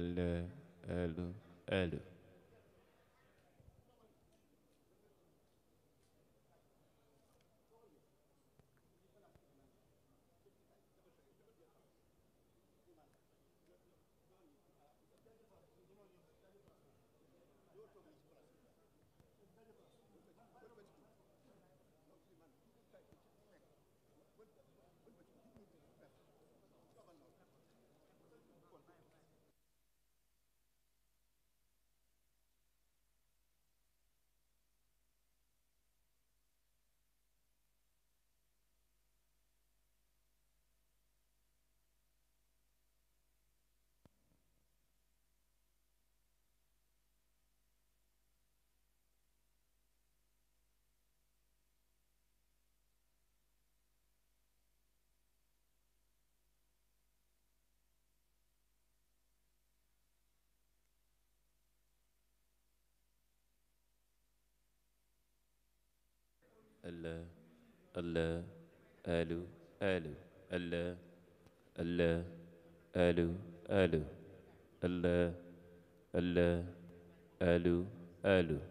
le, le, le. الله الله الو الو الله الله الو الو الله الله الو الو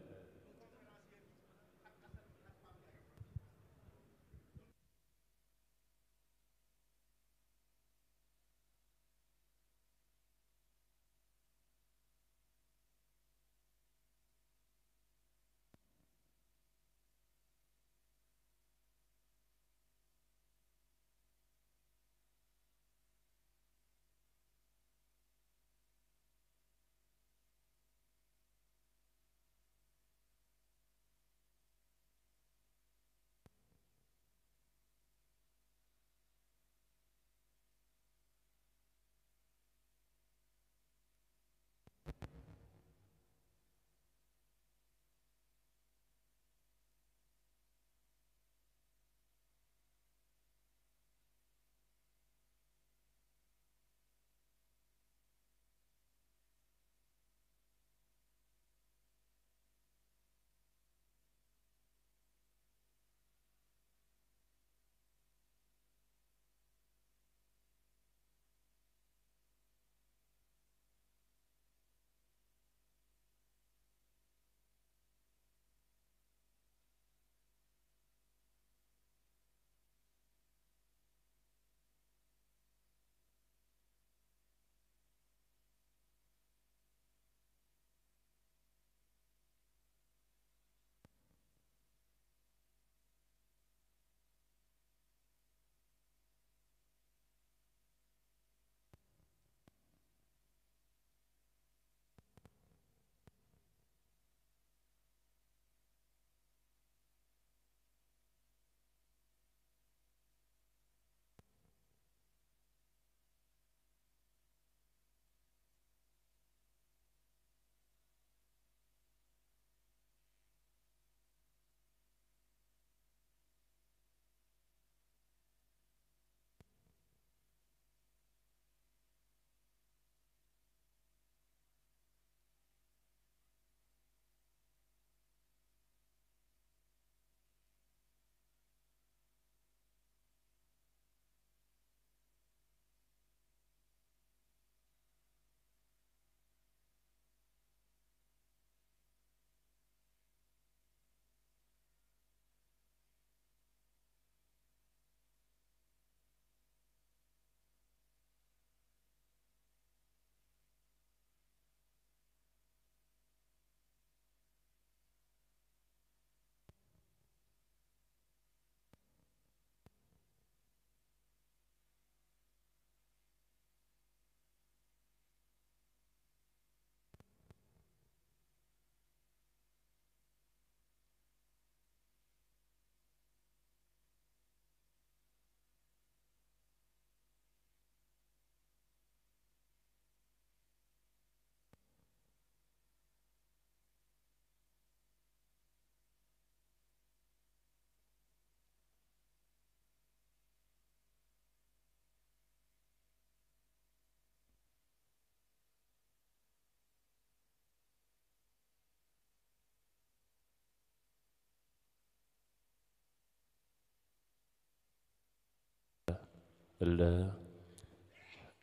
لا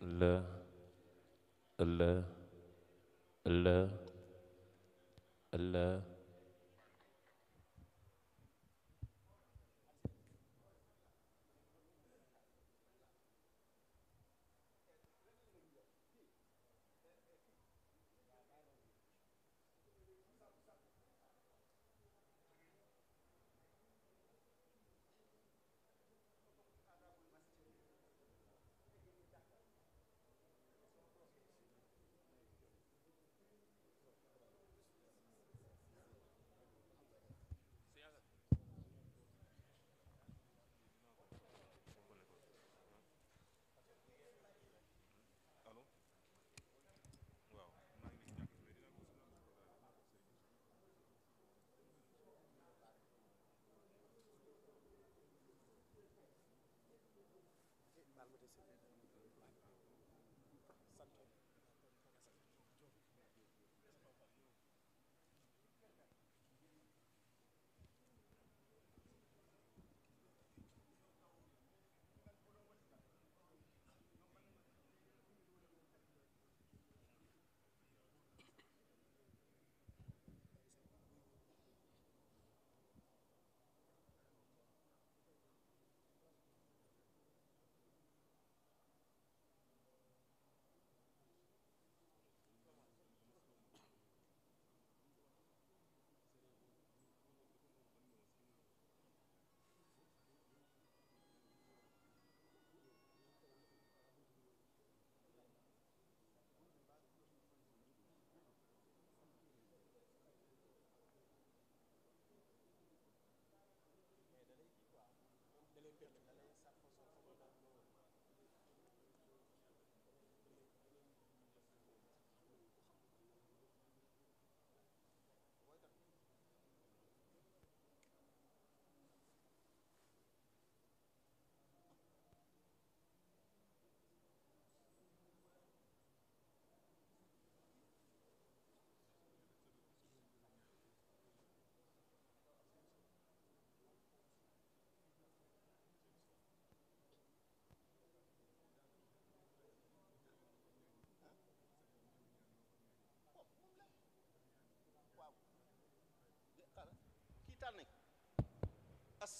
لا لا لا لا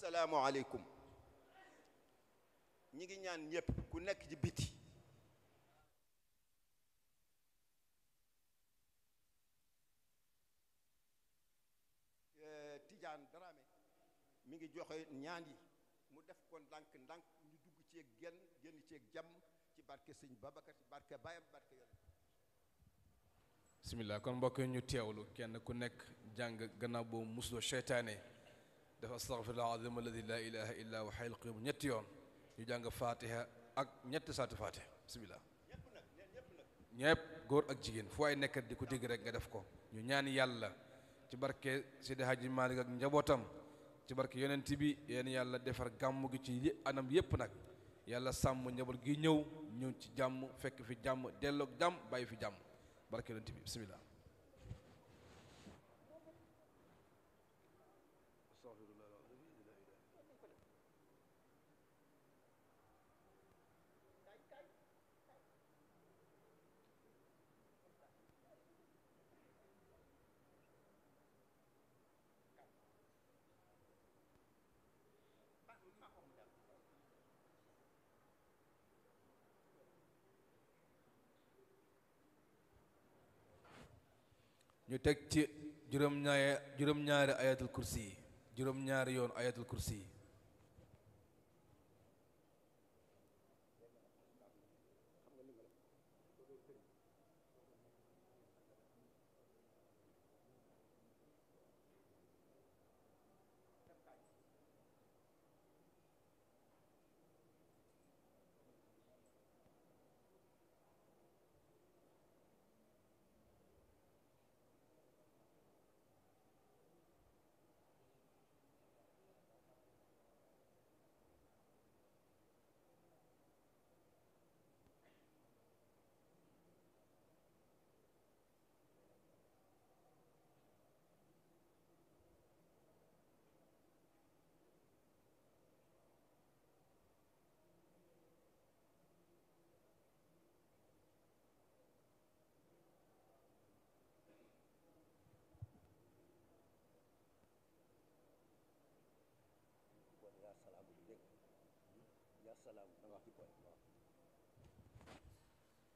asalaamualeykum ñi ngi ñaan ñépp ku nekk ci biti eh, tijaan Dramé mi ngi joxe ñaan yi mu def ko ndànk ndànk ñu dugg ceeg genn génn ceeg jàmm ci barke sëñ Babacar ci barke Bayam barke yoon bismillah kon mbokk ñu teewlu kenn ku nekk jàng gannaaw boobu musuloo seytaane dafa astaghfirullah laa alladi la illa wa hayl qayyum ñetti yoon ñu jàng fatiha ak ñetti saatu fatiha bismillah ñépp góor ak jigéen fu ay nekkat di ko dégg rek nga def ko ñu ñaan yàlla ci barke Seydi Hadji Malick ak njabootam ci barke yonent bi yéen yàlla defar gàmm gi ci anam yépp nag yàlla sàmm njaboot gi ñëw ñëw ci jàmm fekk fi jàmm delloog jàmm bàyyi fi jàmm barke yonent bi bismillah ñu teg ci juróom-ñaari juróom-ñaari ayatul kursi yi juróom-ñaari yoon ayatul kursi yi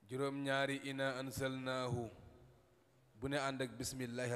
juróom ñaari ina ansalnaahu bu ne ànd ak bismillahi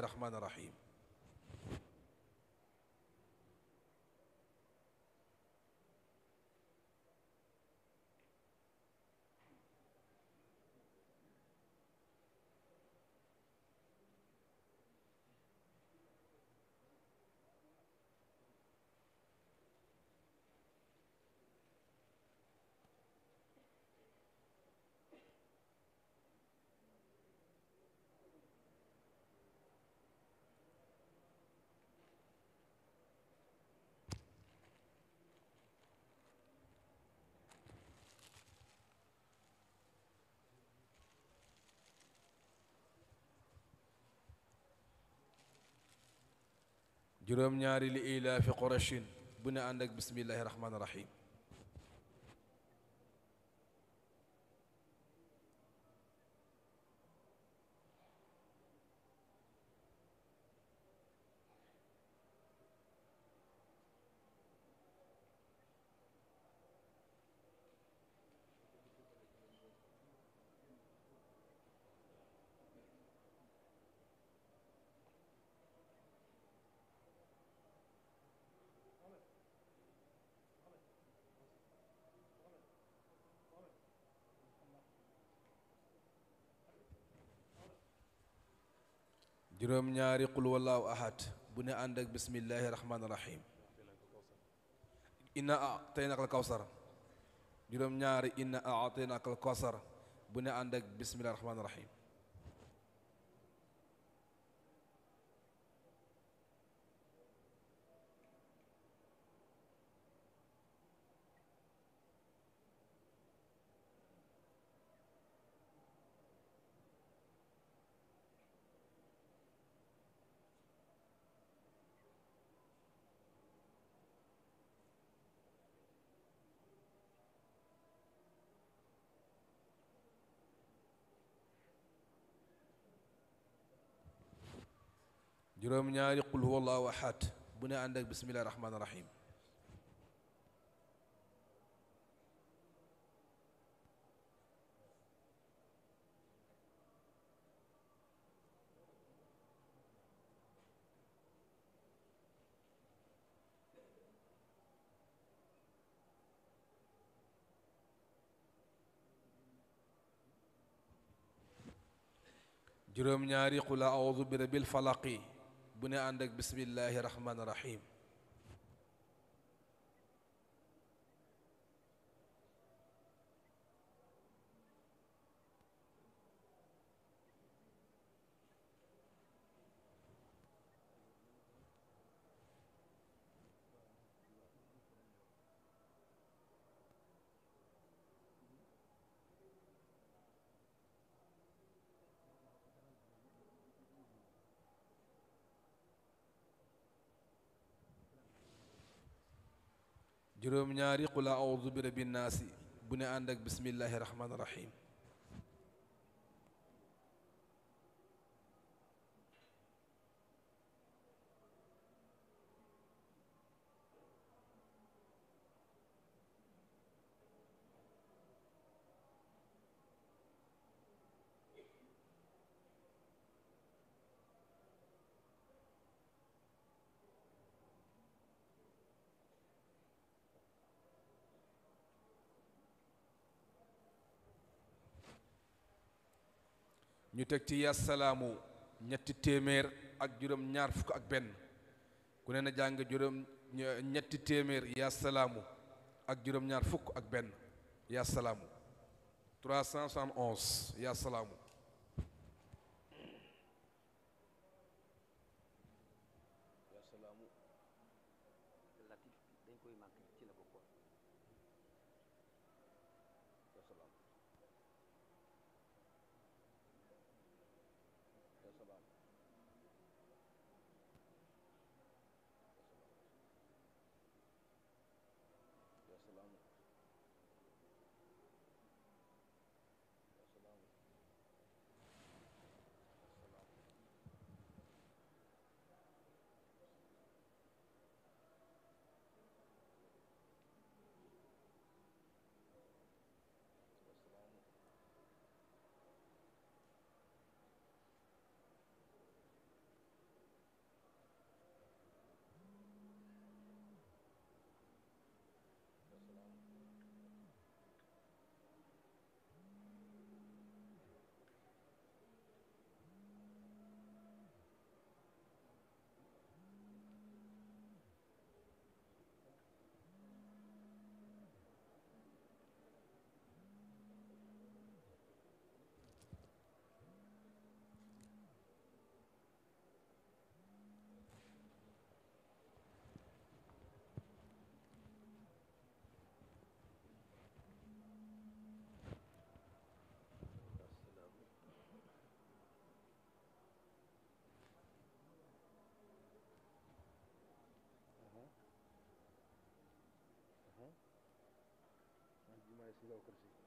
juróom-ñaari li ilaafi qurashin bu ne ànd ak bismillahi rahmaani rahim juróom ñaari qul wallahu ahad bu ne ànd ak bismillahi rahmaani rahim inna a'taynaka al-kawsar juróom ñaari inna a'taynaka al-kawsar bu ne ànd ak bismillahi rahmaani rahim juróom-ñaari qul huwa allahu ahad bu ne ànd ak bismillahi rahmaani rahim juróom-ñaari qul a'udhu bi rabbil falaqi bu ne ànd ak bismillahi rahmaani rahim juróom ñaari qul a'udhu bi rabbin naasi bu ne ànd ak bismillahi rahmaani rahim ñu teg ci yasalaamu ñetti téeméer ak juróom ñaar fukk ak benn ku ne na jàng juróom ñetti téeméer yasalaamu ak juróom ñaar fukk ak benn yasalaamu 371 yasalaamu Silva Okursy.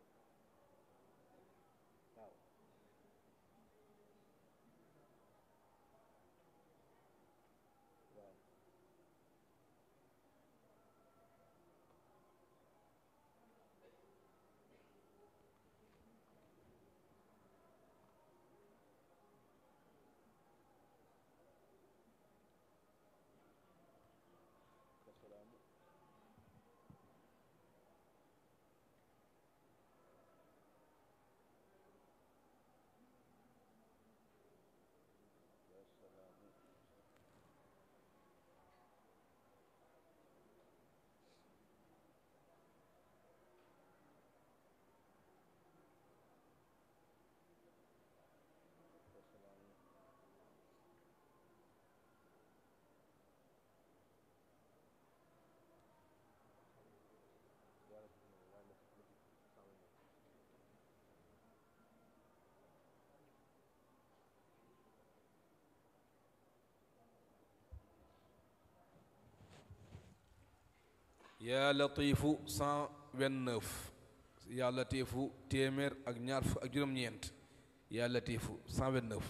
yaa latiifu cent vingt-neuf yàlla latiifu téeméer ak ñaar fukk ak juróom-ñeent yaa latiifu cent vingt-neuf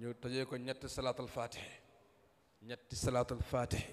ñu tëjee ko ñetti salaatul faatihi ñetti salaatul faatihi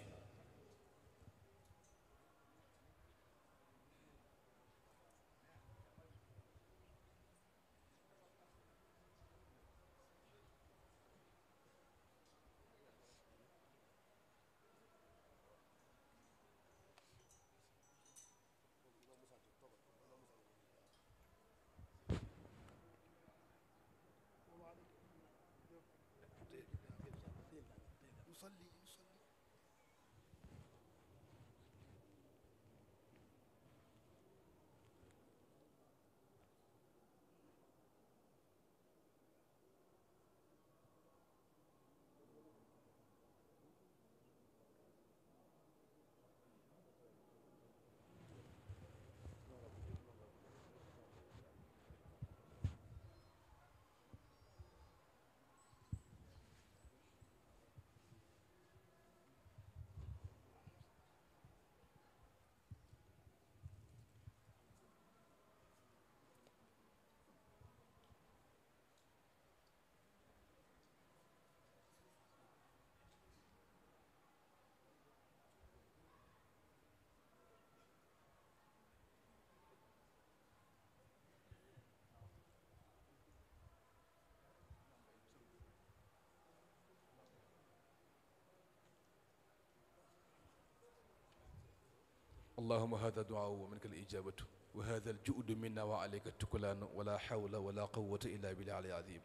allahuma hada duau wa minka lijabatu wa hada aljuudu minna wa alayka tukulaanu wala hawla wala quwata illa billahi al azim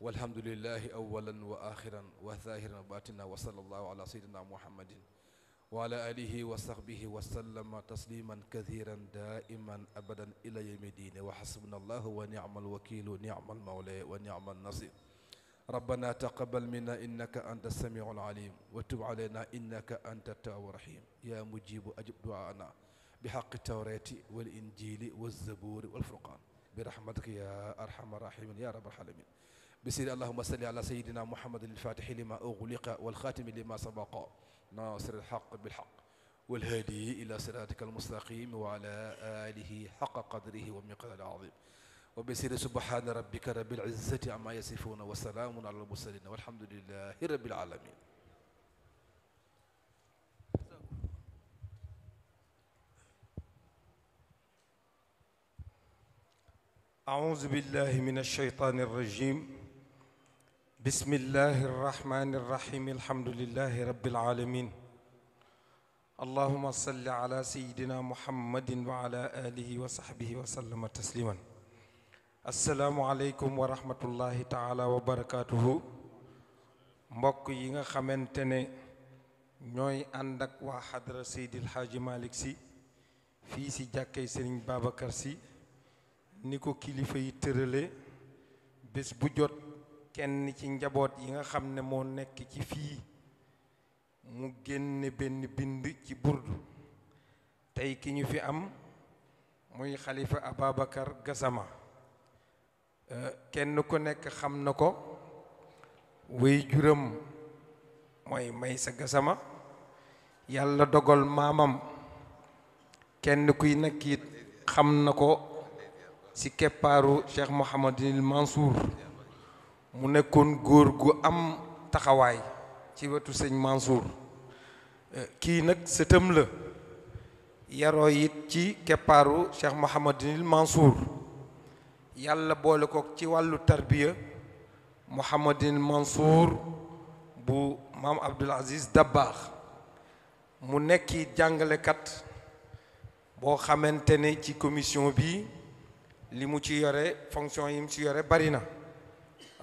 walhamdulilahi awalan wa axiran wa zahiran wa batina wa sallallahu ala sayidina muhammadin wa ala alihi wa sahbihi wa sallama tasliman kathiran daiman abadan ila yawmi diine wa hasbuna allahu wa nicma alwakilu nicma almawla wa nicma alnasir rabbana taqabal minna innaka anta samiu alalim wa tub alayna innaka anta tawaabu rahim yaa mujibu ajib duaana bi xaqi tawrati wal injili walzaburi walfurqan bi rahmatika ya arhama rahimin ya rabbal alamin بسير اللهم صل على سيدنا محمد الفاتح لما أغلق والخاتم لما سبق ناصر الحق بالحق والهادي إلى صراطك المستقيم وعلى آله حق قدره ومقدار العظيم wa bisiri subhaana rabbika rabbil izzati amma yasifuuna wa salaamun ala al-mursaliin walhamdulillahi rabbil aalamiin أعوذ بالله من الشيطان الرجيم بسم الله الرحمن الرحيم الحمد لله رب العالمين اللهم صل على سيدنا محمد وعلى آله وصحبه وسلم تسليما asalaamualeykum wa rahmatullahi taala wa barakaatuhu mbokk yi nga xamante ne ñooy ànd ak waa xadra seydil xaaji malik si fii si jàkkey sëriñ babacar si ni ko kilifa yi tërale bés bu jot kenn ci njaboot yi nga xam ne moo nekk ci fii mu génne benn bind ci burdu tey ki ñu fi am muy xalifa ababacar gasama kenn ku nekk xam na ko way juram mooy may sa gasama yàlla dogal maamam kenn kuy nekk it xam na ko ci keppaaru Cheikh Mouhamadinil Mansour mu nekkoon góor gu am taxawaay ci wetu sëñ Mansour eh, kii nag sëtam la yaroo it ci keppaaru Cheikh Mouhamadinil Mansour yàlla boole ko ci wàllu tarbiya Mouhamadin Mansour bu maam Abdul Aziz Dabbaax mu nekki jàngalekat boo xamante ne ci commission bi li mu ci yore fonction yi mu ci yore bari na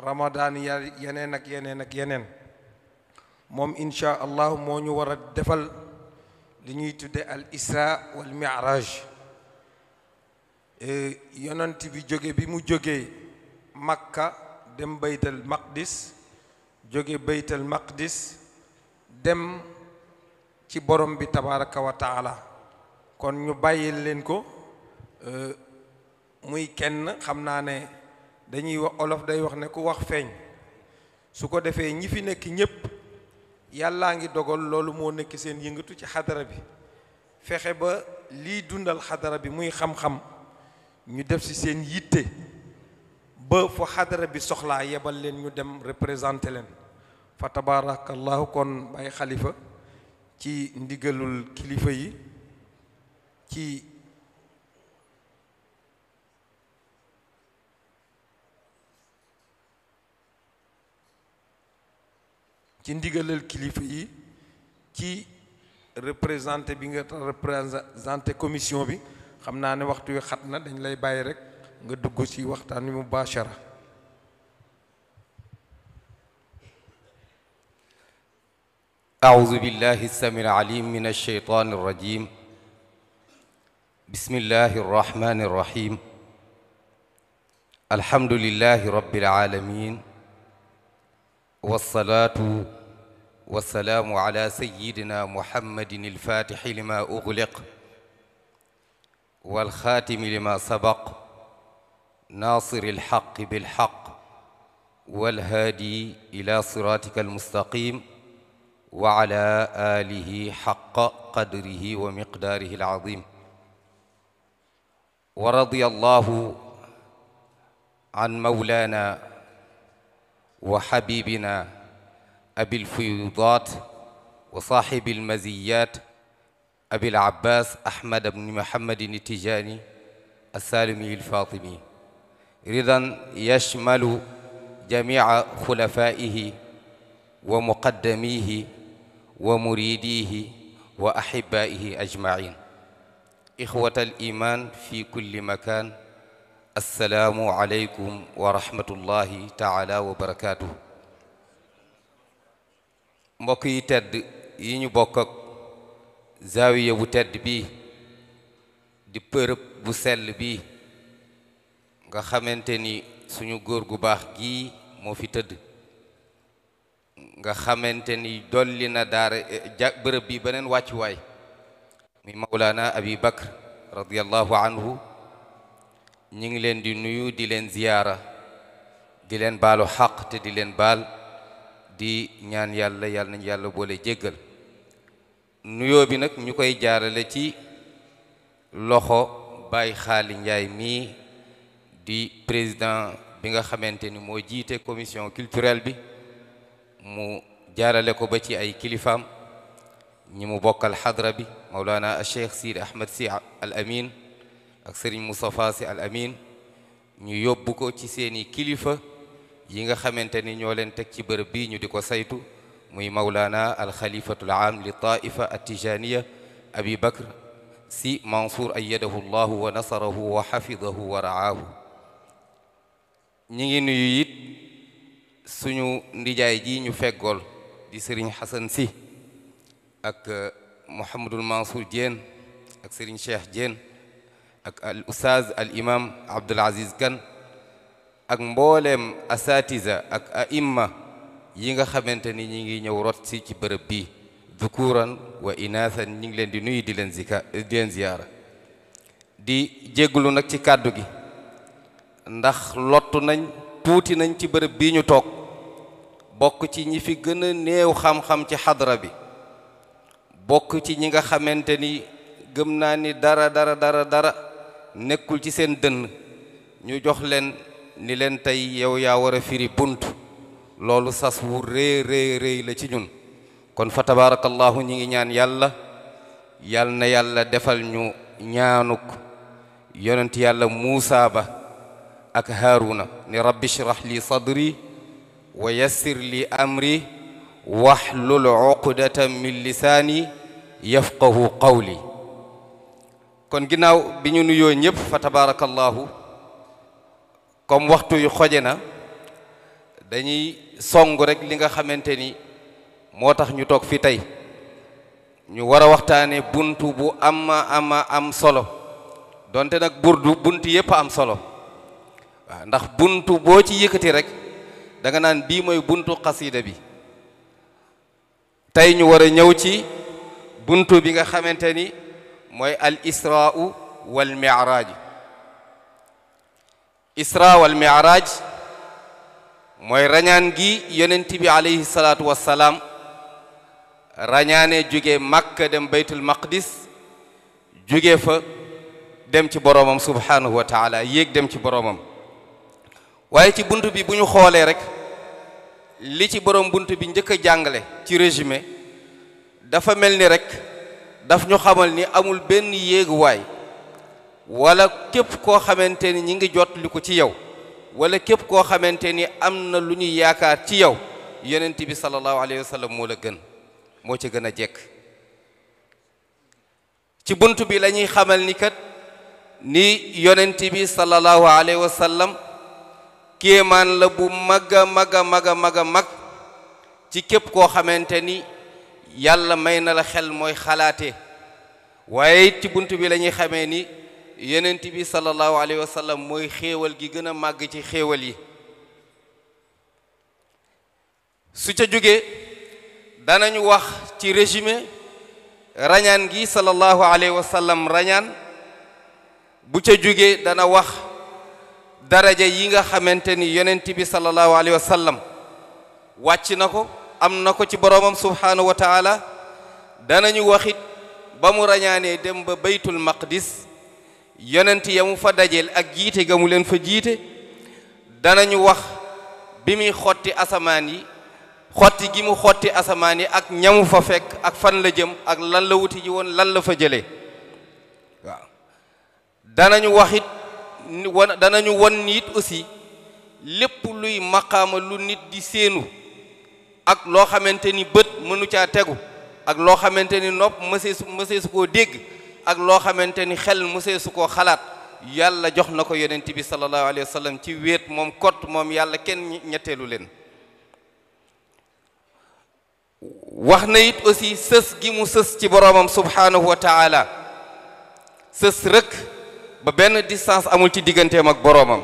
Ramadan yeneen ak yeneen ak yeneen moom incha allah moo ñu war a defal li ñuy tudde al isra wal mi'raj E, yonent bi jóge bi mu jógee makka dem baytal maqdis jóge baytal maqdis dem ci borom bi tabaraka kon ñu bàyyil leen ko e, muy kenn xam naa ne dañuy wax olof day wax ne ku wax feeñ su ko defee ñi fi nekk ñépp yàllaa ngi dogal loolu moo nekk seen yëngatu ci xadara bi fexe ba lii dundal xadara bi muy xam-xam ñu def si seen yitte ba fu xadara bi soxlaa yebal leen ñu dem représenté leen fa tabarakallahu kon bay xalifa ci ndigalul kilifa yi ci ci ndigalal kilifa yi ci représenté bi nga représenté commission bi xam naa ne waxtu yu xat na dañ lay bàyyi rek nga dugg ci waxtaan wi mubaashara أعوذ بالله السميع العليم من الشيطان الرجيم بسم الله الرحمن الرحيم الحمد لله رب العالمين والصلاة والسلام على سيدنا محمد الفاتح لما أغلق والخاتم لما سبق ناصر الحق بالحق والهادي إلى صراطك المستقيم وعلى آله حق قدره ومقداره العظيم ورضي الله عن مولانا وحبيبنا أبي الفيوضات وصاحب المزيات abil abbas ahmad bni muhammadin itijani alsalimi alfatimi ridan yashmalu jamica xulafaihi wa muqaddamihi wa muridihi wa ahibaihi ajmain ixwat aliman fi kulli makan alsalaamu aleykum wa rahmatullahi taala wa barakatuh mbokk yi tedd yi ñu bokk ak zaawiya bu tedd bii di përëb bu sell bii nga xamante ni suñu góor gu baax gii moo fi tëdd nga xamante ni dolli na daara eh, ja bërëb bi beneen wàccuwaay muy mawlaana abi bakr radiallahu anhu ñi ngi leen di nuyu di leen ziyaara di leen baalu xaq te di leen baal di ñaan yàlla yàlla nañ yàlla boole jéggal nuyoo bi nag ñu koy jaarale ci loxo Baye Xaali Njaay mii di président bi nga xamante ni moo jiite commission culturelle bi mu jaarale ko ba ci ay kilifaam ñi mu bokkal xadra bi Mawlana Cheikh Sidi Ahmed Sy Al Amin ak sëriñ Moustapha Sy Al Amin ñu yóbbu ko ci seeni kilifa yi nga xamante ni ñoo leen teg ci bërëb bii ñu di ko saytu muy mawlaana alxalifatul aam li taifa atijaniya abi bakr si mansour ayadahu llahu wa nasarahu xafidahu wa raahu ñi ngi nuyu it suñu ndijaay ji ñu feggool di sëriñ xasan si ak euh, mouhamadul mansour Diène ak sëriñ cheikh Diène ak al ustaaz al imam abdul kan ak mboolem asatiza ak aimma yi nga xamante ni ñi ngi ñëw rot si ci bërëb bii dukuran wa inaasan ñi ngi leen di nuyu di leen zika di leen di jégglu nag ci kàddu gi ndax lottu nañ tuuti nañ ci bërëb bii ñu toog bokk ci ñi fi gën a néew xam-xam ci xadra bi bokk ci ñi nga xamante ni gëm naa ni dara dara dara dara nekkul ci seen dënn ñu jox leen ni leen tey yow yaa war a firi bunt loolu sas wu rëy rëy la ci ñun kon fa tabarakallahu ñi ngi ñaan yàlla yal na yàlla defal ñu ñaanuk yonent yàlla muusa ba ak haaruna ni rabbi shrah li sadri wa yassir li amri wahlul uqdatan min lisaani yafqahu qawli kon ginnaaw bi ñu nuyoo ñëpp fa tabarakallahu comme waxtu yu dañuy song rek li nga xamante ni moo tax ñu toog fi tey ñu war a waxtaane buntu bu ama am solo donte nag burdu buntu yépp am solo waaw ndax buntu boo ci yëkkati rek da nga naan bii mooy buntu xasida bi tey ñu war a ñëw ci buntu bi nga xamante ni mooy al israa wal mi'raaj isra wal mi'raaj mooy rañaan gi yonent bi aleyhi salaatu salaam rañaane jóge màkka dem baytul maqdis jóge fa dem ci boroomam subhaanahu wa taala yéeg dem ci boroomam waaye ci bunt bi bu ñu xoolee rek li ci borom bunt bi njëkk a jàngale ci résumé dafa mel ni rek daf ñu xamal ni amul benn yéeguwaay wala képp koo xamante ni ñi ngi jot li ko ci yow wala képp koo xamante ni am na lu ñuy yaakaar ci yow yonent bi sallallahu alayhi wa sallam moo la gën moo ci gën a jekk ci bunt bi lañuy xamal ni kat ni yonent bi sallallahu alayhi wa sallam kéemaan la bu mag a mag a mag a mag ci képp koo xamante ni yàlla may na la xel mooy xalaatee waaye it ci bunt bi la ñuy ni yenent bi sallallahu alayhi wa sallam mooy xéewal gi gën a màgg ci xéewal yi su ca jógee ñu wax ci résumé rañaan gi sallallahu alayhi wa sallam rañaan bu ca jógee dana wax daraja yi nga xamante ni yonent bi sallallahu alayhi wa sallam wàcc na ko am na ko ci boroomam subhaanahu wa taala danañu waxit ba mu rañaanee dem ba baytul maqdis yonent ya fa dajeel ak jiite ga mu leen fa jiite danañu wax bi muy xotti asamaan yi xotti gi mu xotti asamaan yi ak ñamu fa fekk ak fan la jëm ak lan la wuti ji woon lan la fa jële waaw danañu wax it wan danañu won ni it aussi lépp luy maqaama lu nit di séenu ak loo xamante ni bët mënu caa tegu ak loo xamante ni nopp mëseesu mëseesu koo dégg ak loo xamante ni xel musee su koo xalaat yàlla jox na ko yonent bi sallallahu alayhi wa ci wéet moom kot moom yàlla kenn ñetteelu leen wax na it aussi sës gi mu sës ci boroomam subhaanahu wa taala sës rëkk ba benn distance amul ci digganteem ak boroomam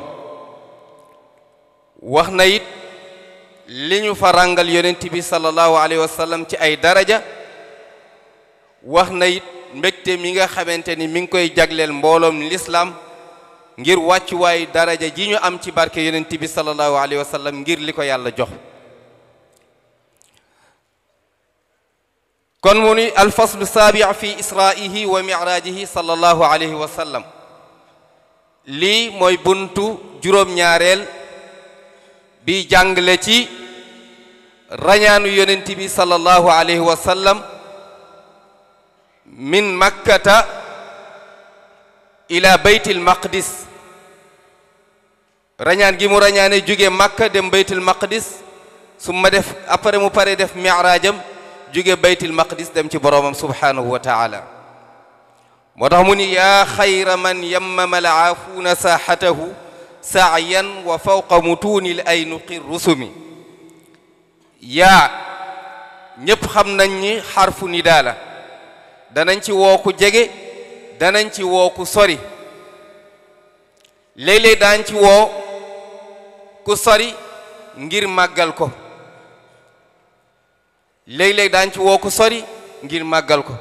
wax na it li ñu fa ràngal yonent bi sallallahu alayhi wa sallam ci ay daraja wax na it mbekte mi nga xamante ni mi ngi koy jagleel mbooloom lislaam ngir wàccuwaayu daraja ji ñu am ci barke yonent bi sallallahu alayhi wa sallam ngir li ko yàlla jox kon mu alfaslu saabi fi israihi wa miraajihi sallallahu alayhi wa sallam lii mooy buntu juróom-ñaareel bi jàngale ci rañaanu yonent bi sallallahu alayhi wa sallam min makkata ila baytil maqdis rañaan gi mu rañaane jóge makka dem baytil maqdis su def après mu pare def miraajam jóge baytil maqdis dem ci boroomam subhaanahu wa taala moo tax mu ni yaa xayra man yammama alaafuuna saaxatahu saayan wa fawqa mutuunil aynuqi rusumi yaa ñépp xam nañ ni xarfu danañ ci woo ku jege danañ ci woo ku sori léeg-léeg daañ ci woo ku sori ngir màggal ko léeg-léeg daañ woo ku sori ngir màggal ko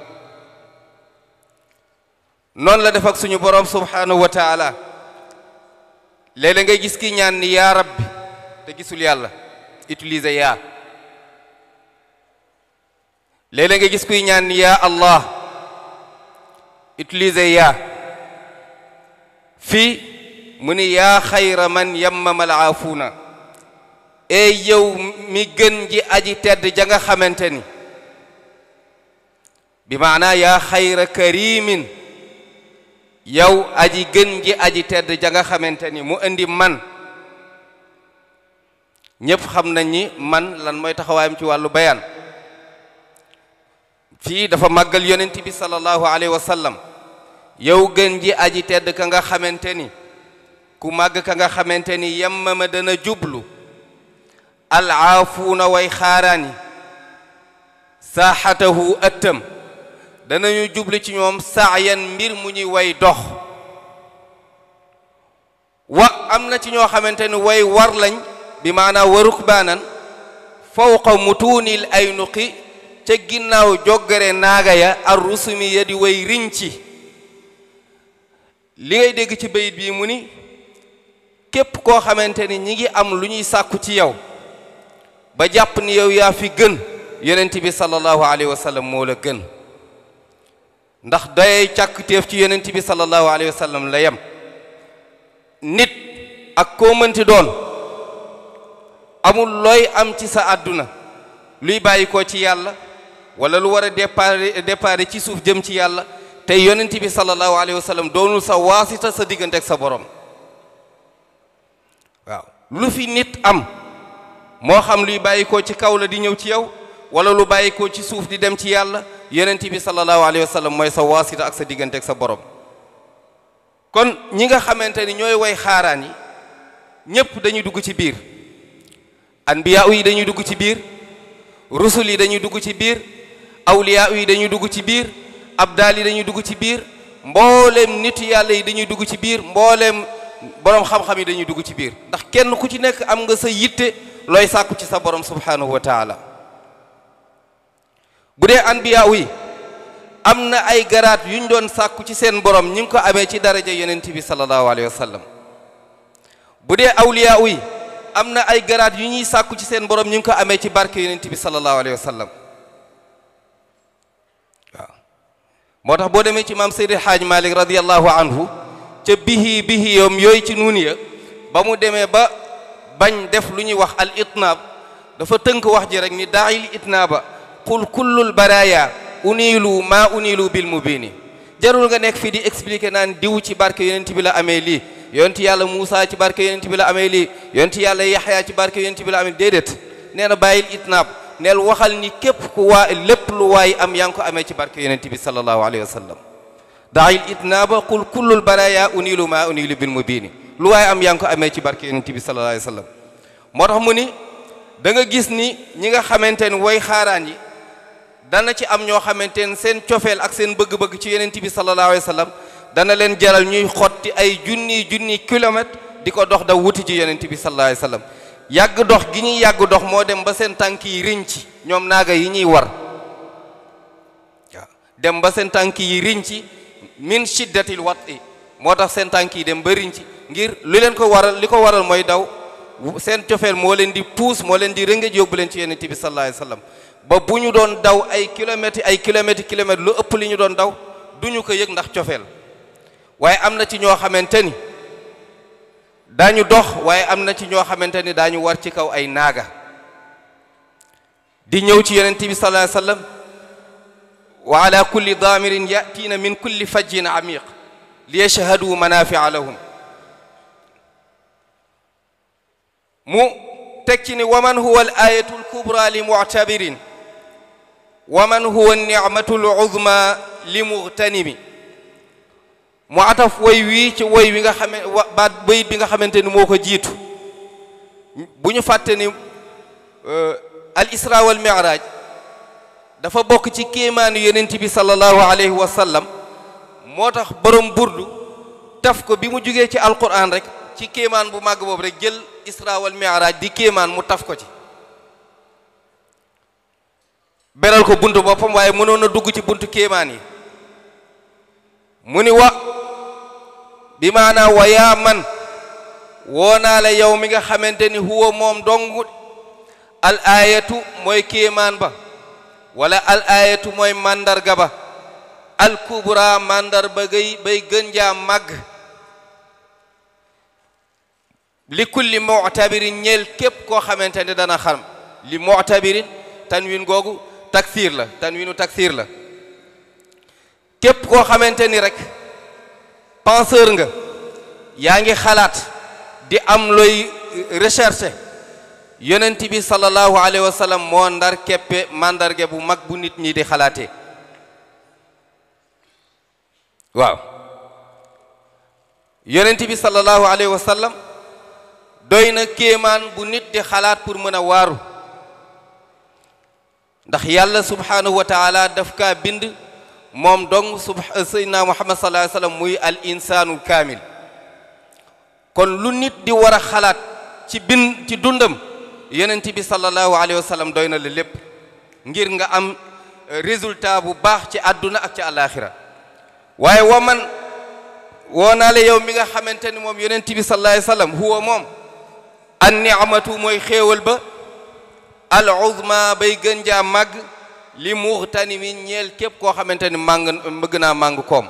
noonu la def ak suñu borom subhanahu wa taala léeg-léeg ngay gis ki ñaan ni yaa rabbi te gisul yàlla utilise yaa léeg-léeg nga gis kuy ñaan ni yaa allah utilise ya fii mu ni yaa xayra man yammamal aafuuna ey yow mi gën ji aji tedd ja nga xamante ni bi maanaa yaa xayra karimin yow aji gën ji aji tedd ja nga xamante ni mu indi man ñépp xam nañ ni man lan mooy taxawaayam ci wàllu bayaan fii dafa màggal yonent bi sallallahu alayhi wa sallam yow gën ji aji tedd ka nga xamante ni ku màgg ka nga xamante ni yemmama dana jublu alaafuuna way xaaraani saaxatahu ëttam danañu jublu ci ñoom saayan mbir mu ñuy way dox wa am na ci ñoo xamante ni way war lañ bi maanaa wa rukbaanan fawqa mutuunil aynuqi ca ginnaaw joggare naaga ya ar rusumi ya di way riñ ci li ngay dégg ci bayit bii mu ni képp koo xamante ni ñi ngi am lu ñuy sàkku ci yow ba jàpp ni yow yaa fi gën yonent bi sallallahu alayhi wa sallam moo la gën ndax doyey càkkutéef ci yonent bi sallallahu alayhi wa sallam la yem nit ak koo mënti doon amul looy am ci sa àdduna luy bàyyi ko ci yàlla wala lu war a départ départ ci suuf jëm ci yàlla te yonent bi sallallahu alayhi wa sallam doonul sa waasita sa diggante ak sa borom waaw lu fi nit am moo xam luy bàyyikoo ci kaw la di ñëw ci yow wala lu bàyyikoo ci suuf di dem ci yàlla yonent bi sallallahu alayhi wa sallam mooy sa waasita ak sa diggante ak sa borom kon ñi nga xamante ni ñooy woy xaaraan yi ñépp dañuy dugg ci biir anbiyaa yi dañuy dugg ci biir rusul yi dañuy dugg ci biir awliyaa yi dañuy dugg ci biir abdaal yi dañuy dugg ci biir mbooleem nitu yàlla yi dañuy dugg ci biir mbooleem borom xam-xam yi dañuy dugg ci biir ndax kenn ku ci nekk am nga sa yitte looy sàkku ci sa borom subhanahu wa taala bu dee anbiya yi am na ay garaat yuñ doon sàkku ci seen borom ñu ngi ko amee ci daraja yonent bi sallallahu alayhi wa bu dee awliya yi am na ay garaat yu ñuy sàkku ci seen borom ñu ngi ko amee ci barke yonent bi sallallahu alayhi wa moo tax boo demee ci maam Seydi Haaj Malik radiyallahu anhu ca bihi bihi yoom yooyu ci nuun ya ba mu demee ba bañ def lu ñuy wax al itnaab dafa tënk wax ji rek ni daayil itnaaba qul kullul baraya uniilu maa uniilu bil mubini jarul nga nekk fii di expliquer naan diw ci barke yonent bi la amee lii yonti yàlla Moussa ci barke yonent bi la amee lii yonti yàlla Yaxya ci barke yonent bi la amee déedéet nee na bàyyil itnaab neel waxal ni képp ku waa lépp lu waay am yaa ngi ko amee ci barke yonent bi sallallahu alayhi wa sallam daayil itnaaba qul kullul baraaya unilu maa unilu bil mubiini lu waay am yaa ngi ko amee ci barke yonent bi sallallahu alayhi wa sallam moo tax mu ni da nga gis ni ñi nga xamante ni way xaaraan yi dana ci am ñoo xamante ne seen cofeel ak seen bëgg-bëgg ci yeneen bi sallallahu alayhi wa dana leen jaral ñuy xotti ay junni junni kilomètre di ko dox da wuti ci yonent bi sallallahu alayhi wa yàgg dox gi ñuy yàgg dox moo dem ba seen tànk yi riñ ci ñoom naaga yi ñuy war waaw dem ba seen tànk yi riñ ci min shiddatil wat i moo tax seen tànk yi dem ba riñ ci ngir li leen ko waral li ko waral mooy daw seen cofeel moo leen di puus moo leen di rëngëj yóbbu leen ci yonent bi sallallahu alayhi wasallam ba bu ñu doon daw ay kilomètres ay kilomètres kilomètres lu ëpp li ñu doon daw duñu ko yëg ndax cofeel waaye am na ci ñoo xamante ni daañu dox waaye am na ci ñoo xamante ni daañu war ci kaw ay naaga di ñëw ci yonent bi sallallahu alayhi wa sallam wa ala kulli daamirin yatiina min kulli fajjin amiq li yashhadu manafia lahum mu teg ci ni waman huwa al ayatu lkubra li muctabirin waman huwa nicmatu luzma li mughtanimi mu ataf woy wii ci woy wi nga xame baat bayit bi nga xamante ni moo ko jiitu bu ñu fàtte ni euh, al isra wal miraaj dafa bokk ci kéemaanu yonent bi sallallahu alayhi wa sallam moo tax borom burdu taf ko bi mu jugee ci alquran rek ci kéemaan bu màgg boobu rek jël isra wal miraaj di kéemaan mu taf ko ci beral ko buntu boppam waaye mënoon a dugg ci buntu kéemaan yi mu ni wa bi maanaa wa yaa man woo naa la yow mi nga xamante ni huwa moom dong al aayatu mooy kéemaan ba wala al aayatu mooy màndarga ba al kubra màndar ba gay bay gën màgg li kulli mu'tabirin ñeel képp koo xamante ni dana xam li mu'tabirin tanwin googu taksiir la tanwinu taksiir képp koo xamante ni rek penseur nga yaa ngi xalaat di am looy recherche yonent bi sallallahu alayhi wa moo ndar keppe mandarga bu mag bu nit ñi di xalaatee waaw yonent bi sallallahu alayhi wa sallam doy na kéemaan bu nit di xalaat pour mën a waaru ndax yàlla subhanahu wa daf kaa bind moom dong subha eh, sayyidina muhammad sallallahu alayhi wa sallam muy al insaanul kaamil kon lu nit di war a xalaat ci bin ci dundam yonent bi sallallahu alayhi wa sallam doy na la lépp ngir nga am eh, résultat bu baax ci àdduna ak ci àllaaxira waaye wa man woo naa la yow mi nga xamante ni moom yonent bi sallallahu alayhi wa huwa moom an amatu mooy xéewal ba al uzma bay gën jaa màgg li muxtanimin ñeel képp koo xamante ni màng bëgg naa màng koom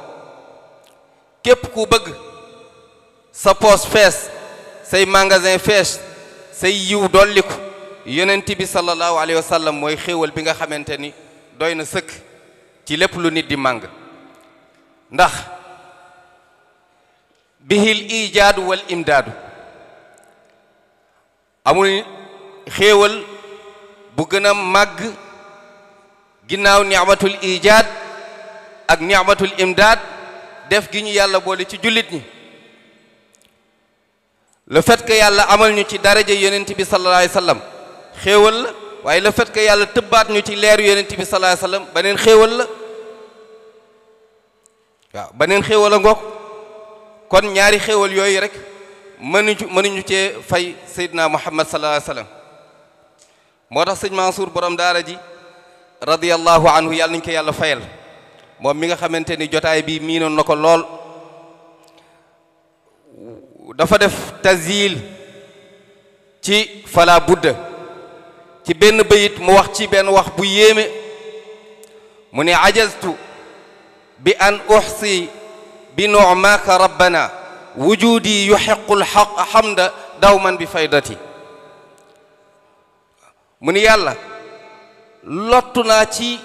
képp ku bëgg sa poos fees say magasin fees say yiw dolliku yonent bi sallallahu alayhi wa mooy xéewal bi nga xamante ni doy na sëkk ci lépp lu nit di màng ndax bihil ijaadu wal imdaadu amul xéewal bu gën a màgg ginnaaw ni'matul ijaad ak ni'matul imdaad def gi ñu yàlla boole ci jullit ñi le fait que yàlla amal ñu ci daraja yonent bi sallallahu alayhi wa sallam xéewal la waaye la fait que yàlla tëbbaat ñu ci leer yonent bi sallallahu alayhi wa sallam beneen xéewal la waaw beneen xewal a ngoog kon ñaari xewal yooyu rek mënuñu mënuñu cee fay Seydina Muhammad sallallahu alayhi wa sallam moo tax sëñ borom daara ji radiyallahu anhu yàlla nañu ko yàlla fayal moom mi nga xamante ni jotaay bii miinoon na ko lool dafa def tazil ci fala budda ci benn bayit mu wax ci benn wax bu yéeme mu ne ajaztu bi an uxsi bi numaaka rabbana wujudi yuxiqu lxamda dawman bi faydati mu ni yàlla lottu naa ci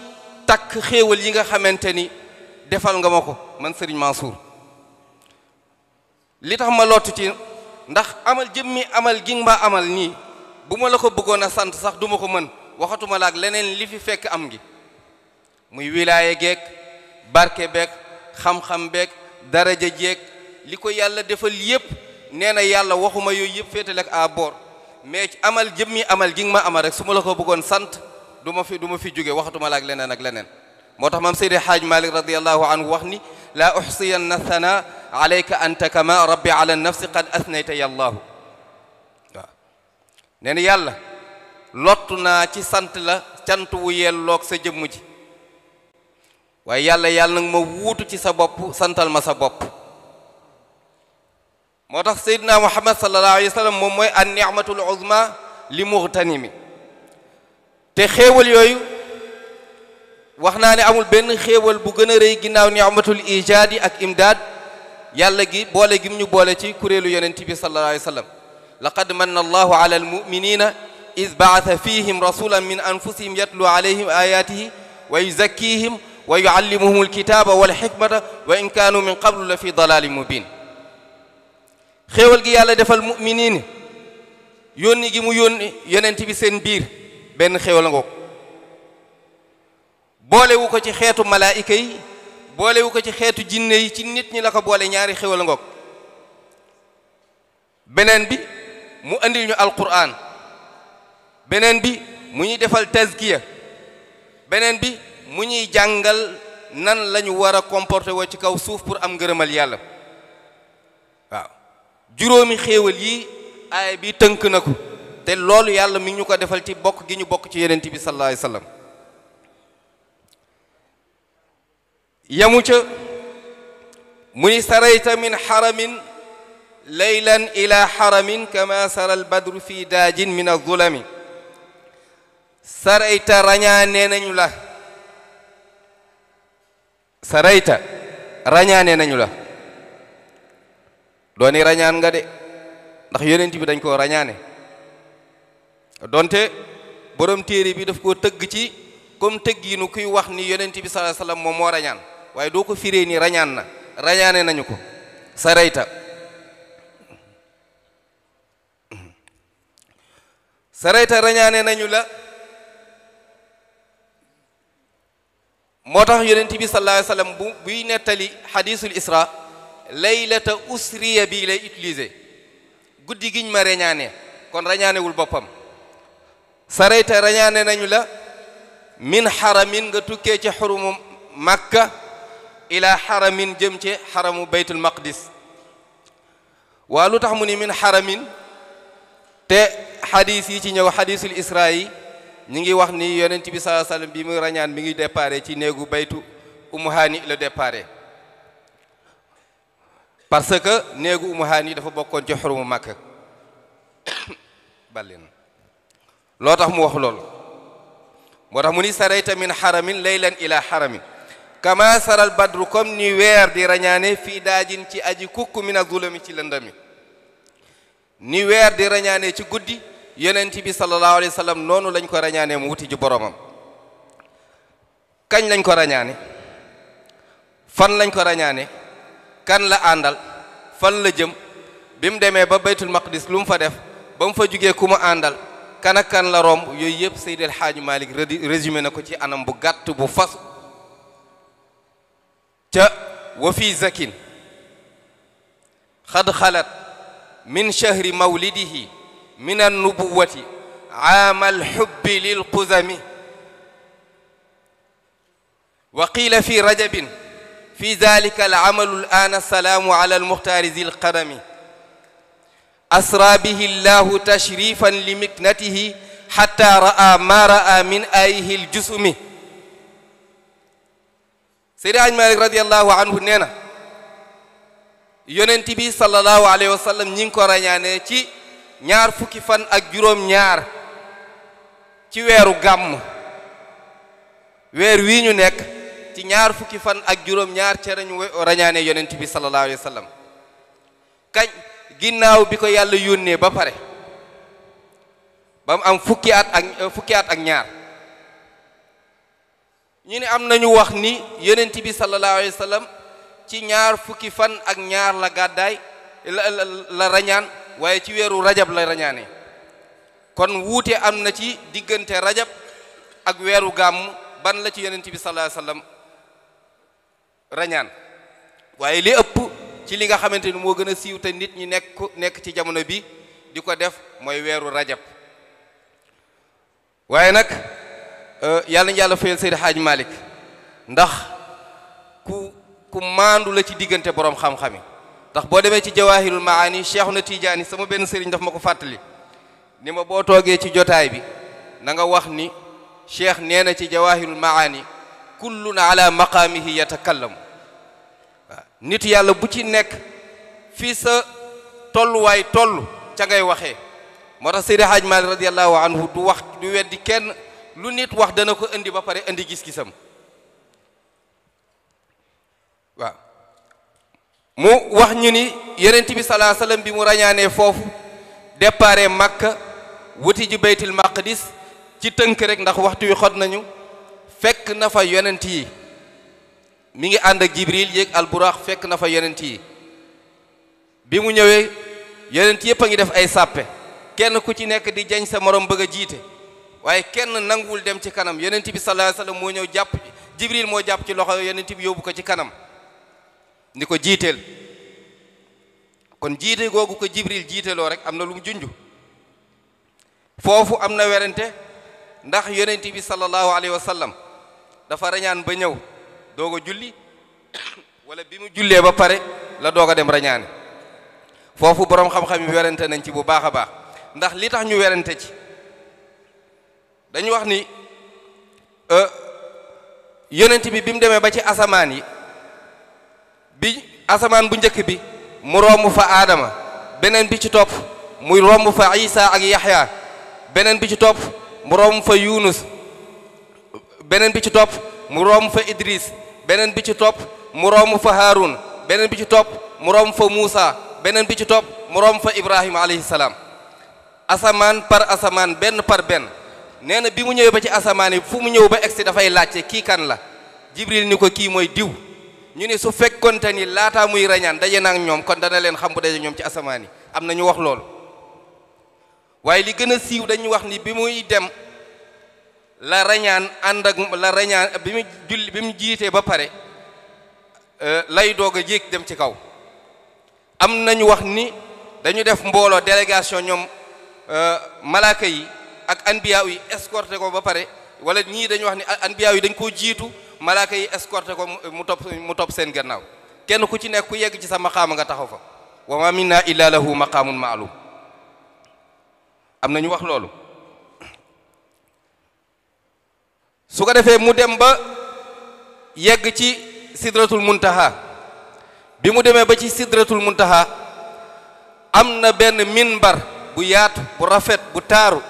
takk xéewal yi nga xamante ni defal nga ma ko man Serigne Mansour li tax ma lottu ci ndax amal jëmmi amal gi ma amal nii bu ma la ko bëggoon a sant sax duma ko mën waxatuma laak leneen li fi fekk am gi muy wilaaye geek barke beek xam-xam beek daraja jeeg li ko yàlla defal yépp nee na yàlla waxuma yooyu yépp féetale ak à bord mais amal jëmmi amal gi nga ma amal rek su ma la ko bëggoon sant du ma fi duma fi jóge waxatuma laak leneen ak leneen moo tax maam Seydi Haaj Malik radiallahu anhu wax ni laa uxsiyanna thana alayka anta kama rabbi ala nafsi qad athnaytaya allahu waaw nee na yàlla lottu naa ci sant la cant wu yelloog sa jëmm ji waaye yàlla yàlla nag ma wuutu ci sa bopp santal ma sa bopp moo tax Seydina Muhammad sallallahu alayhi wa sallam moom mooy an nicmatul uzma li muxtanimi te xéewal yooyu wax naa ne amul benn xéewal bu gën a rëy ginnaaw ni'matul ijaad yi ak imdaad yàlla gi boole gim ñu boole ci kuréelu yonent bi sallallahu alayhi wa sallam laqad manna allahu ala almuminina id min anfusihim yatlu alayhim ayatihi wa yuzakkihim wa yuallimuhum alkitaba walxikmata wa in kaanu min qablu la seen biir benn xéwal a ngoog boolewu ko ci xeetu malaayika yi boolewu ko ci xeetu jinné yi ci nit ñi la ko boole ñaari xéwal a ngoog beneen bi mu indi ñu alquran beneen bi mu ñuy defal tazkiya beneen bi mu ñuy jàngal nan lañu war a comporté woo ci kaw suuf pour am ngërëmal yàlla waaw juróomi xéewal yi aaya bi tënk na ko te loolu yàlla mi ngi ñu ko defal ci bokk gi ñu bokk ci yenent bi sallallahu alayhi wasallam yamu ca mu ni sarayta min xaramin leylan ila xaramin kama sara albadru fi daajin min azulami sarayta rañaane nañu la sarayta rañaane nañu la dooni rañaan nga de ndax yonent bi dañ koo rañaane donte borom téere bi daf ko tëgg ci comme tëggiinu kuy wax ni yonent bi sa alayhi wasallam moom moo rañaan waaye doo ko firee ni rañaan na rañaane nañu ko sarayta sarayta rañaane nañu la moo tax yonent bi sallallahu alayhi wasallam bu buy nettali xadisul isra laylata usriya bi lay utilise guddi giñ ma reñaane kon reñaanewul boppam sarayta rañaane nañu la min xaramin nga tukkee ci xarumu makka ila xaramin jëm ci xaramu baytul dis waa lu tax mu ni min xaramin te xadis yi ci ñëw xadisul isra yi ñi ngi wax ni yonent bi sallallahu alayhi wasallam bi rañaan mi ngi déparé ci néegu baytu umu haani la déparé parce que néegu umu haani dafa bokkoon ci xarumu makka ballin loo tax mu wax loolu moo tax mu ni sarayta min lay laylan ila xaramin kama saral badru comme ni weer di rañaane fii daajin ci aji kukk min a zulami ci lëndami ni weer di rañaane ci guddi yonent bi sallallahu alayhi wa sallam noonu lañ ko rañaane mu wuti ji boromam kañ lañ ko rañaane fan lañ ko rañaane kan la àndal fan la jëm bi mu demee ba baytul maqdis lu mu fa def ba mu fa jugee ku mu àndal kan ak kan la romb yooyu yëpp Seydi El Hadji Malick résumé na ko ci anam bu gàtt bu fas ca wa fi zakin xad xalat min chahri mawlidihi min annubuwati aama alxubbi lilquzami wa qiila fi rajabin fi dalika alamalu al'ana assalaamu ala almuxtaari zi lqadami asra bihi llahu tashrifan li miknatihi xatta ra'a ma ra'a min ayihi ljusumi Seydi Aj Malik radiallahu anhu nee na sallallahu alayhi wa sallam ñi ngi ko rañaane ci ñaar fukki fan ak juróom ñaar ci weeru gàmm weer wii ñu nekk ci ñaar fukki fan ak juróom ñaar ci rañu rañaane yonent sallallahu alayhi wa sallam ginnaaw bi ko yàlla yónnee ba pare ba mu am fukki at ak euh, fukki at ak ñaar ñu ne am nañu wax ni yonent bi sallallahu alayhi sallam ci ñaar fukki fan ak ñaar la gàddaay rañaan waaye ci weeru rajab la rañaane kon wuute am na ci diggante rajab ak weeru gàmm ban la ci yonent bi sallallahu alayhi rañaan waaye li ëpp ci li nga xamante ni moo gën a siiw te nit ñi nekk nekk ci jamono bi di ko def mooy weeru rajab waaye nag euh, yàlla nañu yàlla fayal Seydi Hadj ndax ku ku maandu la ci diggante borom xam-xami ndax boo demee ci jawaahirul maani Cheikhuna Tijaani sama benn sëriñ daf ma ko fàttali ni ma boo toogee ci jotaay bi na wax ni cheikh nee na ci jawaahirul maani kullun ala maqaamihi yatakallamu nit yàlla bu ci nekk fii sa tolluwaay toll ca ngay waxe moo tax Seydi Hadj Malick radiyallahu anhu du wax du weddi kenn lu nit wax dana ko indi ba pare indi gis-gisam waaw mu wax ñu ni yonent bi salaa bi mu rañaanee foofu dépare Makka wuti ji baytil maqdis ci tënk rek ndax waxtu wi xot nañu fekk na fa yonent yi mi ngi ànd ak jibril yéeg alburaax fekk na fa yonent yi bi mu ñëwee yonent yépp a ngi def ay sàppe kenn ku ci nekk di jañ sa moroom bëgg a jiite waaye kenn nanguwul dem ci kanam yonent bi sallallahu alayhi wasallam moo ñëw jàpp jibril moo jàpp ci loxo yonent bi yóbbu ko ci kanam ni ko jiiteel kon jiite googu ko jibril jiiteloo rek am na lu mu junj foofu am na werante ndax yonent bi sallallahu alayhi wasallam dafa reñaan ba ñëw doog a julli wala bi mu jullee ba pare la doog a dem rañaane foofu boroom xam-xam yi werante nañ ci bu baax a baax ndax li tax ñu werante ci dañu wax ni euh, yonent bi bi mu demee ba ci asamaan yi bi asamaan bu njëkk bi mu romb fa aadama beneen bi ci topp mu romb fa isa ak yaxya beneen bi ci topp mu romb beneen bi ci topp mu romb fa idris beneen bi ci topp mu romb fa Haarun beneen bi ci topp moroom romb fa Muusa beneen bi ci topp moroom romb fa Ibrahima alayhi salaam asamaan par asamaan benn par benn nee na bi mu ñëwee ba ci asamaan yi fu mu ñëw ba egsi dafay laajte kii kan la Jibril ni ko kii mooy diw ñu ne su fekkonte ni laataa muy rañaan daje na ñoom kon dana leen xam bu daje ñoom ci asamaan yi am na ñu wax loolu waaye li gën a siiw dañu wax ni bi muy dem. la rañaan ànd ak la rañaan bi mu julli bi mu jiitee ba pare euh, lay doog a jéeg dem ci kaw am nañu wax ni dañu def mbooloo délégation ñoom euh, malaaka yi ak anbiya yi escorté ko ba pare wala ñii dañu wax ni anbiya yi dañ koo jiitu malaaka yi escorté ko mu topp mu topp seen gannaaw kenn ku ci nekk ku yegg ci sa maqaama nga taxaw fa wa ma minna illa lahu maqaamun maalum am nañu wax loolu su ko defee mu dem ba yegg ci sidratul muntaha bi mu demee ba ci sidratul muntaha am na benn minbar bu yaatu bu rafet bu taaru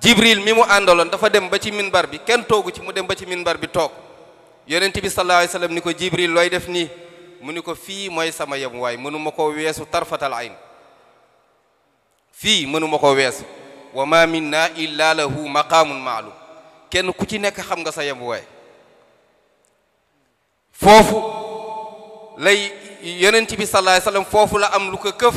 jibril mi mu àndaloon dafa dem ba ci minbar bi kenn toogu ci mu dem ba ci minbar bi toog yonent bi sallallahu alayhi wasallam ni ko jibril looy def nii mu ni ko fii mooy sama yem waay mënuma koo weesu tarfatal ayn fii mënuma koo weesu wa ma minna illa lahu maqaamun maalum kenn ku ci nekk xam nga sa yemuwaay foofu lay yeneen bi sallallahu alayhi foofu la am lu ko këf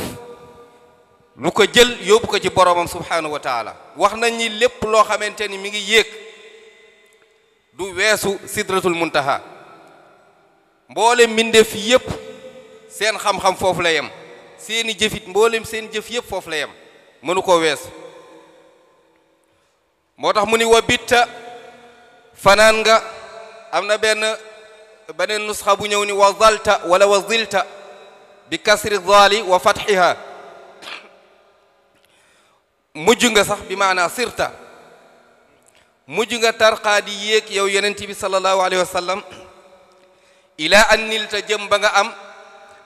lu ko jël yóbbu ko ci boromam subhanahu wa wax nañ ni lépp loo xamante ni mi ngi yéeg du weesu sidratul muntaha mboolem fi yépp seen xam-xam foofu la yem seeni jëfit mboolem seen jëf yépp foofu la yem mënu koo weesu moo tax mu ni wa bitta fanaan nga am na benn beneen nusxa bu ñëw ni wa zalta wala wa bi kasri zaali wa fatxiha mujj nga sax bi maanaa sirta mujj nga tarqaa di yéeg yow yonent bi sallallahu alayhi wa sallam ila an jëm ba nga am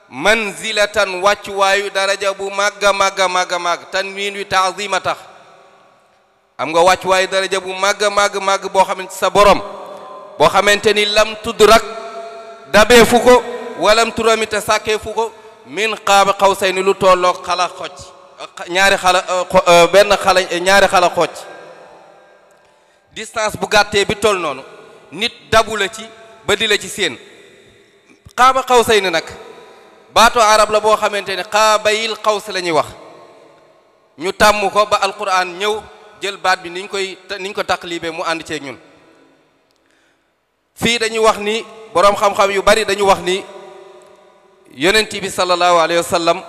manzilatan wàccuwaayu daraja bu màgga màgga màgga màgg tanwiin wi taazima tax am nga wàcc waaye daraja bu màgg màgg màgg boo xamante sa borom boo xamante ni lam tudd rak dabee fu ko walam turamite sàkkee fu ko min xaaba xaw say ni lu tolloog xala xocc ñaari xala euh, euh, benn xala ñaari xala xocc distance bu gàttee bi toll noonu nit dabu la ci ba di la ci séen xaaba xaw say ni nag baatu arab la boo xamante ni xaabayil xaws la ñuy wax ñu tàmm ko ba alquran ñëw jël baat bi niñ koy niñ ko taqlibee mu ànd ceeg ñun fii dañuy wax ni boroom xam-xam yu bari dañu wax ni yonent bi sallallahu alayhi wa sallam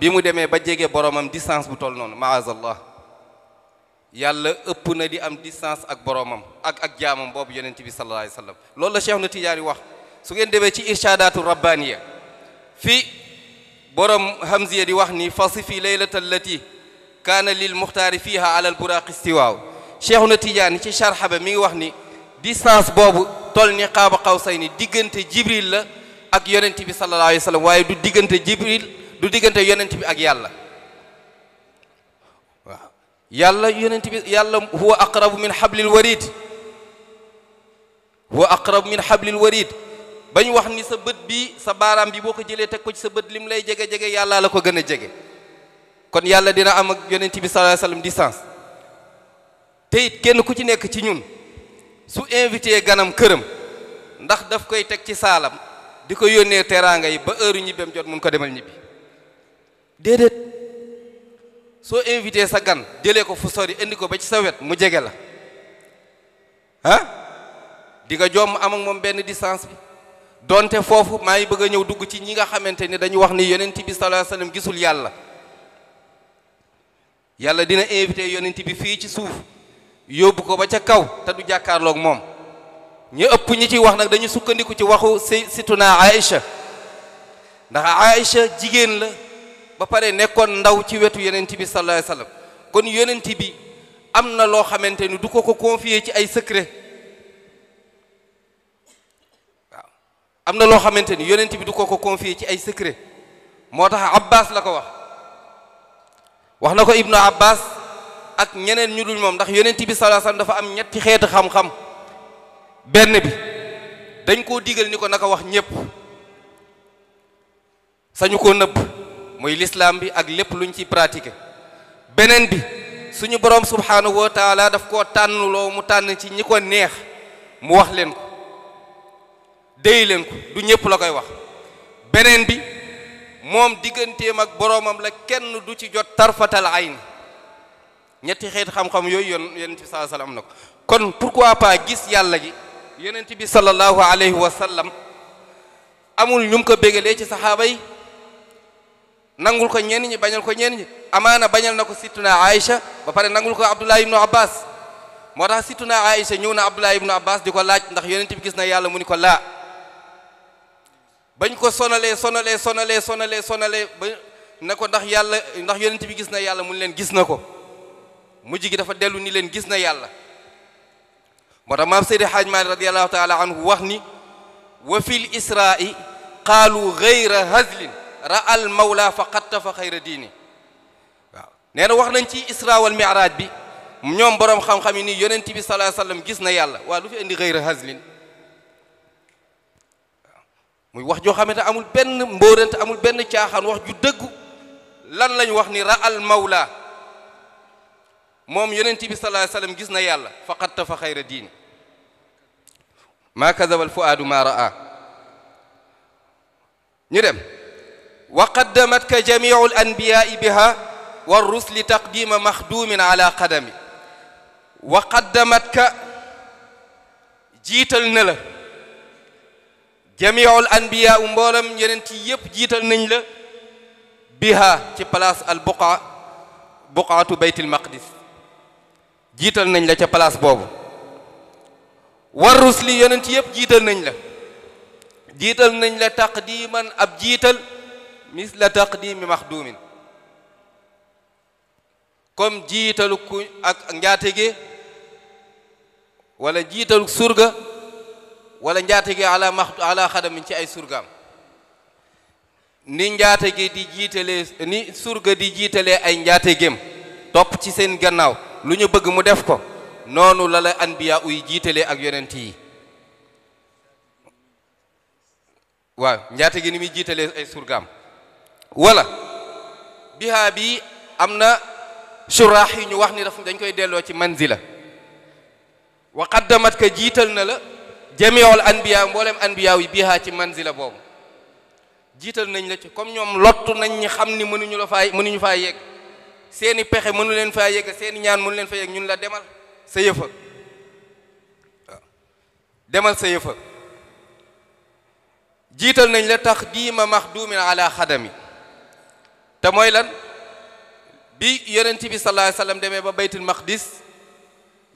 bi mu demee ba jege boromam distance bu toll noonu maazallah yàlla ëpp na di am distance ak boromam ak ak jaamam boobu yonent bi sallallahu alayhi wa loolu la Cheikh na Tijaani wax su ngeen demee ci irshadaatu rabbaniya fii borom hamziya di wax nii ni fasifi la allati kaana lil muxtaari fiiha alal buraaqi stiwaaw na tidiane ci charxa ba mi ngi wax ni distance boobu toll ni xaaba xaw say ni diggante jibril la ak yonent bi sallallahu waaye du diggante jibril du diggante yonent bi ak yàlla waaw yàlla yonent yàlla huwa min hablil warid huwa aqrabu min hablil warid bañ wax ni sa bët bi sa baaraam bi boo ko jëlee teg ko ci sa bët lim lay jege jege yàlla la ko gën a jege kon yàlla dina am ak yonent bi sallallahu alayhi wasallam distance te kenn ku ci nekk ci ñun su invité ganam këram ndax daf koy teg ci saalam di ko yónnee teraanga yi ba heure ñibbeem jot mun ko demal ñibbi déedéet soo invité sa gan jëlee ko fu sori indi ko ba ci sa wet mu jege la ah di nga jomm am ak moom benn distance bi donte foofu maa ngi bëgg a ñëw dugg ci ñi nga xamante ni dañu wax ni yonent bi sallallahu alayhi wasallam gisul yàlla yàlla dina invité yonent bi fii ci suuf yóbbu ko ba ca kaw te du jàkkaarloog moom ñu ëpp ñu ciy wax nag dañu sukkandiku ci waxu si situna Aïcha ndax Aïcha jigéen la ba pare nekkoon ndaw ci wetu yonent bi sallallahu alayhi kon yonent bi am na loo xamante ni du ko ko confier ci ay secret waaw am na loo xamante ni yonent bi du ko ko confier ci ay secret moo tax Abbas la ko wax wax na ko ibnu abbas ak ñeneen ñu dul moom ndax yonent bi sallallahu alayhi wasallam dafa am ñetti xeetu xam-xam benn bi dañ koo digal ni ko naka wax ñépp sañu ko nëpp muy lislaam bi ak lépp luñ ci pratiquer beneen bi suñu borom subhanahu wa taala daf koo tànnloo mu tànn ci ñi ko neex mu wax leen ko déy leen ko du ñépp la koy wax beneen bi moom digganteem ak boroomam la kenn du ci jot tarfatal ayn ñetti xeet xam-xam yooyu yoon yen bi sallallahu alayhi wa sallam am na ko kon pourquoi pas gis yàlla gi yonent bi sallallahu alayhi amul ñu ko bégalee ci saxaaba yi nangul ko ñenn ñi bañal ko ñenn ñi amaana bañal na ko sittuna Aïcha ba pare nangul ko Abdullah ibnu Abbas moo tax sittuna Aïcha ñëw na Abdullah ibnu Abbas di ko laaj ndax yonent bi gis na yàlla mu ni ko laa bañ ko sonalee sonalee sonalee sonalee sonalee ba na ko ndax yàlla ndax yonent bi gis na yàlla mun leen gis na ko mujj gi dafa dellu ni leen gis na yàlla moo tax maam Seydi Haaj Maalik radiyallahu taala anhu wax ni wa fil israai qaalu gayra hazlin ra'al mawla faqad tafa xayra diini nee na wax nañ ci isra wal miraaj bi ñoom borom xam-xam yi nii yonent bi sallallahu alayhi sallam gis na yàlla waaw lu fi indi gayra hazlin muy wax joo xamante amul benn mbóorante amul benn caaxaan wax ju dëggu lan lañ wax ni ra'al mawla moom yonent bi sallallahu alayhi wasallam gis na yàlla faqad tafa xayra diin maa kadaba alfuaadu maa ra'a ñu dem wa qaddamatka jamiu alanbiyaai biha wa rusli taqdima maxduumin ala qadami wa qaddamatka jiital na la jamiul anbiya u mboolam yeneen ci yépp jiital nañ la biha ci place al buqa buqaatu beytil maqdis jiital nañ la ca place boobu war rusli yeneen ci yépp jiital nañ la jiital nañ la taqdiman ab jiital misla taqdimi maxduumin comme jiitalu ku ak njaatige wala jiitalu surga wala njaate gi ala max ala xadamin ci ay surgaam ni njaate gi di jiitalee ni surga di jiitalee ay njaate gém topp ci seen gannaaw lu ñu bëgg mu def ko noonu la la anbiya uy jiitalee ak yonent yi waaw njaate gi ni muy jiitalee ay surgaam wala bihaa bi am na suraax yi ñu wax ni daf dañ koy delloo ci manzila wa qaddamat ka jiital na la jamiul anbiya mboolem anbiya yi bihaa ci manzila boobu jiital nañ la ci comme ñoom lottu nañ ñi xam ni mënuñu la faa mënuñu faa yegg seeni pexe mënu leen faa yegg seeni ñaan mënu leen faa yegg ñun la demal sa yëfa demal sa yëfa jiital nañ la tax diima maxduumin ala xadami te mooy lan bi yeneen bi sallallahu alayhi wasallam demee ba baytul maqdis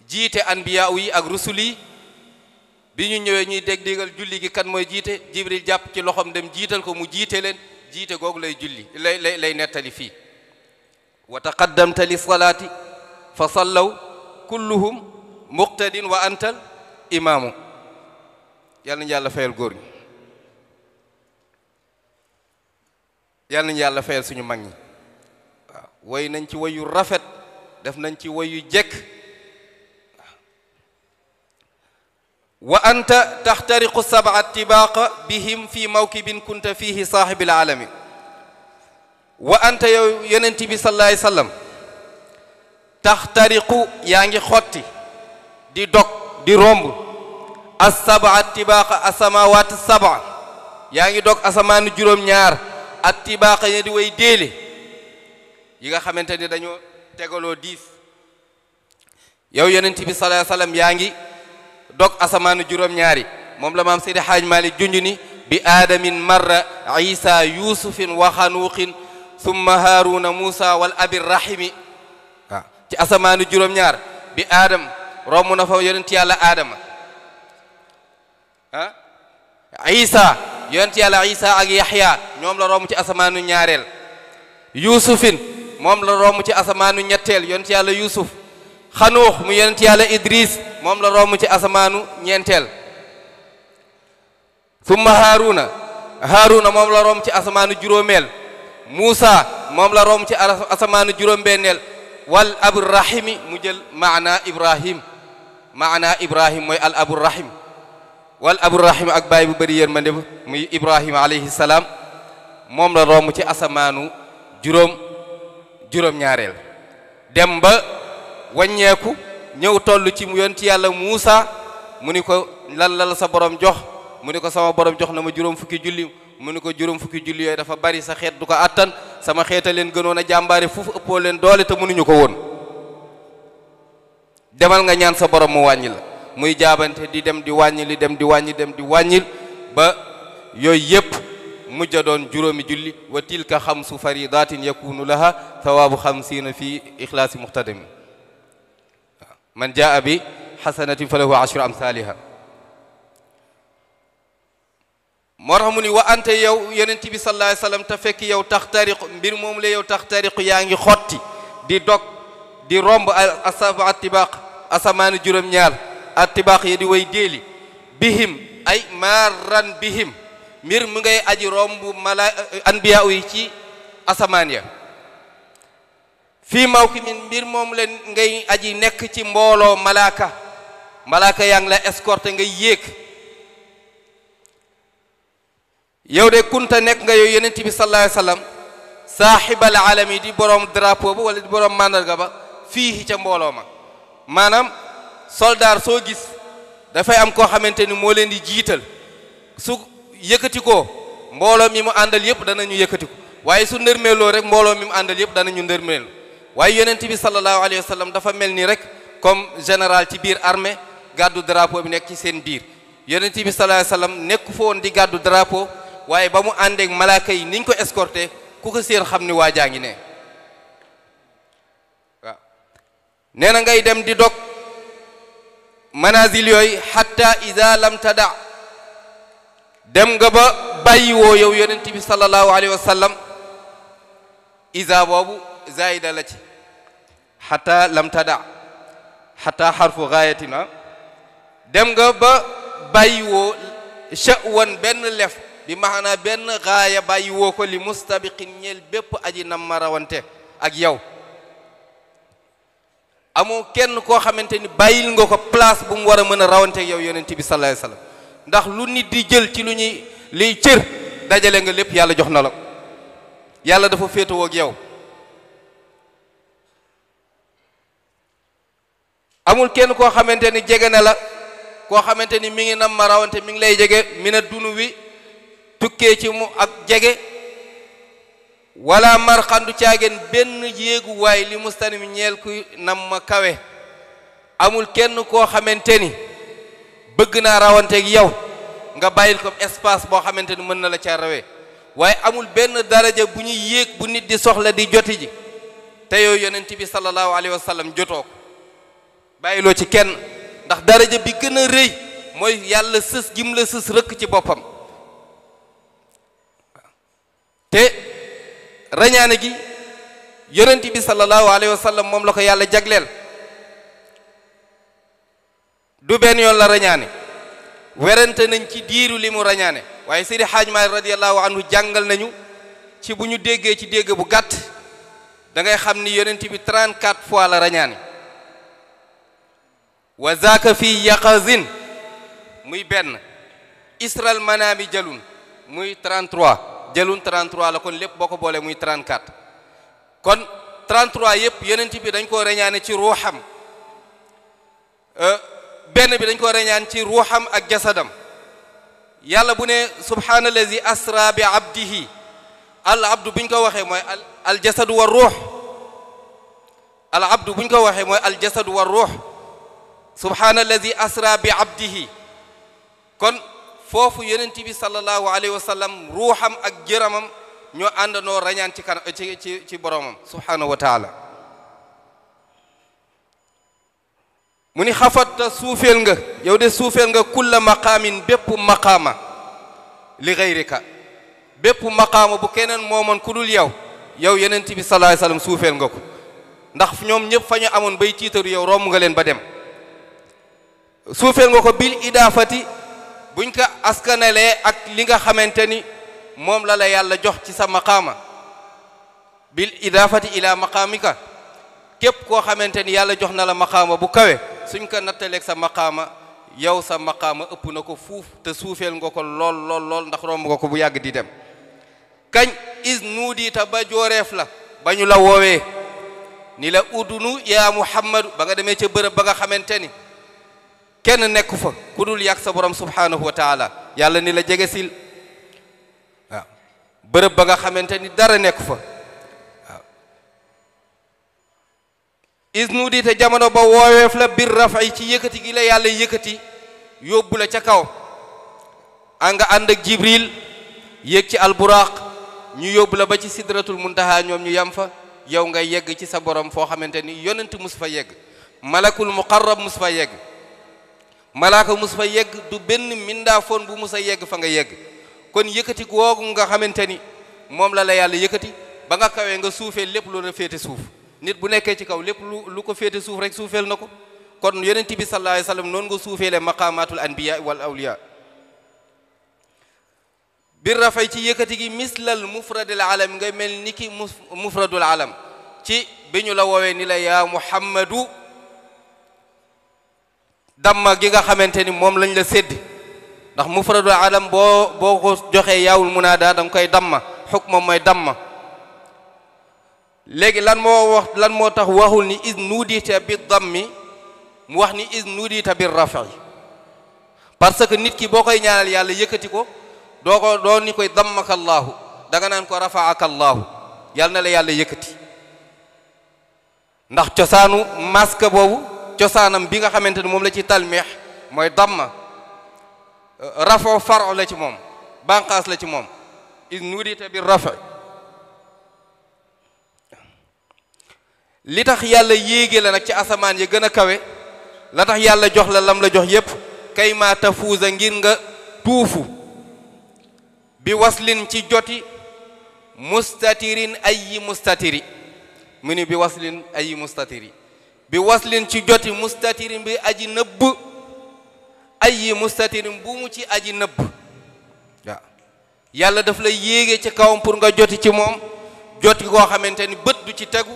jiite anbiya yi ak rusul bi ñu ñëwee ñuy dégg digal julli gi kan mooy jiite jibril jàpp ci loxoom dem jiital ko mu jiite leen jiite googu lay julli lay lay nettali fii wa taqaddamta li salaati fa sallaw kulluhum muqtadin wa antal imaamu yàlla nañu yàlla fayal góor ñi yàlla nañu yàlla fayal suñu mag ñi waaw woy nañ ci woyu rafet def nañ ci woyu jekk wa anta taxtariqu sab'a tibaaqa bihim fi mawkibin kunta fihi saaxibil aalami wa anta yow yonent bi sallallahu alayhi yaa ngi xotti di dog di romb as-sab'a tibaaqa saba yaa ngi dog asamaan juróom-ñaar ak tibaaqa ya di way déele yi nga xamante ni dañoo tegaloo diis yow yonent bi sallallahu alayhi yaa ngi dog asamaanu juróom-ñaari moom la maam Seydi Haaj Malik junj ni bi aadamin marra isa yusufin wa xanuuqin summa haaruna muusa wal abi rahimi waaw ci asamaanu juróom-ñaar bi aadam romb na fa yonent yàlla aadama ah isa yonent yàlla isa ak ñoom la romb ci asamaanu ñaareel yuusufin moom la ci asamaanu ñetteel yonent yàlla yuusuf xanuux mu yonent yàlla idris moom la romb ci asamaanu ñeenteel summa haaruna haaruna moom la romb ci asamaanu juróomeel muusa moom la romb ci asamaanu juróom-benneel wal aburahimi mu jël maana ibrahim maana ibrahim mooy al aburahim wal aburahim ak baay bu bëri yërmande muy ibrahima alayhi salaam moom la romb ci asamaanu juróom juróom-ñaareel dem ba wàññeeku ñëw toll ci mu yonent yàlla Muusa mu ni ko lan lal sa borom jox mu ni ko sama borom jox na ma juróom fukki julli mu ni ko juróom fukki julli yooyu dafa bari sa xeet du ko attan sama xeeta leen gënoon a jàmbaare foofu ëppoo leen doole te mënuñu ko woon demal nga ñaan sa borom mu wàññi la muy jaabante di dem di wàññi li dem di wàññi dem di wàññil ba yooyu yëpp mujj a doon juróomi julli wa tilka xamsu faridatin yakunu laha thawaabu xamsiina fi ixlaasi muxtadami man jaa bi xasanatin falahu ashru amsaaliha moo tax ni wa ante yow yonent bi sallallahu alayhi fekk yow taxtariqu mbir moom la yow taxtariqu yaa ngi xotti di dog di romb asaba atibaq asamaani juróom-ñaar atibaq di way déeli bihim ay marran bihim mbir mu ngay aji romb mala anbiya ci asamaan ya fii mawkimin mbir moom leen ngay aji nekk ci mbooloo malaaka malaaka yaa ngi la escorté ngay yéeg yow de kunta nekk nga yow yonent bi sallallahu alayhi wa sallam saaxibal alami di boroom drapeau ba wala di boroom màndarga ba fii ca mbooloo ma maanaam soldaar soo gis dafay am koo xamante ni moo leen di jiital su yëkkati ko mbooloo mi mu àndal yëpp danañu yëkkati ko waaye su ndërmeeloo rek mbooloo mi mu àndal dana ñu ndërmeeloo waaye yonent bi sallallahu alayhi wa sallam dafa mel ni rek comme général ci biir armee gàddu drapo bi nekk ci seen biir yonent bi sallallahu alayhi wa sallam nekk fa woon di gàddu drapeau waaye ba mu àndeek malaakay yi niñ ko escorté ku ko seen xam ni waajaa ngi ne nee na ngay dem di dog manazil yooyu hatta ida lam tada dem nga ba bàyyi woo yow yonent bi sallallahu alayhi wa salam isa boobu zaida la ci xata lam tada xata xarfu gaayatina ah. dem nga ba bàyyiwoo sha'wan benn lef bi maanaa benn gaaya bàyyiwoo ko li mustabiqin ñeel bépp aji nam ma rawante ak yow amoo kenn koo xamante ni bàyyil nga ko place bu mu war a mën a rawante yow yonent bi sallallahu alayhi wasallam ndax lu nit di jël ci lu ñuy liy cër dajale nga lépp yàlla jox na la yàlla dafa féetewoo ak yow amul kenn koo xamante ni jege na la koo xamante ni mi ngi nam rawante mi ngi lay jege mi na dunu wi tukkee ci mu ak jege wala mar xandu caageen benn yéeguwaay li mustanim ñeel ku nam ma kawe amul kenn koo xamante ni bëgg naa rawanteeg yow nga bàyyil ko espace boo xamante ni mën na la ca rawee waaye amul benn daraja bu ñuy yéeg bu nit di soxla di joti ji te yow yonent bi sallallahu alayhi wa sallam jotoo bàyyiloo ci kenn ndax daraja bi gën a rëy mooy yàlla sës gim la sës rëkk ci boppam te rañaane gi yonent bi sallallahu alayhi wa sallam moom la ko yàlla jagleel du benn yoon la rañaane werante nañ ci diiru li mu rañaane waaye Seydi Haaj Maalik radiyallahu anhu jàngal nañu ci bu ñu déggee ci dégg bu gàtt da ngay xam ni yonent bi 34 fois la rañaane wa zaaka fi yaqazin muy benn isral manaami jalun muy 33 jalun 33 la kon lépp boo ko boolee muy 34 kon 33 yëpp yenent bi dañ koo reñaane ci ruuxam euh, benn bi dañ koo reñaan ci ruuxam ak jasadam yàlla bu ne subhaanallazi asra bi abdihi al abdu buñ ko waxee mooy al jasadu wa ruux al abdu buñ ko waxee mooy al jasadu wa ruux subhaanalladi asra bi abdihi kon foofu yeneen bi sallallahu alayhi wa sallam ruuxam ak jëramam ñoo àndanoo rañaan ci kan ci ci ci boromam subhaanahu wa taala mu ni xafatta suufeel nga yow de suufeel nga kulla maqaamin bépp maqaama li gayrika bépp maqaama bu keneen moomoon ku dul yow yow yonent bi sallallahu alayhi wa sallam suufeel nga ko ndax ñoom ñëpp fa ñu amoon bay tiitaru yow romb nga leen ba dem suufeel nga ko bil idaafati buñ ko askanalee ak li nga xamante ni moom la la yàlla jox ci sa maqaama bil idaafati ila maqaamika képp koo xamante ni yàlla jox na la maqaama bu kawe suñ ko nattaleeg sa maqaama yow sa maqaama ëpp na ko fuuf te suufeel nga ko lool lool ndax romb nga ko bu yàgg di dem kañ is nuudiita ba jooreef la bañu ñu la woowee ni la udunu yaa muhammadu ba nga demee ci bërëb ba nga xamante ni kenn nekku fa ku dul yàgg sa borom subhanahu wa taala yàlla ni la jege sil bërëb ba nga xamante ni dara nekku fa waaw isnu di te jamono ba wooweef la bir yi ci yëkkati gi la yàlla yëkkati yóbbu la ca kaw anga ànd ak jibril yéeg ci alburaq ñu yóbbu la ba ci sidratul muntaha ñoom ñu yam fa yow nga yegg ci sa borom foo xamante ni yonent mus fa yegg malakul muqarrab mus fa yegg malaaka mus fa yegg du benn mindaafoon bu mus a yegg fa nga yegg kon yëkkati googu nga xamante ni moom la la yàlla yëkkati ba nga kawee nga suufee lépp lu la féete suuf nit bu nekkee ci kaw lépp lu lu ko féete suuf rek suufeel na ko kon yonent bi sallallahu alayhi wa sallam noonu nga suufeele maqamatul anbiya wal awliya bir rafay ci yëkkati gi mislal mufradil alam nga mel ni ki mufradul alam ci bi ñu la woowee ni la yaa muhammadu damma gi nga xamante ni moom lañ la séddi ndax mufradu alam boo boo ko joxee yaawul munaada da nga koy damma xukma mooy damma léegi lan moo wax lan moo tax waxul ni is nuudita bi dammi mu wax ni is nuudita bi rafi parce que nit ki boo koy ñaanal yàlla yëkkati ko doo ko doo ni koy dammaka allaahu da nga naan ko rafaaka allaahu yàlla na la yàlla yëkkati ndax cosaanu masque boobu cosaanam bi nga xamante ne moom la ci talmeex mooy damma rafo faro la ci moom banqaas la ci moom is nurita bi rafa li tax yàlla yéege la nag ci asamaan yi gën a kawe la tax yàlla jox la lam la jox yépp kay ma tafuusa ngir nga tuufu bi waslin ci joti mustatirin ay yi mustatiri mu ni bi waslin ay yi mustatiri bi waslin ci joti mustatirin bi aji nëbb ay yi mustatirin bu ci aji nëbb yàlla daf la yéege ci kawam pour nga joti ci moom joti koo xamante ni bët du ci tegu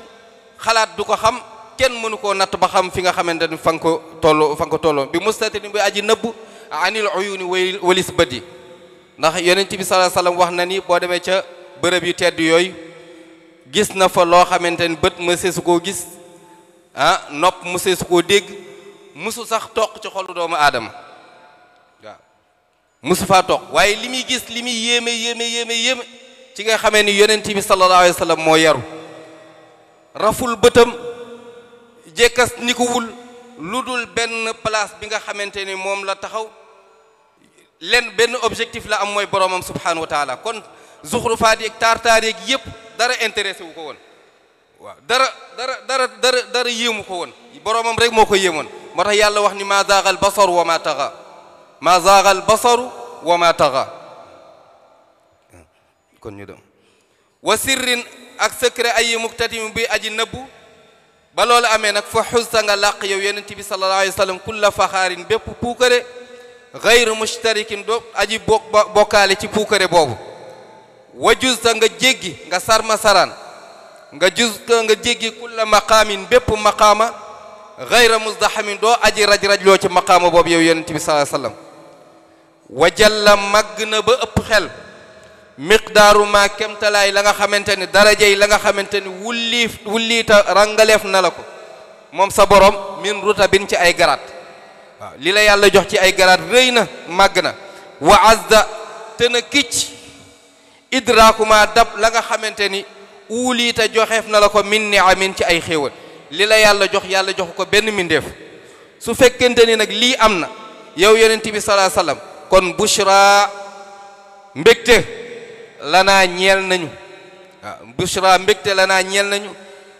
xalaat du ko xam kenn mënu koo natt ba xam fi nga xamante ni fa ko tolloo fa nga ko tolloo bi mustatirin bi aji nëbb anil uyuni walis bët yi ndax yonent bi sallallahu wax na ni boo demee ca bërëb yu tedd yooyu gis na fa loo xamante ni bët seesu koo gis ah nopp mosee su ko dégg mosu sax toq ci xolu doomu aadama waaw mosu faa toq waaye li muy gis li muy yéeme yéeme yéeme yéeme ci nga xamee ni yonent bi sallallahu alayhi wa moo yaru raful bëtam jekkas nikuwul lu dul benn place bi nga xamante ni moom la taxaw lenn benn objectif la am mooy boromam subhanahu wa taala kon zuxrufaat yeeg taar taar yeeg yëpp dara intéressé wu ko woon waaw dara dara dara ko woon boroomam rek moo ko yéemoon moo tax yàlla wax ni maa zaagal basaru wa maa taxa maa zaagal basaru wa maa taxa kon ñu wa sirrin ak secret ay muktatim bi aji nëbbu ba loolu amee nag fa nga làq yow yonent bi sallallahu alayhi wa sallam kulla faxaarin bépp puukare gayru mushtarikin do aji bokkaale ci puukare boobu wajus ta nga jéggi nga sarma saraan nga jus nga jéggi kulla maqaamin bépp maqaama gayra musdahamin doo aji raj raj loo ci maqaama boobu yow yonent bi sallallahu alayhi la wa jalla màgg na ba ëpp xel miqdaaru ma kemtalaay la nga xamante ni daraja yi la nga xamante ni wulliif wulliita rangaleef na la ko moom sa borom min ruta bin ci ay garaat waaw li la yàlla jox ci ay garaat rëy na màgg na wa azza te na kicc idraakuma dab la nga xamante uulii te joxeef na la ko min ni amin ci ay xéewal li la yàlla jox yàlla jox ko benn mindeef su fekkente ni nag lii am na yow yonent bi salaa sallam kon bushra mbégte naa ñeel nañu waaw bushra la naa ñeel nañu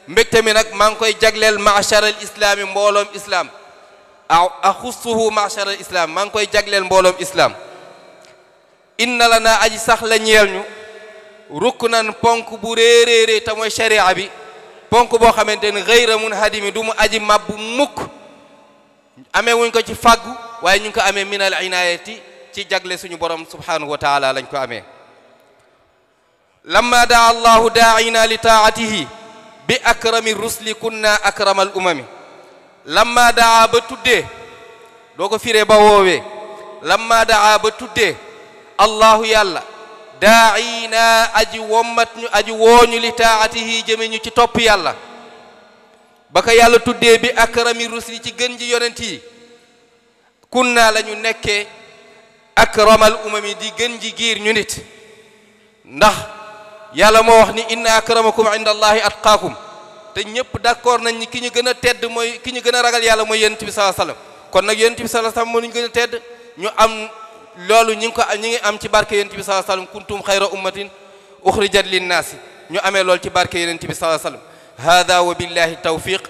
mbégte mi nag maa ngi koy jagleel machar al islaami mbooloom islaam aw axussuhu machar al islaam maa ngi koy jagleel mbooloom islaam inna lanaa aji sax la ñeel ñu ruknan ponk bu réeréerée te mooy sharia bi ponk boo xamante ni xëyra mun hadimi du mu aji mabbu mukk amee wuñ ko ci fàggu waaye ñu ngi ko amee min al inayati ci jagle suñu borom subhanahu wa taala lañ ko amee lamma daa allahu daaina li taatihi bi akrami rusli kunna akramal umami lamma daa ba tuddee doo ko firee ba woowee lamma daa ba tuddee allahu yàlla daa daaina aji wommat ñu aji wooñu li taatihi jëme ñu ci topp yàlla ba ko yàlla tuddee bi akrami rusli ci gën ji yonent yi kun naa lañu nekkee akramal umami di gën ji giir ñu nit ndax yàlla moo wax ni inna akramakum inda allahi atqaakum te ñëpp d'accord nañ ni ki ñu gën a tedd mooy ki ñu gën a ragal yàlla mooy yonent bi sallallahu alayhi kon nag yonent bi sallallahu alayhi wasallam moo ñu gën tedd ñu am loolu ñi ngi ko ñi ngi am ci barke yonent bi sallallahu alayhi wasallam kuntum xayra ummatin uxrijat linnaasi ñu amee loolu ci barke yonent bi sallallahu alayhi wasallam hada wa billahi tawfiq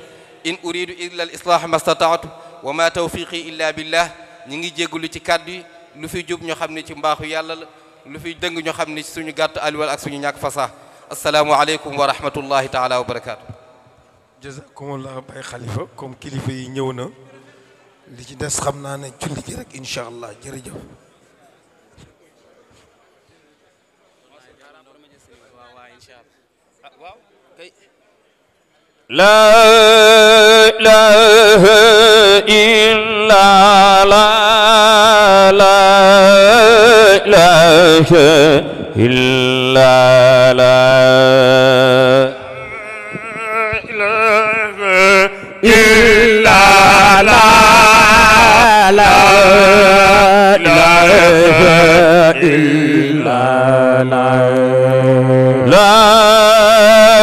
in uridu illa al islah ma stataatu wa ma tawfiqi illa billah ñi ngi jéggulu ci kàddu yi lu fi jub ñu xam ne ci mbaaxu yàlla la lu fi dëng ñu xam ne ci suñu gàtt aliwal ak suñu ñàkk fasaa asalaamu aleykum wa rahmatullahi taala wa barakaatu jazakumullah bay xalifa comme kilifa ñëw na li ci des xam naa ne julli ji rek لا إله إلا لا لا إله إلا لا إله إلا لا لا إله إلا لا لا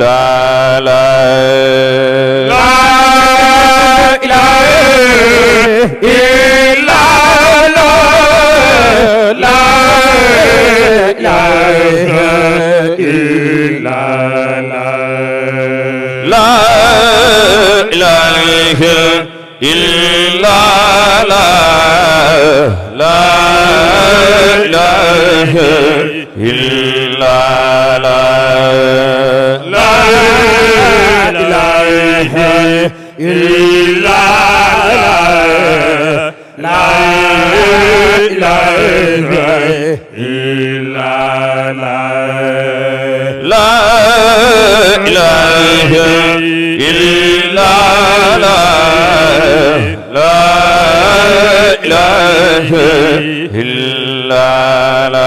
la la la ilaha illa la la ilaha illa la la ilaha illa la la ilaha illa la إله إلا لا إله إلا لا لا إله إلا لا لا إله إلا لا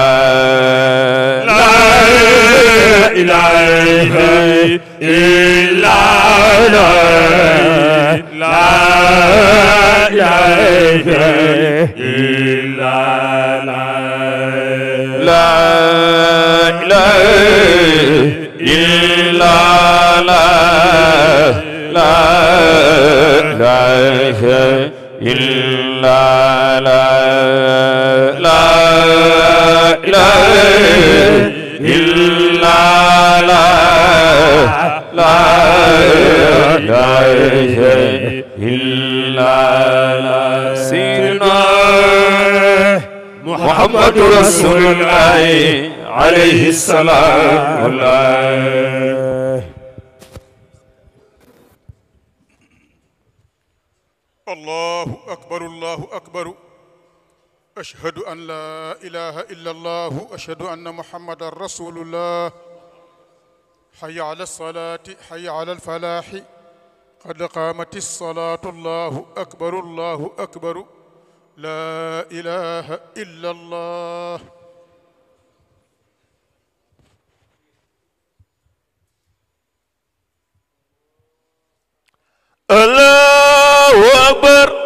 لا إله إلا la la محمد رسول الله عليه السلام الله الله أكبر الله أكبر أشهد أن لا إله إلا الله أشهد أن محمد رسول الله حي على الصلاة حي على الفلاح قد قامت الصلاة الله أكبر الله أكبر لا إله إلا الله الله أكبر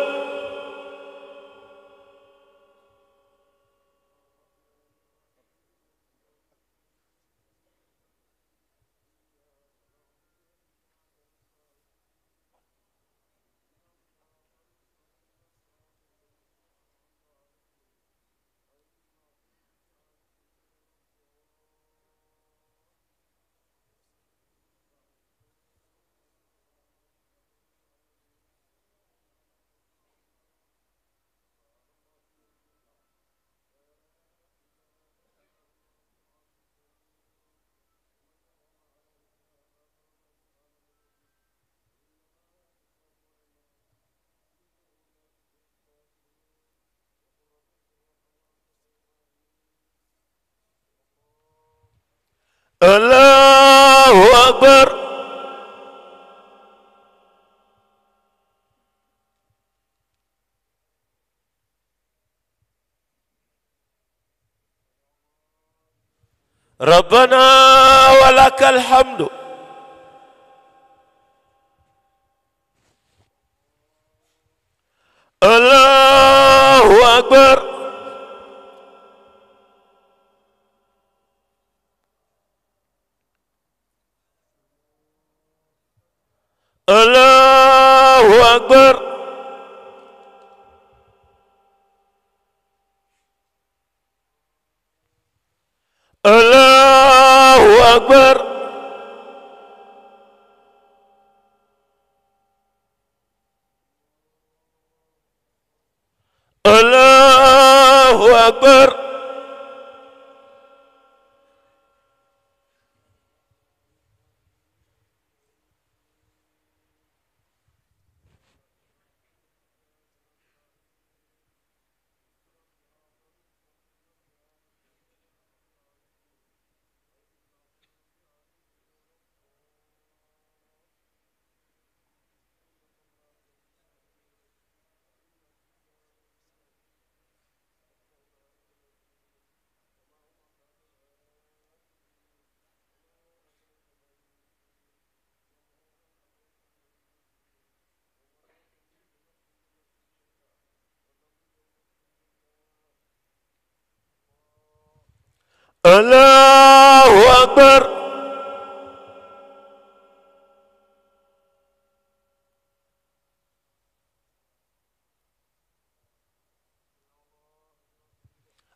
Akbar rabbana wa lakal hamdu Allahu Akbar ba Allahu akbar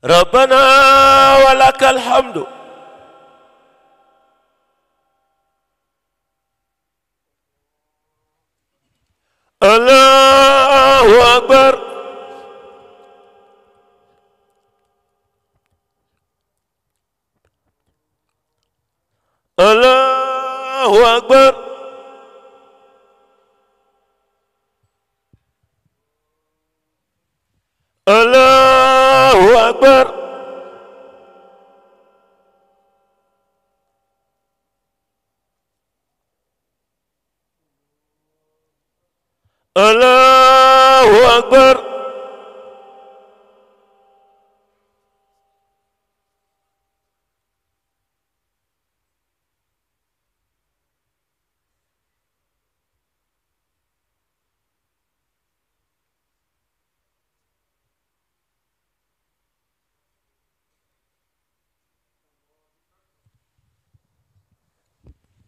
rabbana wa lakal hamdu gbọ́ngbọ́n.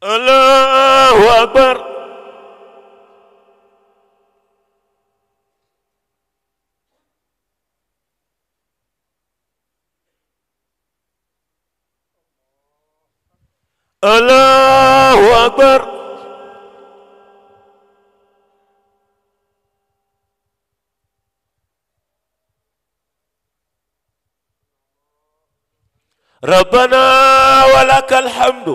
allahu akbar allahu akbar rabbana wa lakal hamdu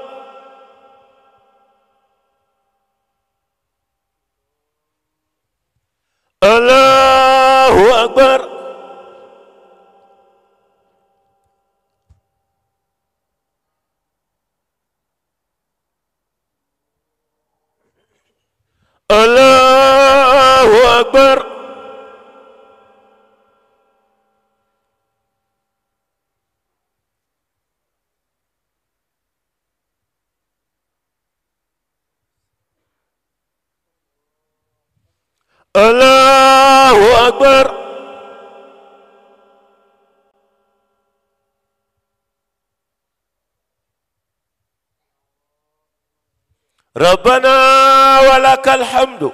ربنا ولك الحمد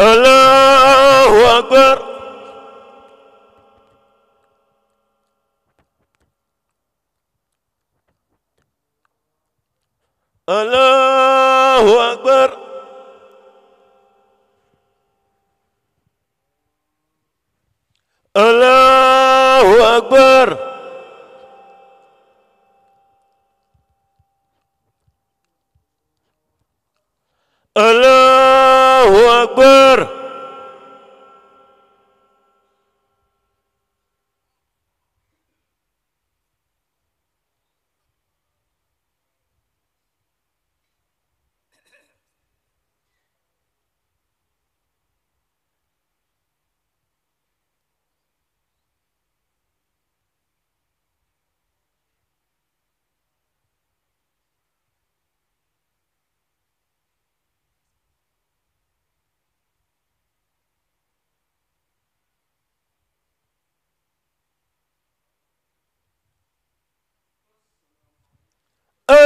الله أكبر الله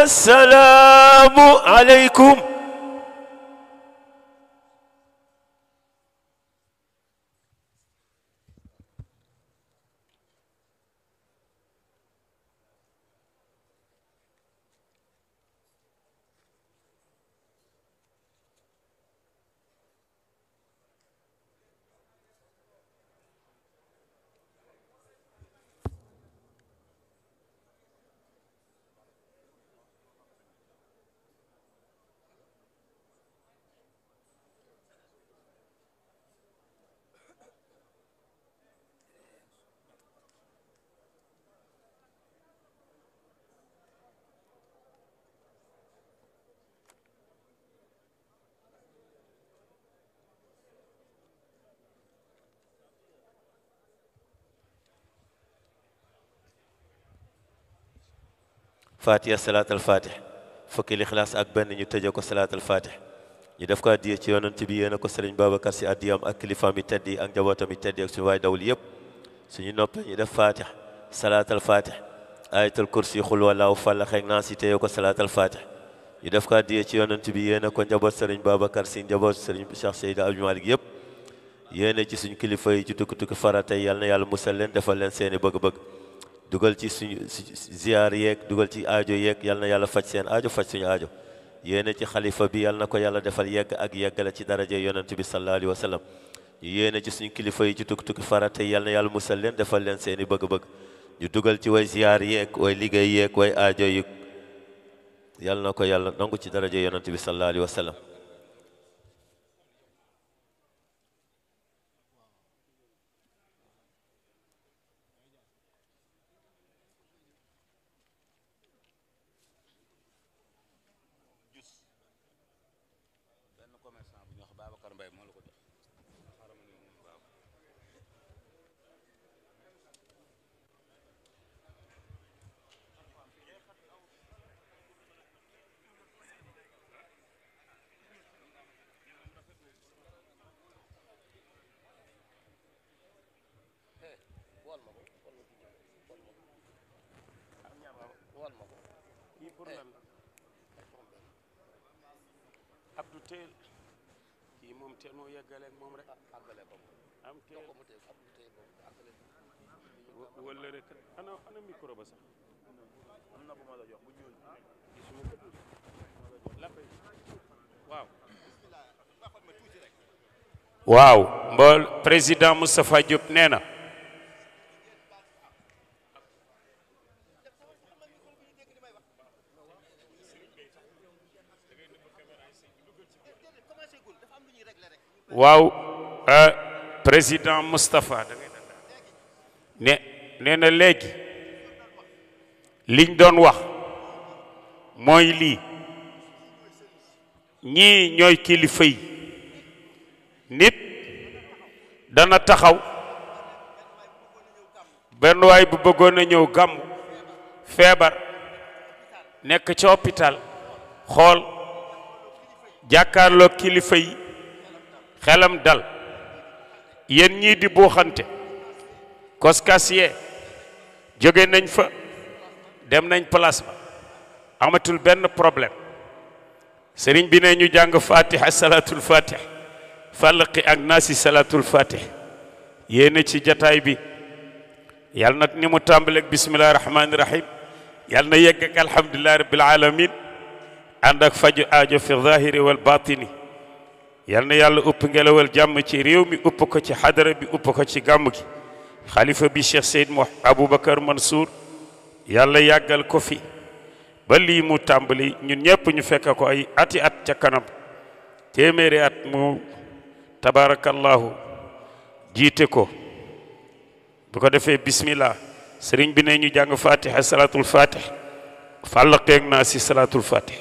assalaamu aleykum fatiha salaatal fatih fukki lixlaas ak benn ñu tëjee ko salaatal fatih ñu def ko addiya ci yonent bi yéen a ko sëriñ Babacar si addiyam ak kilifaam yi tedd yi ak njabootam yi tedd yi ak suñu waay dawul yëpp suñu noppee ñu def fatih salaatal fatih ayatul kursi xul walaaw fàlla xeeg naa si tëye ko salaatal fatih ñu def ko addiya ci yonent bi yéen a ko njaboot sëriñ Babacar si njaboot sëriñ Cheikh Seydi Abdou Malick yëpp yéen ci suñu kilifa yi ci tukki tukki farata yi yal na yàlla musal leen defal leen seeni bëgg-bëgg dugal ci suñu ziyaar yeeg dugal ci ajo yeeg yal na yàlla faj seen ajo faj suñu aajo yéene ci xalifa bi yal na ko yàlla defal yegg ak yeggale ci daraje yonent bi sallallahu alayhi wa sallam ñu yéene ci suñu kilifa yi ci tukki-tukki farate yal na yàlla musal leen defal leen seeni bëgg-bëgg ñu dugal ci way ziyaar yeeg way liggéey yeeg way aajo yi yal na ko yàlla nangu ci daraje yonent bi sallallahu alayhi wa sallam waaw mbool président Moustapha Diop nee na waaw euh, président Moustapha da ne nee na léegi liñ doon wax mooy lii ñii ñooy kilifa yi nit dana taxaw benn waay bu bëggoon a ñëw gàmmu feebar nekk ci hôpital xool jàkkaarloo kilifa xelam dal yéen ñii di buuxante koskasiye jóge nañ fa dem nañ place amatul benn problème sëriñ bi ne ñu jàng fatiha salatul fatiha falaqi ak naasi salaatul fatih yéene ci jataay bi yal na ni mu tàmbaleeg bisimillahi rahmaani rahim yal na yegg ak alhamdulilahi rabbil alamin ànd ak faju aajo fi zahiri wal batini yal na yàlla upp ngelawal jàmm ci réew mi upp ko ci xadara bi upp ko ci gàmm gi xalifa bi cheikh seyd mo aboubacar mansour yàlla yàggal ko fi ba lii mu tàmbali ñun ñëpp ñu fekk ko ay ati at ca kanam téeméeri at mu tabaarakallaahu jiite ko bu ko defee bismillah sëriñ bi ne ñu jàng fatiha salaatul fatih fàllaqeeg naa si salaatul fatih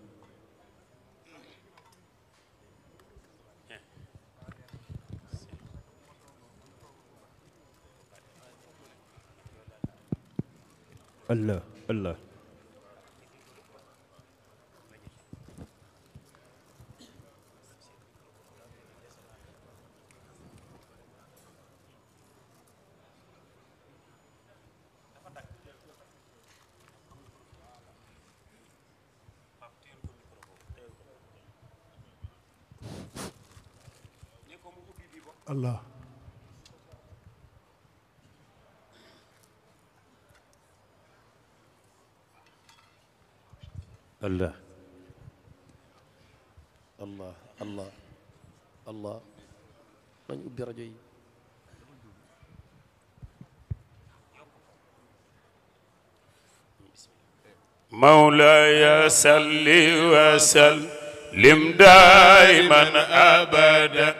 Allah Allah Allah الله الله الله الله nañ ubbi rajo yi مولاي صل وسلم دائما ابدا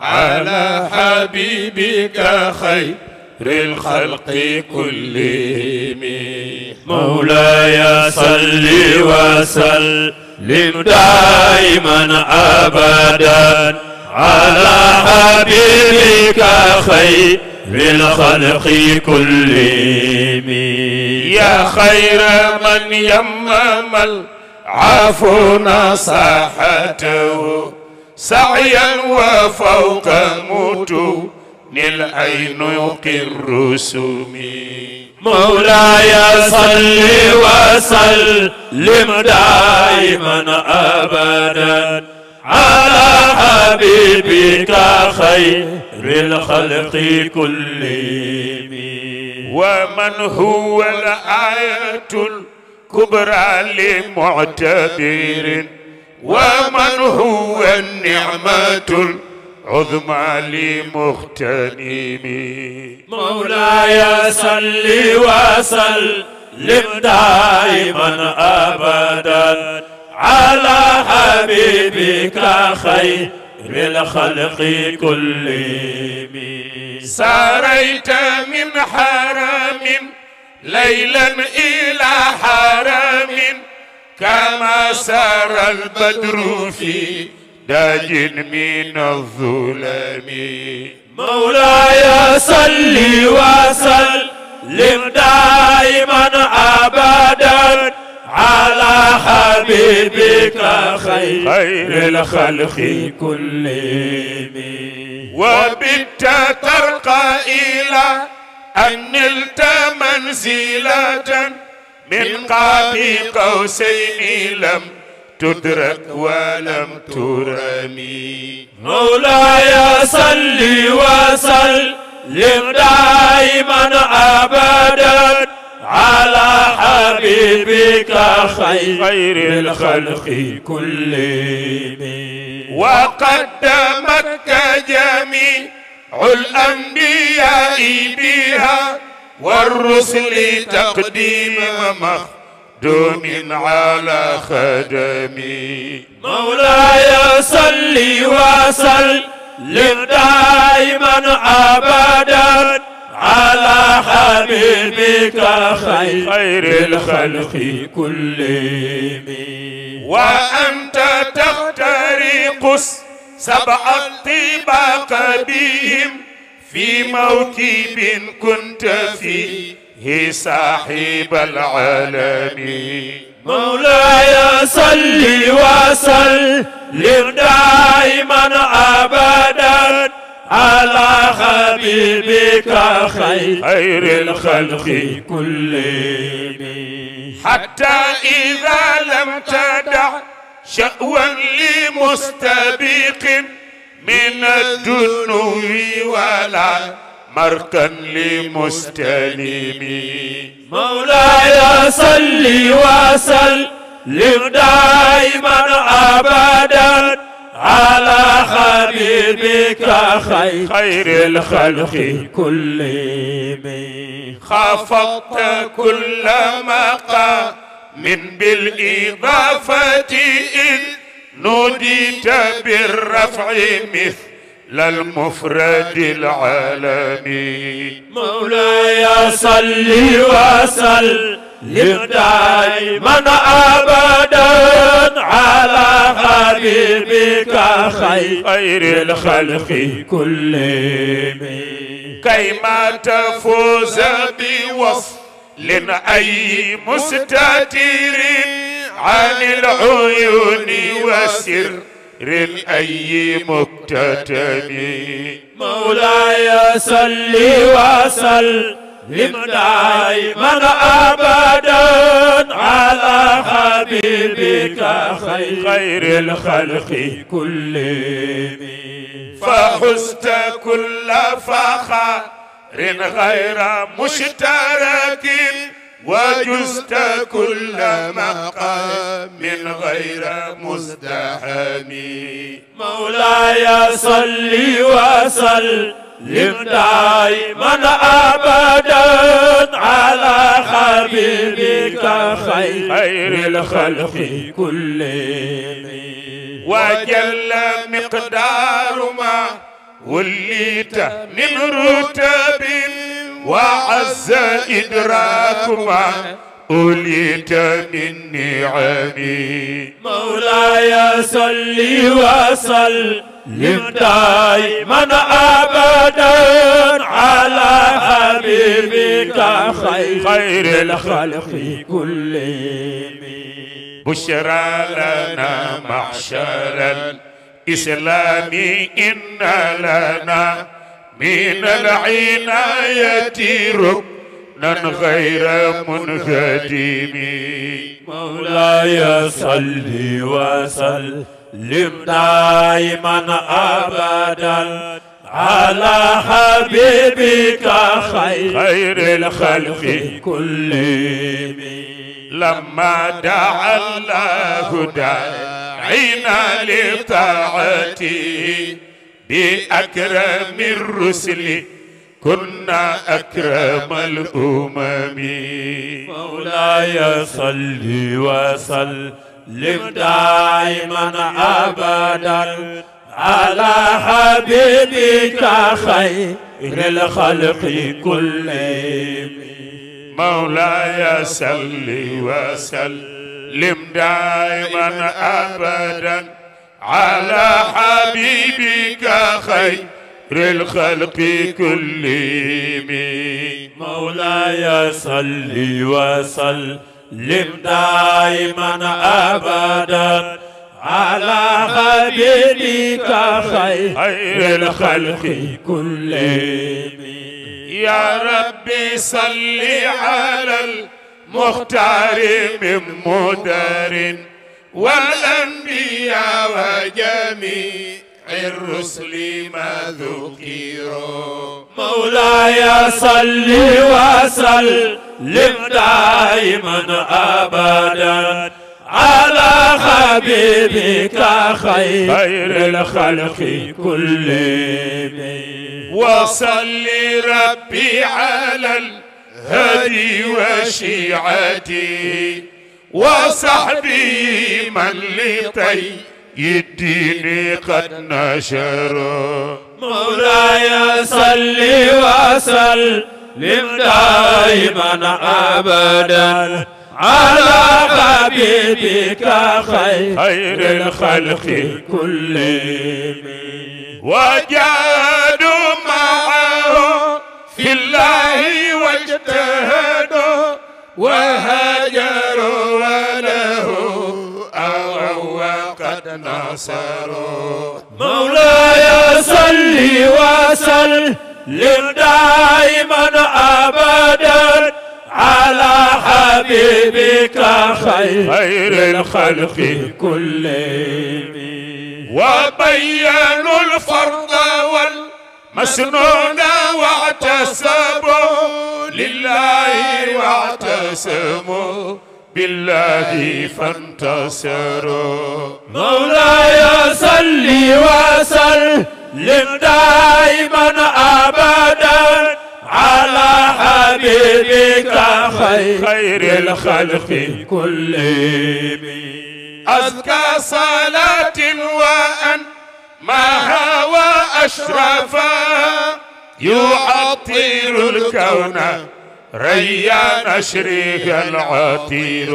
على حبيبك خير الخلق كلهم مولاي صل وسلم دائما أبدا على حبيبك خير بالخلق كلهم يا خير من يمم العفو نصاحته سعيا وفوق موت العين يقر سمي مولاي صل وسلم دائما ابدا على حبيبك خير الخلق كلهم ومن هو الآية الكبرى لمعتبر ومن هو النعمة الكبرى عظمى لمغتنمي مولاي صل وسلم دائما ابدا على حبيبك خير بالخلق كلهم ساريت من حرم ليلا الى حرم كما سار البدر في داج من الظلم مولاي صل وسلم دائما ابدا على حبيبك خير الخلق كلهم وبت ترقى الى ان نلت منزله من قاب قوسين لم تدرك ولم ترمي مولاي صل وسلم دائما ابدا على حبيبك خير الخلق كلهم وقدمك جميع الانبياء بها والرسل تقديم مخ دوم على خدمي مولاي صلي وسلم دائما ابدا على حبيبك خير, خير الخلق كلهم وانت تخترق سبع الطباق بهم في موكب كنت فيه هي صاحب العالم مولاي صل وسلم دائما ابدا على حبيبك خير, خير الخلق كلهم حتى اذا لم تدع شأوا لمستبيق من الدنو ولا مرقا لمستلم مولاي صل وسلم دائما ابدا على حبيبك خير, خير الخلق كلهم خفضت كل مقام من بالإضافة إن نوديت بالرفع مثل للمفرد العالمي مولاي صل وسلم دائما ابدا على حبيبك خير الخلق كلهم كيما تفوز بوصل اي مستتر عن العيون والسر الأي مقتتبي مولاي صل وسلم دائما أبدا على حبيبك خير الخلق كلهم فحزت كل فخر غير مشترك وجزت كل مقام غير مزدحم مولاي صل وسلم دائما ابدا على حبيبك خير الخلق كلهم وجل مقدار ما وليت من رتب وعز إدراكما أوليت من نعمي مولاي صلي وسلم دائما أبدا على حبيبك خير الخلق كلهم بشرى لنا محشر الإسلام إن لنا من العناية ركنا غير منهدم مولاي صل وسلم دائما أبدا على حبيبك خير, خير الخلق كلهم لما دعا الله داعينا لطاعته بأكرم الرسل كنا أكرم الأمم مولاي صل وسلم دائما أبدا على حبيبك خير الخلق كلهم مولاي صل وسلم دائما أبدا على حبيبك خير الخلق كلهم مولاي صل وسلم دائما ابدا على حبيبك خير الخلق كلهم يا ربي صل على المختار من مدر والأنبياء وجميع الرسل ما ذكروا مولاي صل وسلم دائما أبدا على حبيبك خير الخلق كلهم وصل ربي على الهدي وشيعتي وصحبي من لطي الدين قد نشر مولاي صل وسلم دائما ابدا على حبيبك خير الخلق كلهم وجادوا معه في الله واجتهدوا وهجروا تناصروا مولاي صل وسلم دائما ابدا على حبيبك خير, خير الخلق كلهم وبينوا الفرض والمسنون واعتصموا لله واعتصموا بالله فانتصروا مولاي صل وسلم دائما ابدا على حبيبك خير الخلق كلهم أزكى صلاة وأن معها وأشرفا يعطر الكون ريان أشريك العطير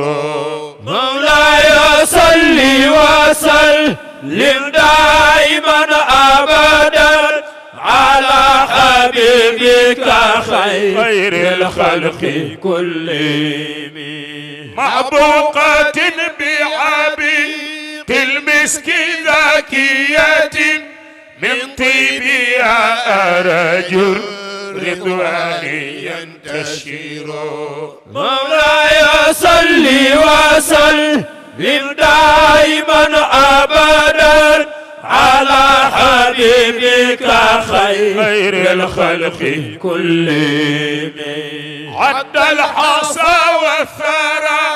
مولاي صلي وسلم دائما أبدا على حبيبك خير الخلق كلهم محبوقة بعبي المسك ذاكية من طيبها أرجل رضواني ينتشر مولاي صل وسلم دائما ابدا على حبيبك خير الخلق كلهم عد الحصى والثرى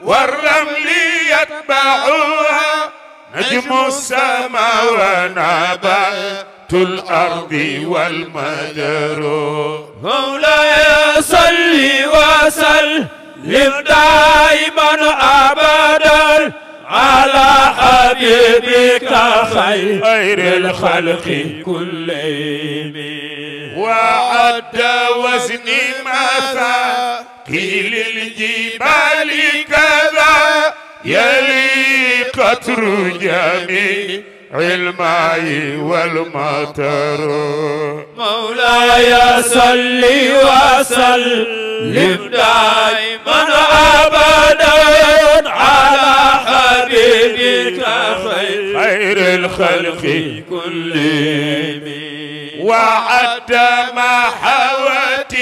والرمل يتبعها نجم السماء ونبات الأرض والمدر مولاي صل وسلم دائما أبدا على حبيبك خير الخلق كلهم وعد وزن مثا قيل الجبال كذا يلي قطر جميل الماء والمطر مولاي صل وسلم دائما ابدا على حبيبك خير الخلق كلهم وحتى ما حوت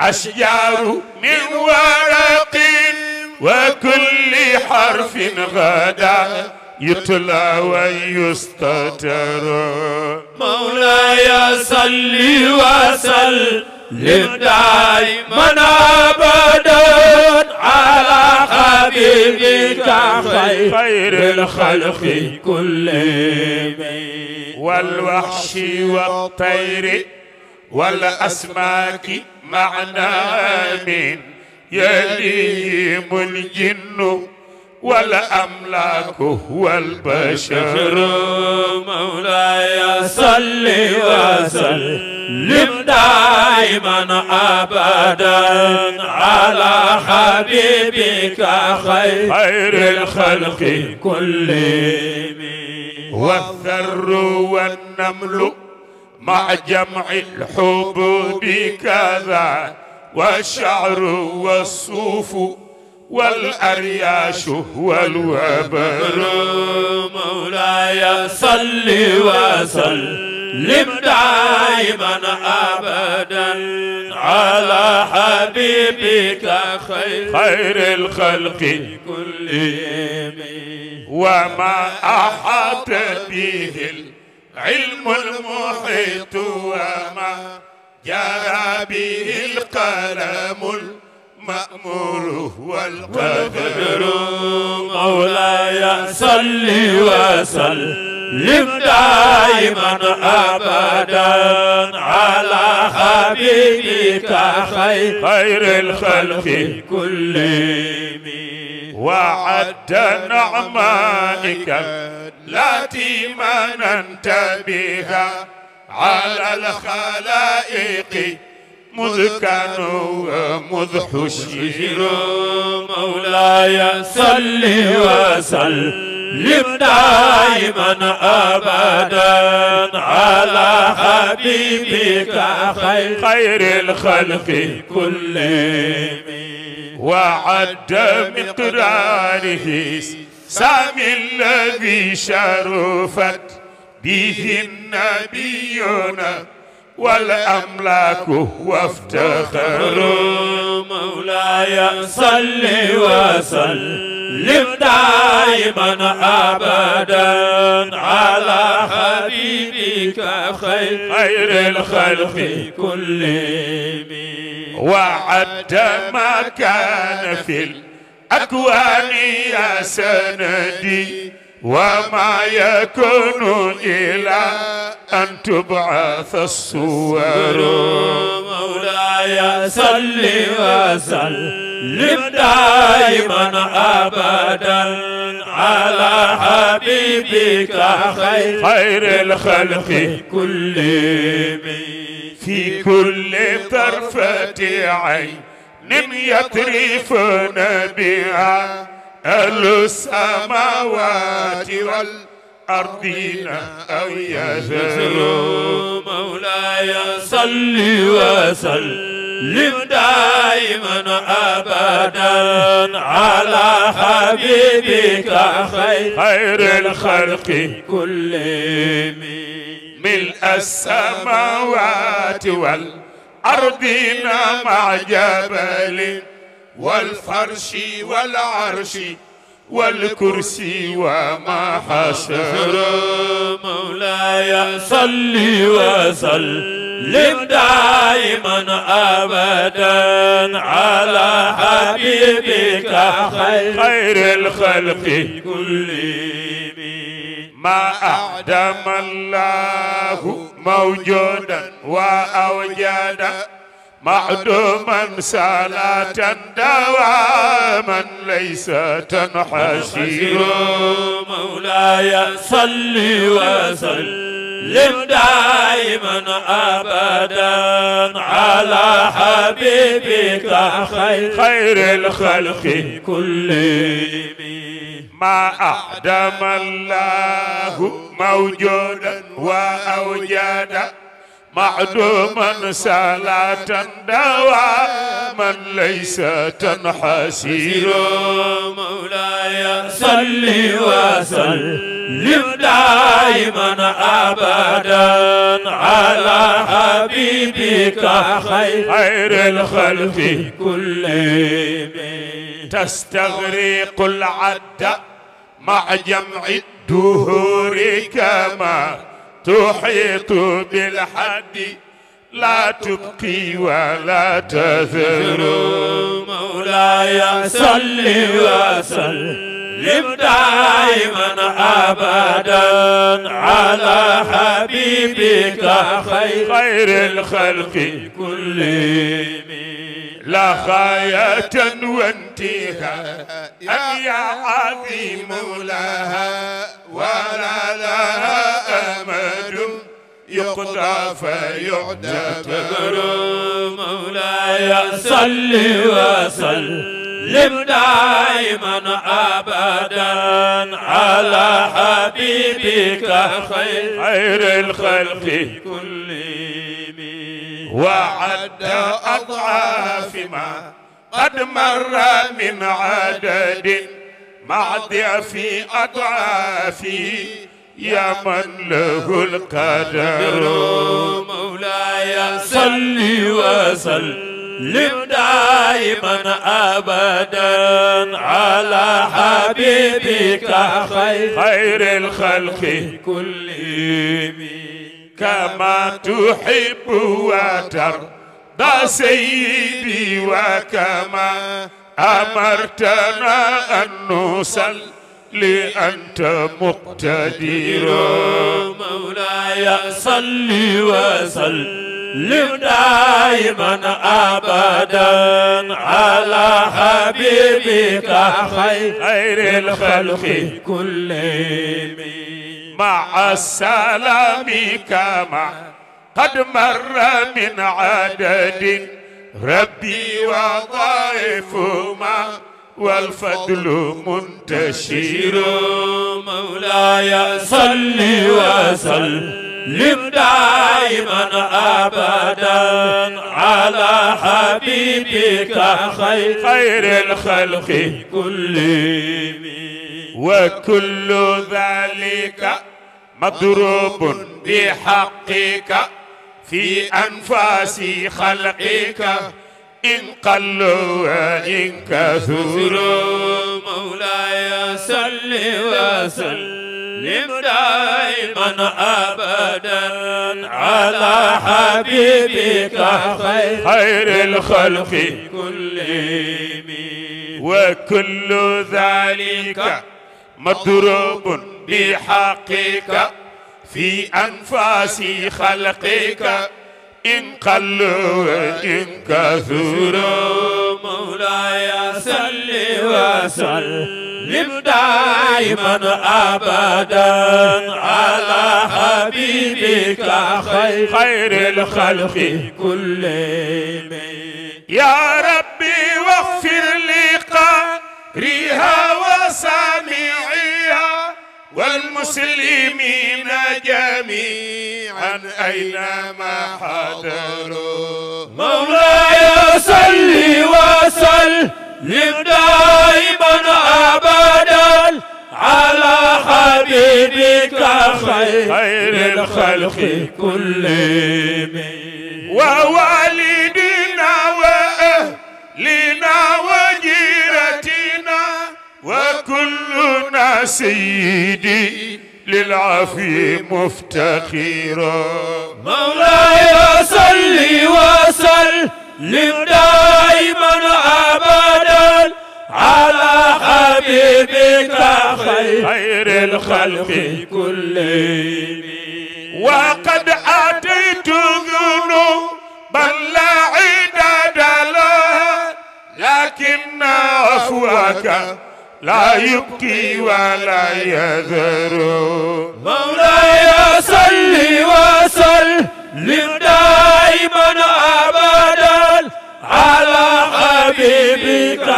الاشجار من ورق وكل حرف غدا يتلى ويستتر مولاي صل وسلم دائما ابدا على حبيبك خير الخلق كلهم والوحش والطير والاسماك معنا من يليهم الجن والأملاك هو البشر مولاي صل وسلم دائما أبدا على حبيبك خير الخلق كلهم والثر والنمل مع جمع الحبوب كذا والشعر والصوف والأرياش والوبر مولاي صل وسلم دائما أبدا على حبيبك خير, خير الخلق كلهم وما أحاط به العلم المحيط وما جرى به القلم المأمور والقدر مولاي صل وسلم دائما أبدا على حبيبك خير الخلق كلهم وعد نعمائك التي مننت بها على الخلائق مذ كانوا ومذ حشروا مولاي صل وسلم دائما ابدا على حبيبك خير, خير الخلق كلهم وعد مقراره سام الذي شرفت به النبينا والأملاك وافتخر مولاي صل وسلم دائما أبدا على حبيبك خير, خير الخلق كلهم وعد ما كان في الأكوان يا سندي وما يكون إلى أن تبعث الصور مولاي صل وسلم دائما أبدا على حبيبك خير, خير الخلق كلهم في كل طرفة عين يطرفون بها أهل السماوات والأرضين أو يزروا مولاي صل وسلم دائما أبدا على حبيبك خير, خير الخلق كلهم ملء السماوات والأرضين مع جبل والفرش والعرش والكرسي وما حشر مولاي صل وسلم دائما ابدا على حبيبك خير الخلق كلهم ما اعدم الله موجودا واوجدا معدوما صلاة دواما ليس تنحسير مولاي صل وسلم دائما ابدا على حبيبك خير, خير الخلق كلهم ما اعدم الله موجودا واوجدا معدوما صلاة دواما ليس تنحسير مولاي صل وسلم دائما أبدا على حبيبك خير الخلق كلهم تستغرق العد مع جمع الدهور كما تحيط بالحد لا تبقي ولا تذر مولاي صل وسلم دائما ابدا على حبيبك خير, خير الخلق كلهم لا غاية وانتهاء أن يا عظيم لها ولا لها أمد يقضى فيعتبر مولاي صل وسلم دائما أبدا على حبيبك خير الخلق كلهم وعد أضعاف ما قد مر من عدد مع ضعف أضعافه يا من له القدر مولاي صل وسلم دائما ابدا على حبيبك خير, خير الخلق كلهم كما تحب وترضى سيدي وكما أمرتنا أن نصلي أنت مقتدر مولاي صل وسلم دائما أبدا على حبيبك خير الخلق كلهم مع السلام كما قد مر من عدد ربي وضائفهما والفضل منتشر مولاي صل وسلم دائما ابدا على حبيبك خير الخلق كلهم وكل ذلك مضروب بحقك في أنفاس خلقك إن قلوا وإن كثروا مولاي صل وسلم دائما أبدا على حبيبك خير, خير الخلق كلهم وكل ذلك مضروب بحقك في أنفاس خلقك إن قلوا وإن كثروا مولاي صل وسلم دائما أبدا على حبيبك خير, خير الخلق كلهم يا ربي واغفر لي قلبي ريها وسامعيها والمسلمين جميعا أينما حضروا مولاي صل وسلم دائما أبدا على حبيبك خير الخلق كلهم ووالدنا وأهلنا وجيراننا وكلنا سيدي للعفو مفتخرا مولاي صلي وسلم دائما ابدا على حبيبك خير الخلق كلهم وقد اتيت ذنوبا لا عدد لها لكن عفوك لا يبكي ولا يذر مولاي صل وسلم دائما ابدا على حبيبك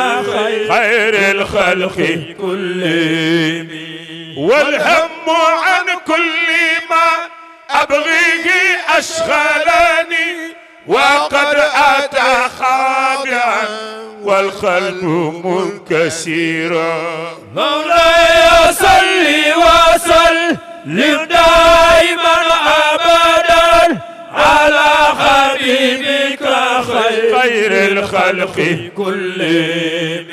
خير الخلق كلهم والهم عن كل ما ابغيه اشغلني وقد أتى خاضعا والخلق منكسرا مولاي صلي وسلم دائما أبدا على حبيبك خير الخلق كلهم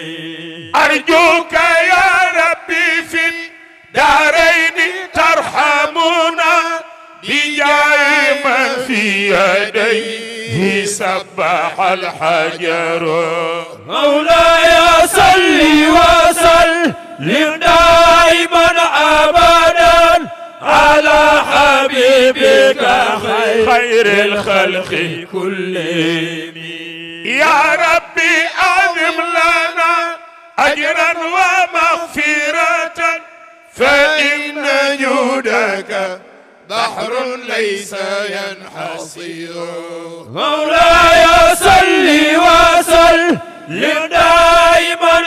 أرجوك يا ربي في الدارين ترحمنا بجاه من في يديك به سبح الحجر مولاي صل وسلم دائما ابدا على حبيبك خير الخلق كلهم يا ربي اعظم لنا اجرا ومغفره فان جودك بحر ليس ينحصر مولاي صلي وسلم دائما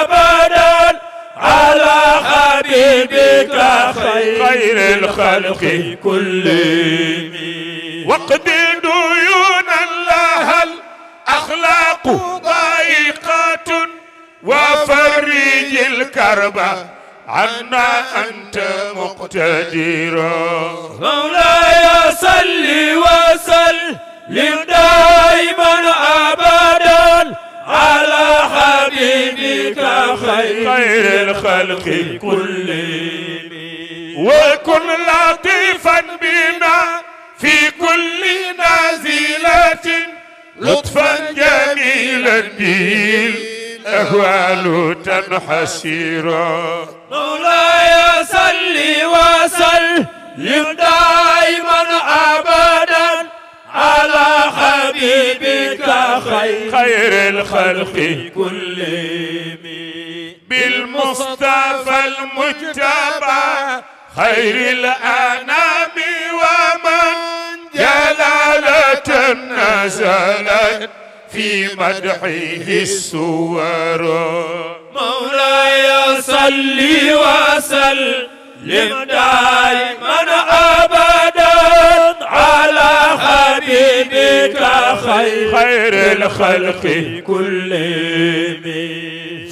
ابدا على حبيبك خير الخلق كلهم وقد ديون الله الاخلاق ضائقه وفرج الكرب عنا أنت مقتدر مولاي صل وسلم دائما أبدا على حبيبك خير الخلق كلهم وكن لطيفا بنا في كل نازلة لطفا جميلا به الأهوال تنحسير مولاي صل وسلم دائما أبدا على حبيبك خير, خير الخلق كلهم بالمصطفى المجتبى خير الأنام ومن جلالة نزلت في مدحه السور مولاي صلي وسلم دائما ابدا على حبيبك خير, خير الخلق كلهم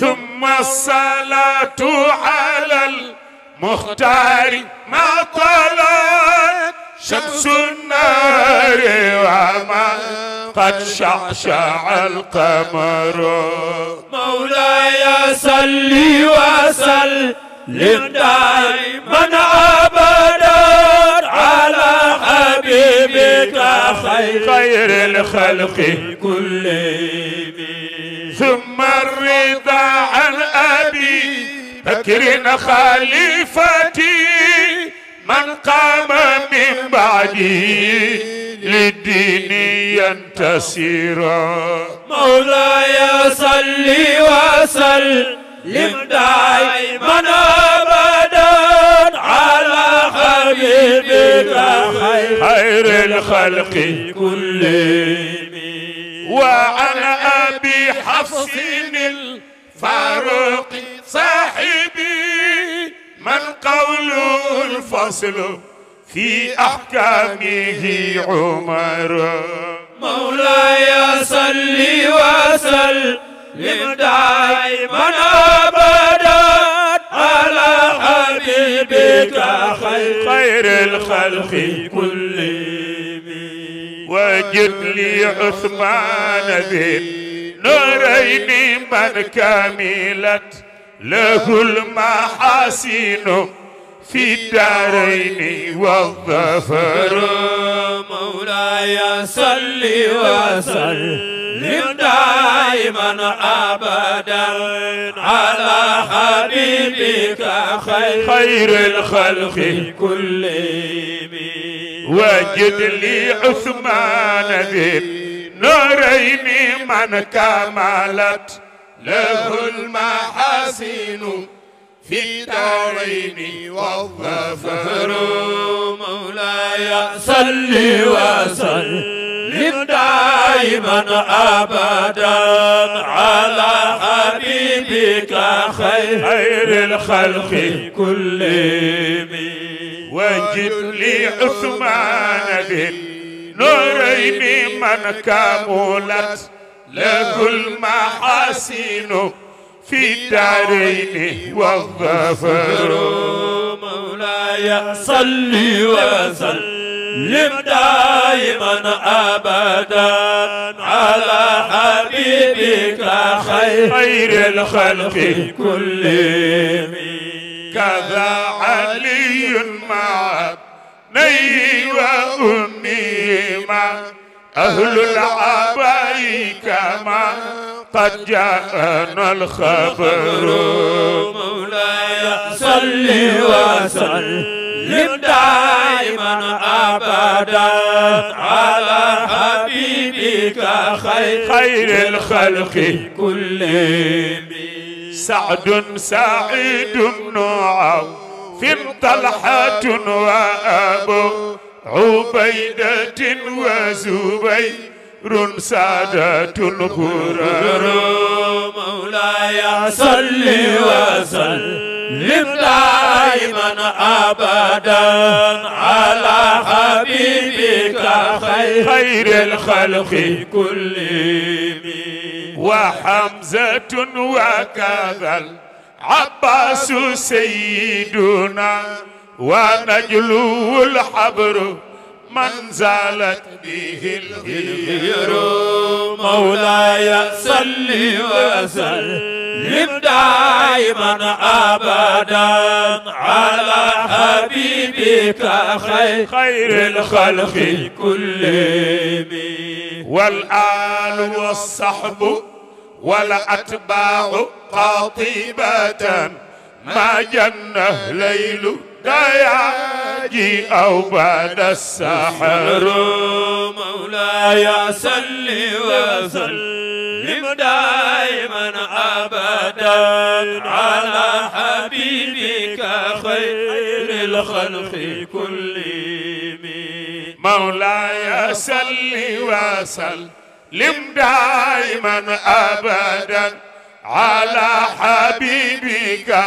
ثم الصلاه على المختار ما طلب شمس النار وما قد شعشع القمر مولاي صلي وسلم دائما ابدا على حبيبك خير الخلق كلهم ثم الرضا عن ابي بكر خليفتي من قام من بعدي للدين ينتصر مولاي صل وسلم دائما ابدا على حبيبك خير الخلق كلهم وعن ابي حفص الفاروق صاحبي من قول الفصل في أحكامه عمر مولاي صلي وسلم دائما أبدا على حبيبك خير, خير الخلق كلهم وجد لي عثمان ذي نورين من كملت له المحاسن في الدارين والظفر مولاي صل وسلم دائما ابدا على حبيبك خير, خير الخلق كلهم وجد لي عثمان ذي نورين من كملت له المحاسن في الدارين والظفر مولاي صل وسلم دائما ابدا على حبيبك خير الخلق كلهم وجد لي عثمان بالنورين من كملت له المحاسن في الدارين والظفر مولاي صل وسلم دائما ابدا على حبيبك خير الخلق كلهم كذا علي مع نبي وامي مع أهل العباء كما قد جاءنا الخبر مولاي صل وسلم دائما أبدا على حبيبك خير, خير الخلق كلهم سعد سعيد بن عوف طلحة وأبو عبيدة وزبير سادة الغرر مولاي صل وسلم دائما أبدا على حبيبك خير الخلق كلهم وحمزة وكذا العباس سيدنا ونجلو الحبر من زالت به الغير مولاي صل وسلم دائما ابدا على حبيبك خير, خير الخلق كلهم والآل والصحب والأتباع قاطبة ما جنه ليل دياجي أو بعد السحر مولاي صل وسلم دائما أبدا على حبيبك خير الخلق كلهم مولاي صل وسلم دائما أبدا على حبيبك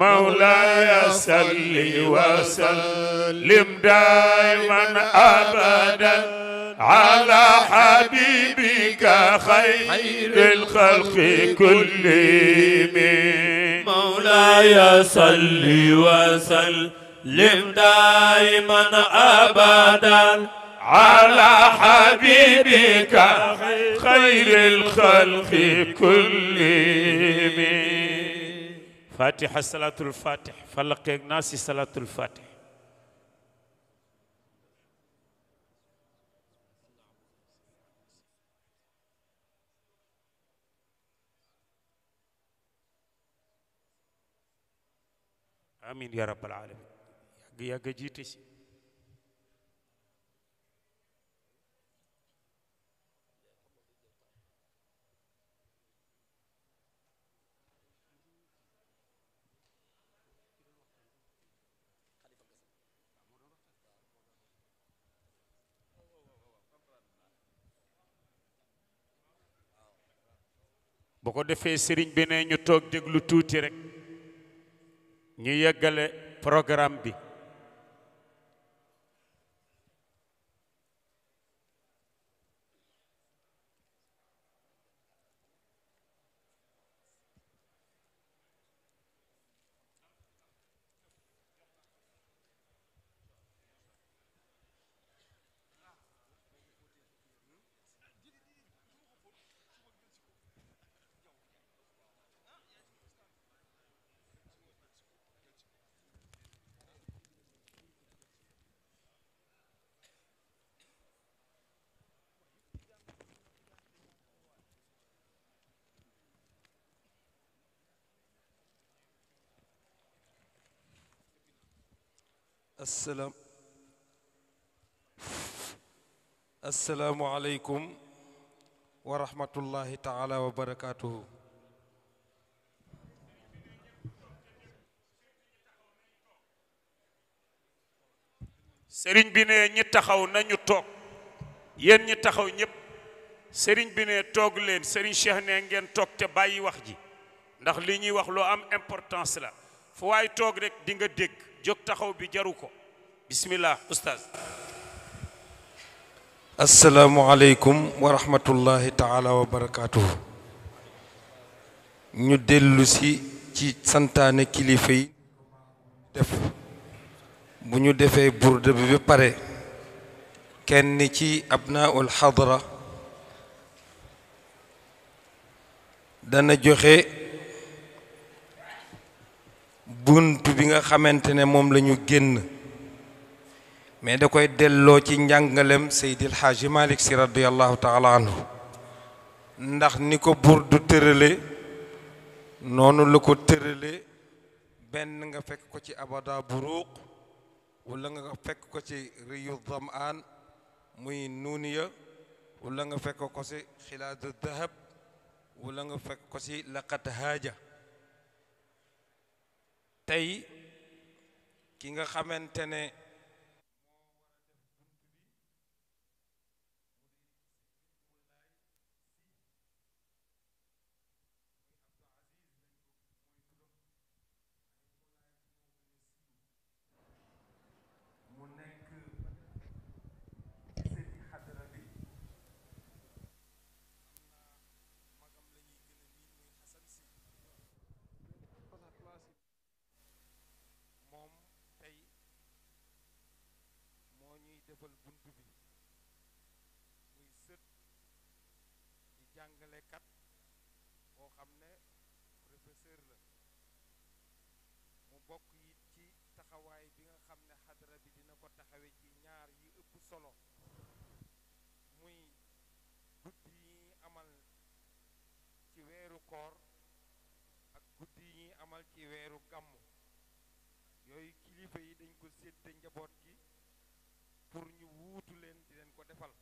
مولاي صل وسلم دائما أبدا على حبيبك خير الخلق كلهم مولاي صل وسلم دائما أبدا على حبيبك خير الخلق كلهم fatiha salaatul fatih falaqeeg naasi salaatul fatih amin ya rabbal alamin yàgg yàgg jiite si bu ko defee sëriñ bi ne ñu toog déglu tuuti rek ñu yeggale programme bi asalaam asalaamualeykum wa rahmatullahi taala sëriñ bi ne ñi taxaw nañu toog yéen ñi taxaw ñépp sëriñ bi ne toog leen sëriñ Cheikh ne ngeen toog te bàyyi wax ji ndax li ñuy wax lu am importance la fu waay toog rek di dégg jóg taxaw bi jaru ko bismillah oustaz asalaamualeykum wa rahmatullahi taala wa barakaatuhu ñu dellusi ci santaane kilifa yi def bu ñu defee burde bi ba pare kenn ci abnaaul xadra dana joxe bunt bi nga xamante ne moom la ñu génn mais da koy delloo ci njàngalem Seydil Haaji Malick si radiyallahu taala ndax ni ko buur du tërale noonu lu ko tërale benn nga fekk ko ci abada buruuq wala nga fekk ko ci riyu dhamaan muy nuuniya wala nga fekk ko ci xilaadu dahab wala nga fekk ko ci laqat haaja tey ki nga xamante ne ci weeru gàmmu yooyu kilifa yi dañ ko sédde njaboot gi pour ñu wuutu leen di leen ko defal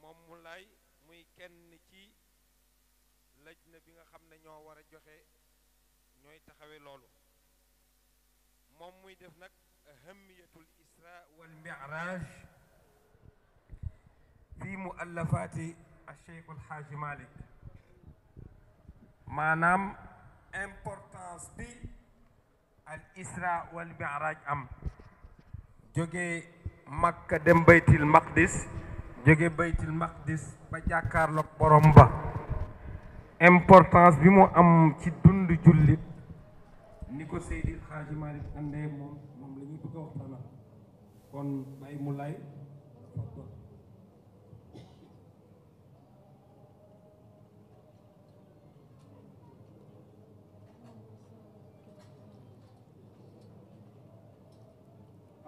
moom mu lay muy kenn ci laj bi nga xam ne ñoo war a joxe ñooy taxawe loolu moom muy def nag ahamiyatul isra wal miraaj fi muallafaati al cheikh xaaji malik maanaam importance bi al isra wal mi'raj am jógee makka dem baytil maqdis jóge baytil maqdis ba jàkkaarloog borom ba importance bi mu am ci dund jullit ni ko Seydil Xaaji Maalik andee moom moom la ñuy bëgg kon bay mu lay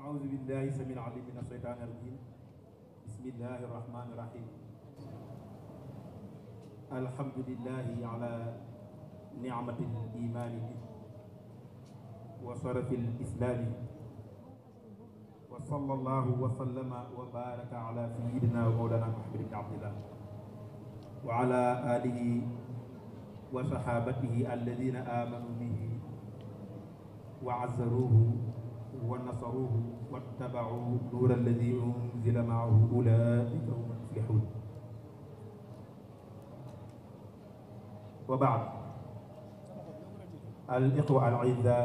أعوذ بالله السميع العليم من الشيطان الرجيم بسم الله الرحمن الرحيم الحمد لله على نعمة الإيمان وشرف الإسلام وصلى الله وسلم وبارك على سيدنا ومولانا محمد بن عبد الله وعلى آله وصحابته الذين آمنوا به وعزروه wa nasaruhu wattabau nuura alladi unzila maahu ulaika hum muflixuun wa baad al ixwa al izza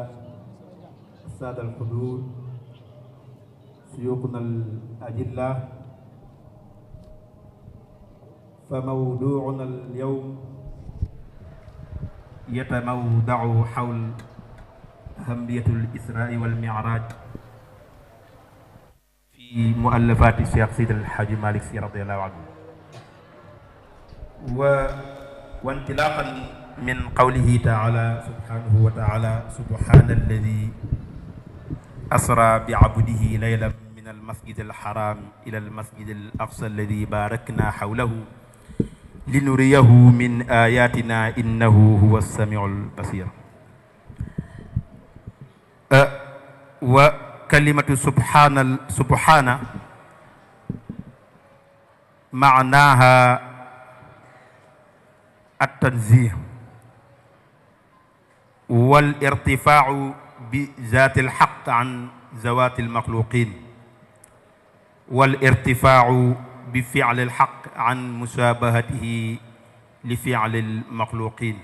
saada al xuduud suyuuquna al ajilla fa mawduuna al yawm yatamawdau xawla ahamiyatul israa wal miraaj fi muallafaati Cheikh Seydi El Hadji Malick Sy radiyallahu anhu وانطلاقا من قوله تعالى سبحانه وتعالى سبحان الذي أسرى بعبده ليلا من المسجد الحرام إلى المسجد الأقصى الذي باركنا حوله لنريه من آياتنا إنه هو السميع البصير wa kalimatu subhaana subhaana maanaaha at-tanziih wal irtifaau bi zaatil xaq an zawaatil maxluuqiin wal irtifaau bi fiilil xaq an musaabahatihi li fiilil maxluuqiin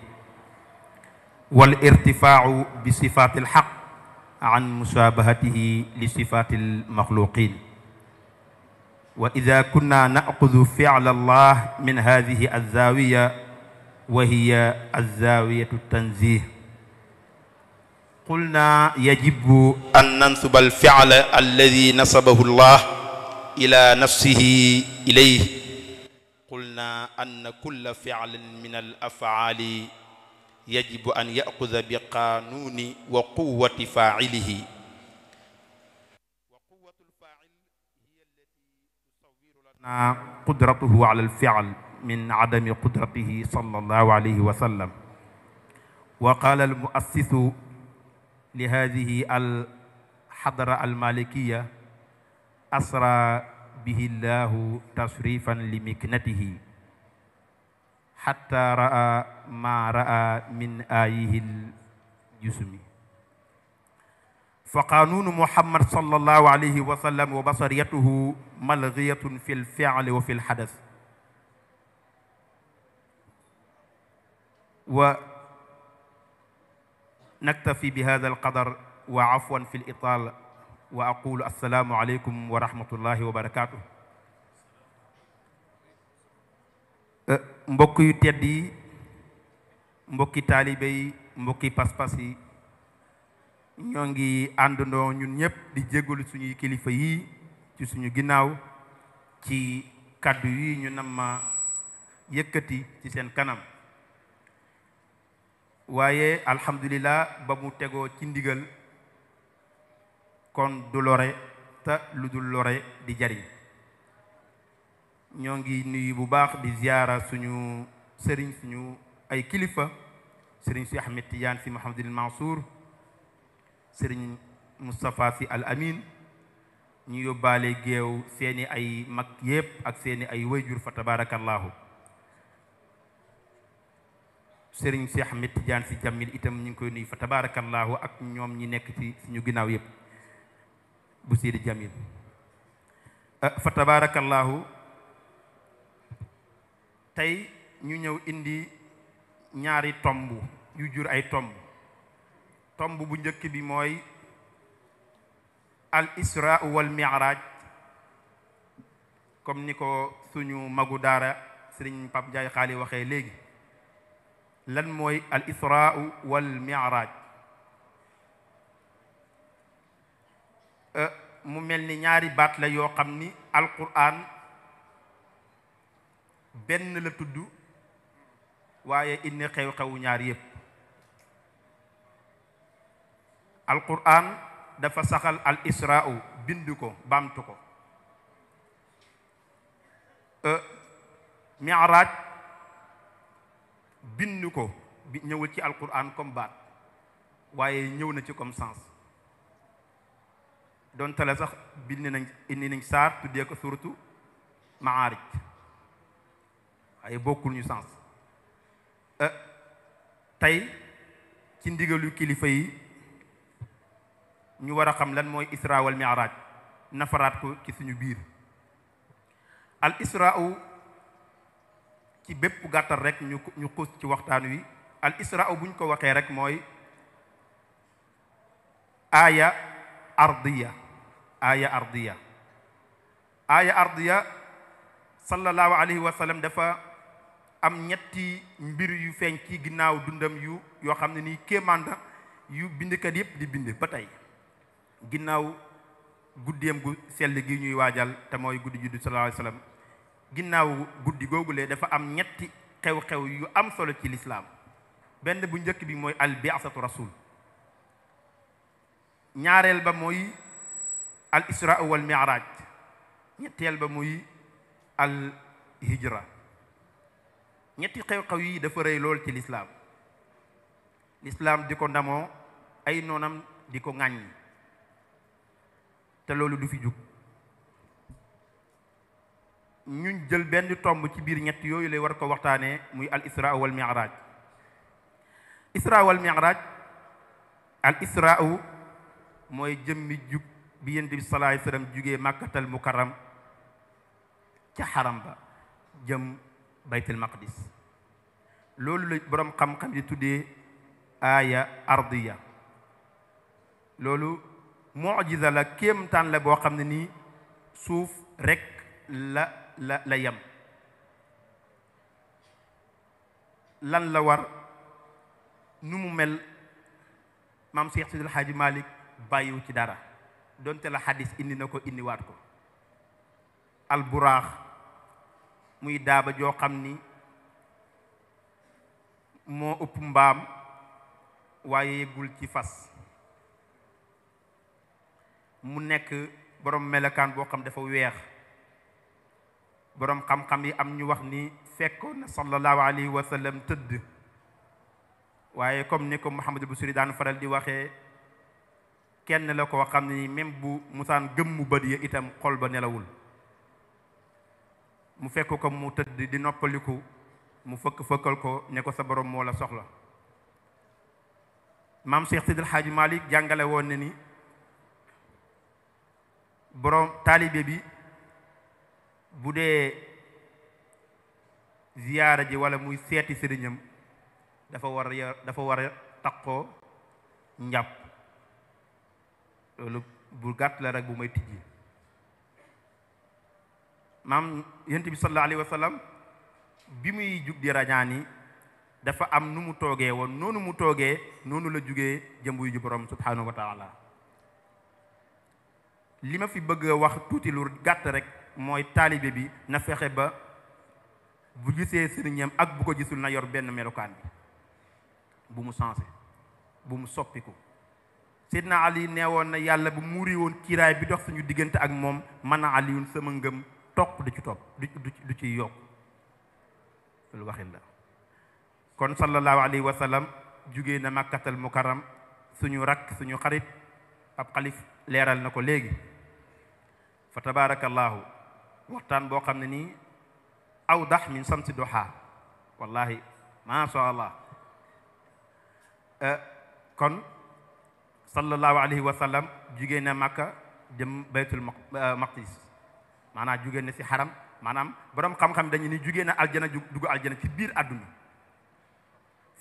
wal irtifaau bi sifaatil xaq an musaabahatihi li sifaatil maxluuqiin wa ida kunna naaxudu ficla allah min hadihi alzaawiya wa hiya alzaawiyatu tanzih qulna yajibu an nansuba alficla alladi nasabahu allah ila nafsihi ilayh qulna anna kulla ficlan min al afcaali yajibu an yaxuda bi qaanuuni wa quwati failihi wa quwatu lfail hiya allati tusawiru lana qudratuhu ala alfial min adami qudratihi sallallahu alayhi wa sallam wa qaala almuassisu li hadihi alxadra almalikiya asra bihi llahu tasrifan li miknatihi xatta raa ma ra'a min aayihi ljusumi fa qaanuunu muhammad sallallahu alayhi wa sallam wa basariyatuhu malghiyatun fi lfi'li wa fi lhadas wa naktafi bi hada alqadar wa afwan fi lital wa aqulu assalaamu aleykum wa rahmatullahi wa barakatuh mbokk yu tedd yi mbokki taalibe yi mbokki pas yi ñoo ngi àndandoo ñun ñëpp di jégalu suñuy kilifa yi ci suñu ginnaaw ci kàddu yi ñu nam ma yëkkati ci seen kanam waaye alhamdulilah ba mu tegoo ci ndigal kon du lore te lu dul lore di jariñ ñoo ngi nuyu bu baax di ziyaara suñu sëriñ suñu ay kilifa sëriñ si Ahmed Tidiane si Mouhamadul Mansour sëriñ Moustapha si Al Amin ñu yóbbaale géew seeni ay mag yépp ak seeni ay wayjur fa tabaarakallaahu sëriñ si Ahmed Tidiane si Jamil itam ñu ngi koy nuyu fa tabaarakallaahu ak ñoom ñi nekk ci suñu ginnaaw yépp bu Seydi Jamil ah, fa tabaarakallaahu tey ñu ñëw indi ñaari tomb yu jur ay tomb tomb bu njëkk bi mooy al isra wal mi'raj comme ni ko suñu magu daara sëriñ Pap Njaay xaali waxee léegi lan mooy al isra wal mi'raj euh, mu mel ni ñaari baat la yoo xam ni alquran benn la tudd waaye indi xew-xewu ñaar yépp alquran dafa saxal al isra'u bind ko baamtu ko euh, miraaj bind ko bi ñëwul ci alquran comme baat waaye ñëw na ci comme sens doon sax bind nañ indi nañ saar tuddee ko surtout maarij waaye bokkul ñu sens Euh, tey ci ndigalu kilifa yi ñu war a xam lan mooy isra wal nafaraat ko ci suñu biir al isra'u ci bépp gàttal rek ñu ñu ci waxtaan wi al isra'u buñ ko waxee rek mooy aya ardiya aaya ardiya aaya ardiya sallallahu alayhi wa sallam am ñetti mbir yu feeñ ci ginnaaw dundam yu yoo xam ne ni kéemaan na yu bindkat yëpp di bind ba tey ginnaaw guddeem gi ñuy waajal te mooy guddi juddu sallallahu alayhi ginnaaw guddi googule dafa am ñetti xew-xew yu am solo ci lislaam benn bu njëkk bi mooy al bi'asatu rasul ñaareel ba mooy al isra wal ñetteel ba muy al hijra ñetti xew-xew yi dafa rëy lool ci lislaam lislaam di ko ndamoo ay noonam di ko ŋàññi te loolu du fi jug ñun jël benn tomb ci biir ñett yooyu lay war ko waxtaanee muy al isra wal miraaj isra wal miraaj al isra mooy jëmmi jug bi yent bi salaay salaam jugee màkkatal mukarram ca xaram ba jëm baytul maqdis loolu la boroom xam-xam yi tuddee aaya ardiya loolu mujiza la kéemtaan la boo xam ne nii suuf rekk la la la yem lan la war nu mu mel maam Cheikh Sidil Hadji Malick bàyyiwu ci dara donte la xadis indi na ko indiwaat ko alburaax muy daaba joo xam ni moo ëpp mbaam waaye yëggul ci fas mu nekk boroom melokaan boo xam dafa weex boroom xam-xam yi am ñu wax ni fekkoon na sallallahu alayhi wa sallam tëdd waaye comme ni ko Mouhamadul Busiri daan faral di waxee kenn la ko xam ne ni même bu musaan gëm mu bët ya itam xol ba nelawul mu fekk ko mu tëdd di noppaliku mu fëkk fëkkal ko ne ko sa borom moo la soxla maam Cheikh Sidil Hadji Malick jàngale woon ne ni borom taalibe bi bu dee ziyaara ji wala muy seeti sëriñam dafa war a dafa war a taqoo njàpp loolu bu gàtt la rek bu may tijji maam yonent bi sallallahu alayhi wa sallam bi muy jug di rañaani dafa am nu mu toogee woon noonu mu toogee noonu la jugee jëmb yu ju borom subhanahu wa taala li ma fi bëgg wax tuuti lu gàtt rek mooy taalibe bi na fexe ba bu gisee sëriñam ak bu ko gisul na yor benn melokaan bi bu mu sensé bu mu soppiku Seydina Ali nee woon na yàlla bu muuri woon kiiraay bi dox suñu diggante ak moom man a aliyun sama ngëm toq du ci topp du du ci yokk loolu waxin la kon sallallahu alayhi wasalam sallam jugee na màkkatal mukaram suñu rakk suñu xarit ab xalif leeral na ko léegi fa tabaarakallaahu waxtaan boo xam ne nii aw dax min samsi duhaa wallahi maa sha allah eh, kon sallallahu alayhi wa jugee na màkka jëm maqdis maanaam jugee na si xaram maanaam boroom xam-xam dañu ni jugee na aljana dugg aljana ci biir àdduna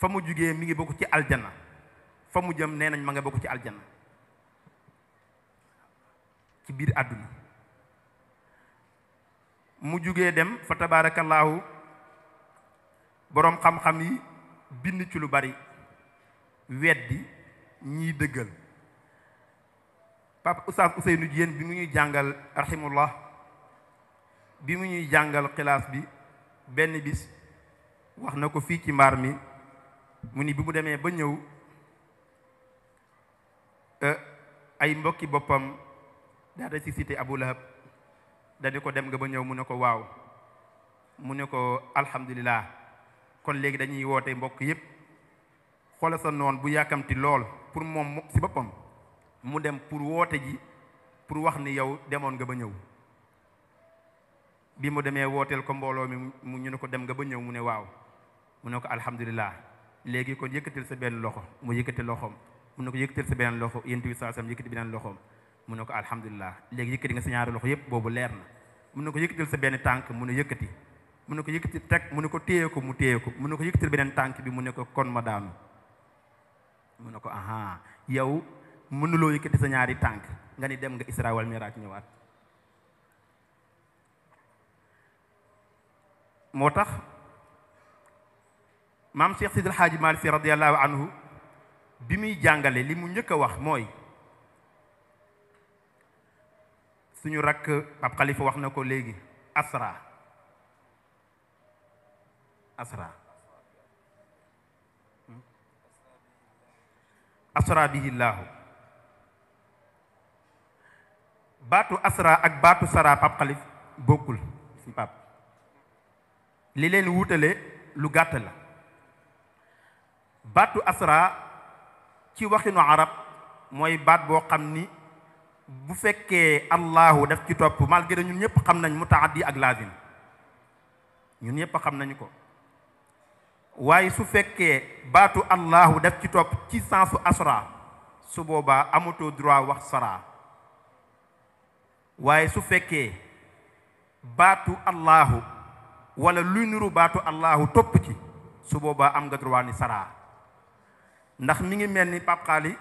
fa mu jógee mi ngi bokk ci aljana fa mu jëm nee nañ ma ngi bokk ci aljana ci biir àdduna mu jugee dem fa tabaarakallaahu boroom xam-xam yi bind ci lu bari weddi ñiy dëggal papa oustaz Ousseynou Diène bi mu ñuy jàngal rahimullah bi mu ñuy jàngal xilaas bi benn bis wax na ko fii ci mbaar mi mu ni bi mu demee ba ñëw euh, ay mbokki boppam daada ci cité Abu Lahab dañu ko dem nga ba ñëw mu ne ko waaw mu ne ko alhamdulilah kon léegi dañuy woote mbokk yépp xoolal sa noon bu yàkkamti lool pour moom si boppam mu dem pour woote ji pour wax ni yow demoon nga ba ñëw bi mu demee wooteel ko mbooloo mi mu ñu ne ko dem nga ba ñëw mu ne waaw mu ne ko alhamdulilah léegi ko yëkkatil sa benn loxo mu yëkkati loxoom mu ne ko yëkkatil sa benn loxo yént saa sam yëkkati beneen loxoom mu ne ko alhamdulilah léegi yëkkati nga sa ñaari loxo yëpp boobu leer na mu ne ko yëkkatil sa benn tànk mu ne yëkkati mu ne ko yëkkati teg mu ne ko téye ko mu téye ko mu ne ko yëkkatil beneen tànk bi mu ne ko kon ma daanu mu ne ko aha yow mënuloo yëkkati sa ñaari tànk nga ni dem nga Isra wal Miraaj ñëwaat moo tax maam Cheikh Sidil Haaji Maalik Si anhu bi muy jàngale li mu njëkk wax mooy suñu rakk ab xalifa wax na ko léegi asra asra asra bihillaahu baatu asra ak baatu sara pap xalif bokkul si pap li leen wutale lu gàtt la baatu asra ci waxinu arab mooy baat boo xam ni bu fekkee allahu def ci topp malgré ñun ñëpp xam nañ mutaaddi ak lazim ñun ñëpp xam nañu ko waaye su fekkee baatu allahu daf ci topp ci sensu asra su boobaa amatoo droit wax sara waaye su fekkee baatu allahu wala luy nuru baatu allahu topp ci su boobaa am nga droit saraa ndax mi ngi mel ni Pape Xaali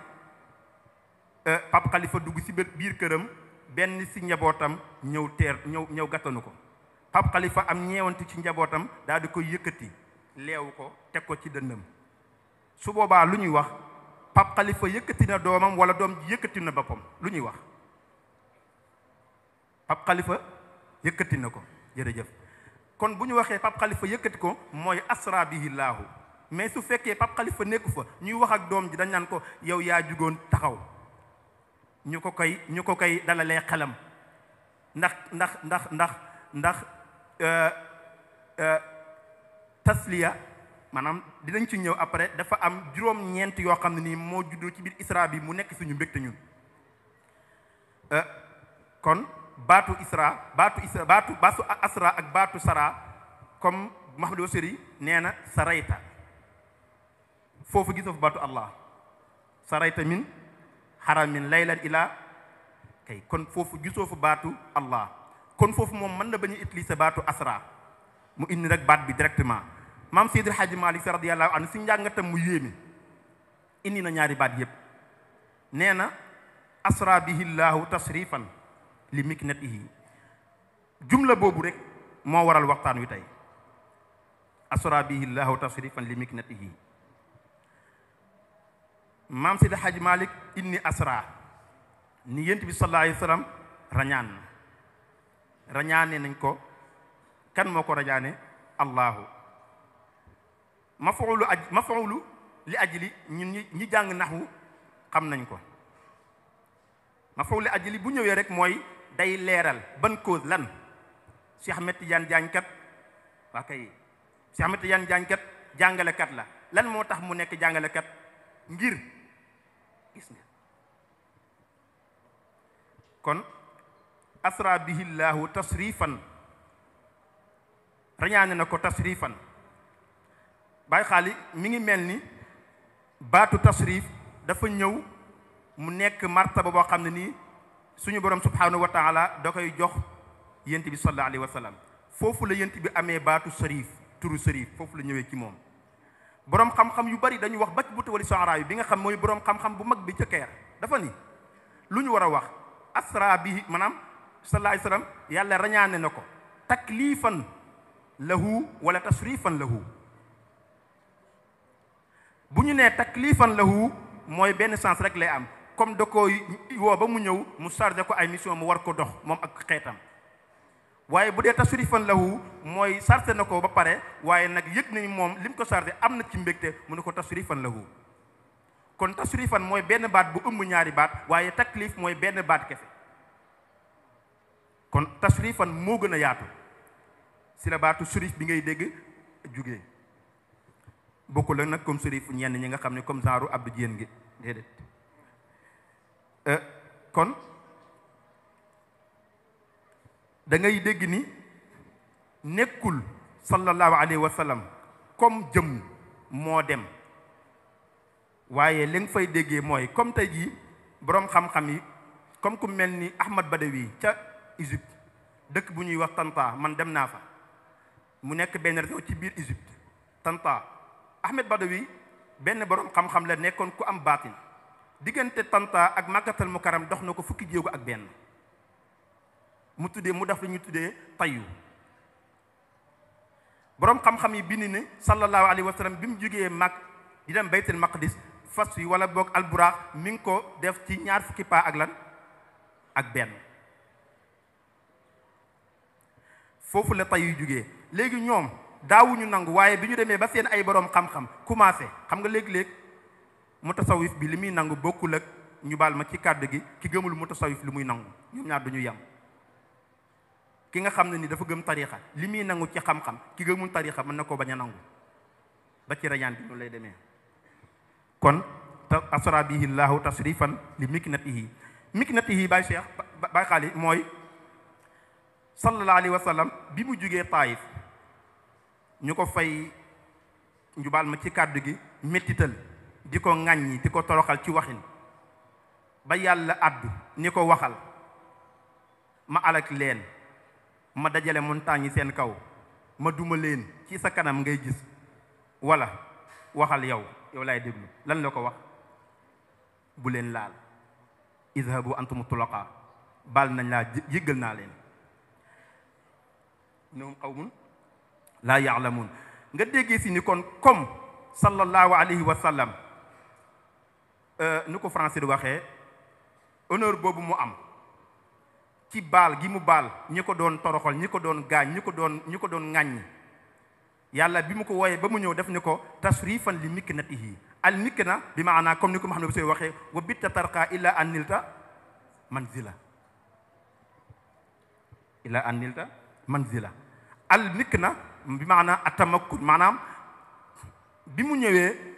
euh, Pape Xalifa dugg si biir këram benn si njabootam ñëw teer ñëw ñëw gattanu ko Pape Xalifa am ñeewanti ci njabootam daal di koy yëkkati leewu ko teg ko ci dënnam su boobaa lu ñuy wax Pape Xalifa yëkkati wala doom ji yëkkati na boppam lu ñuy wax Pape yëkkati na ko jërëjëf kon bu ñu waxee Pape Khalifa yëkkati ko mooy asra bihi laahu mais su fekkee Pape Khalifa nekku fa ñuy wax ak doom ji dañ naan ko yow yaa jugoon taxaw ñu ko koy ñu ko koy dalalee xelam ndax ndax ndax ndax ndax euh, euh, tasliya maanaam dinañ ci ñëw après dafa am juróom-ñeent yoo xam ne nii moo juddoo ci biir isra bi mu nekk suñu mbégte ñun euh, kon baatu isra baatu isra baatu baatu asra ak baatu sara comme Mahamad Wasiri nee na sarayta foofu gis fu fa baatu allah sarayta min xaramin laylan ila kay kon foofu gisoo fa baatu allah kon foofu moom mën na bañ a utiliser baatu asra mu indi rek baat bi directement maam Seydil Hadji Malick Sy radiyallahu anhu si njàngatam mu yéeme indi na ñaari baat yépp nee na asra bihi llahu tashrifan li miknatihi jumla boobu rek moo waral waxtaan wi tey asra bihi llahu tasrifan li miknatihi maam Seydi Hajji Malick inni asra ni yent bi sallallahu alayhi wa sallam rañaane nañ ko kan moo ko rañaane allahu mafuulu aj li ajli ñun ñi ñi jàng naxwu xam nañ ko mafuulu li ajli bu ñëwee rek mooy day leeral ban cause lan Cheikh Ahmed Tidiane Diagne kat waa kay Cheikh Ahmed Tidiane Diagne kat jàngalekat la lan moo tax mu nekk jàngalekat ngir gis kon asra bihillaahu tasrifan rañaane na ko tasrifan bàyyi xaali mi ngi mel ni baatu tasrif dafa ñëw mu nekk martaba boo xam ne nii suñu borom subhanahu wa taala da koy jox yent bi sallallahu alayhi wa sallam foofu la yent bi amee baatu sërif turu sërif foofu la ñëwee ci moom borom xam-xam yu bari dañu wax ba ci bu tawali bi nga xam mooy borom xam-xam bu mag bi ca keer dafa ni lu ñu war a wax asra bi maanaam sallallahu alayhi wa sallam yàlla rañaane na ko taklifan lahu wala tasrifan lahu bu ñu nee taklifan lahu mooy benn sens rek lay am comme da ko woo ba mu ñëw mu chargé ko ay mission mu war ko dox moom ak xeetam waaye bu dee la lahu mooy chargé na ko ba pare waaye nag yëg nañ moom lim ko chargé am na ci mbégte mu ne ko la lahu kon tasrifan mooy benn baat bu ëmb ñaari baat waaye taklif mooy benn baat kefe kon tasrifan moo gën a yaatu si la baatu surif bi ngay dégg jugee bokkul la nag comme surif ñenn ñi nga xam ne comme genre Abdou Dieng gi déedéet Eh, kon dangay dégg ni nekkul sallallahu alayhi wa sallam comme jëm moo dem waaye li fay déggee mooy comme tey jii boroom xam-xam yi comme ku mel ni Ahmad Badawi ca Égypte dëkk bu ñuy wax Tanta man dem naa fa mu nekk benn région ci biir Égypte Tanta Ahmad Badawi benn boroom xam-xam la nekkoon ku am baatin diggante Tanta ak màggatal mu karam dox na ko fukki jéego ak benn mu tuddee mu daf la ñu tuddee tayyu boroom xam-xam yi bind ne sallallahu alayhi wa bi mu jógee mag di dem baytul maqdis fas yi wala boog alburaax mi ngi ko def ci ñaar fukki paa ak lan ak benn foofu la tayyu jógee léegi ñoom daawuñu nangu waaye bi ñu demee ba seen ay boroom xam-xam commencé xam nga léegi-léeg mutasawif bi li muy nangu bokkul ak ñu ma ci kàddu gi ki gëmul mutasawif li muy nangu ñoom ñaar duñu yem ki nga xam ne ni dafa gëm tarixa li muy nangu ci xam-xam ki gëmul tarixa mën na koo bañ a nangu ba ci rayaan bi ñu lay demee kon asra bihi llahu tasrifan li miknatihi miknatihi baay cheikh baay xaali mooy sallallahu alayhi wa sallam bi mu jógee taayif ñu ko fay njubal ma ci kàddu gi méttital di ko yi di ko toroxal ci waxin ba yàlla addu ni ko waxal ma alak leen ma dajale montagne yi seen kaw ma duma leen ci sa kanam ngay gis wala waxal yow yow lay déglu lan la ko wax bu leen laal izhabu antum tulaqa bal nañ laa jéggal naa leen ñoom qawmun laa yaalamuun nga déggee si ni kon comme sallallahu alayhi wa sallam Euh, ni ko français di waxe honneur boobu mu am ci baal gi mu baal ñi ko doon toroxal ñi ko doon gaañ ñi ko doon ñi ko doon ŋàññi yàlla bi mu ko wooyee ba mu ñëw def ni ko tasrifan li miknatihi al mikna bi maanaa comme ni ko Muhammad bu sooy waxee wa bitta tarqa illa an nilta manzila illa an nilta manzila al mikna bi maanaa atamakkud maanaam bi mu ñëwee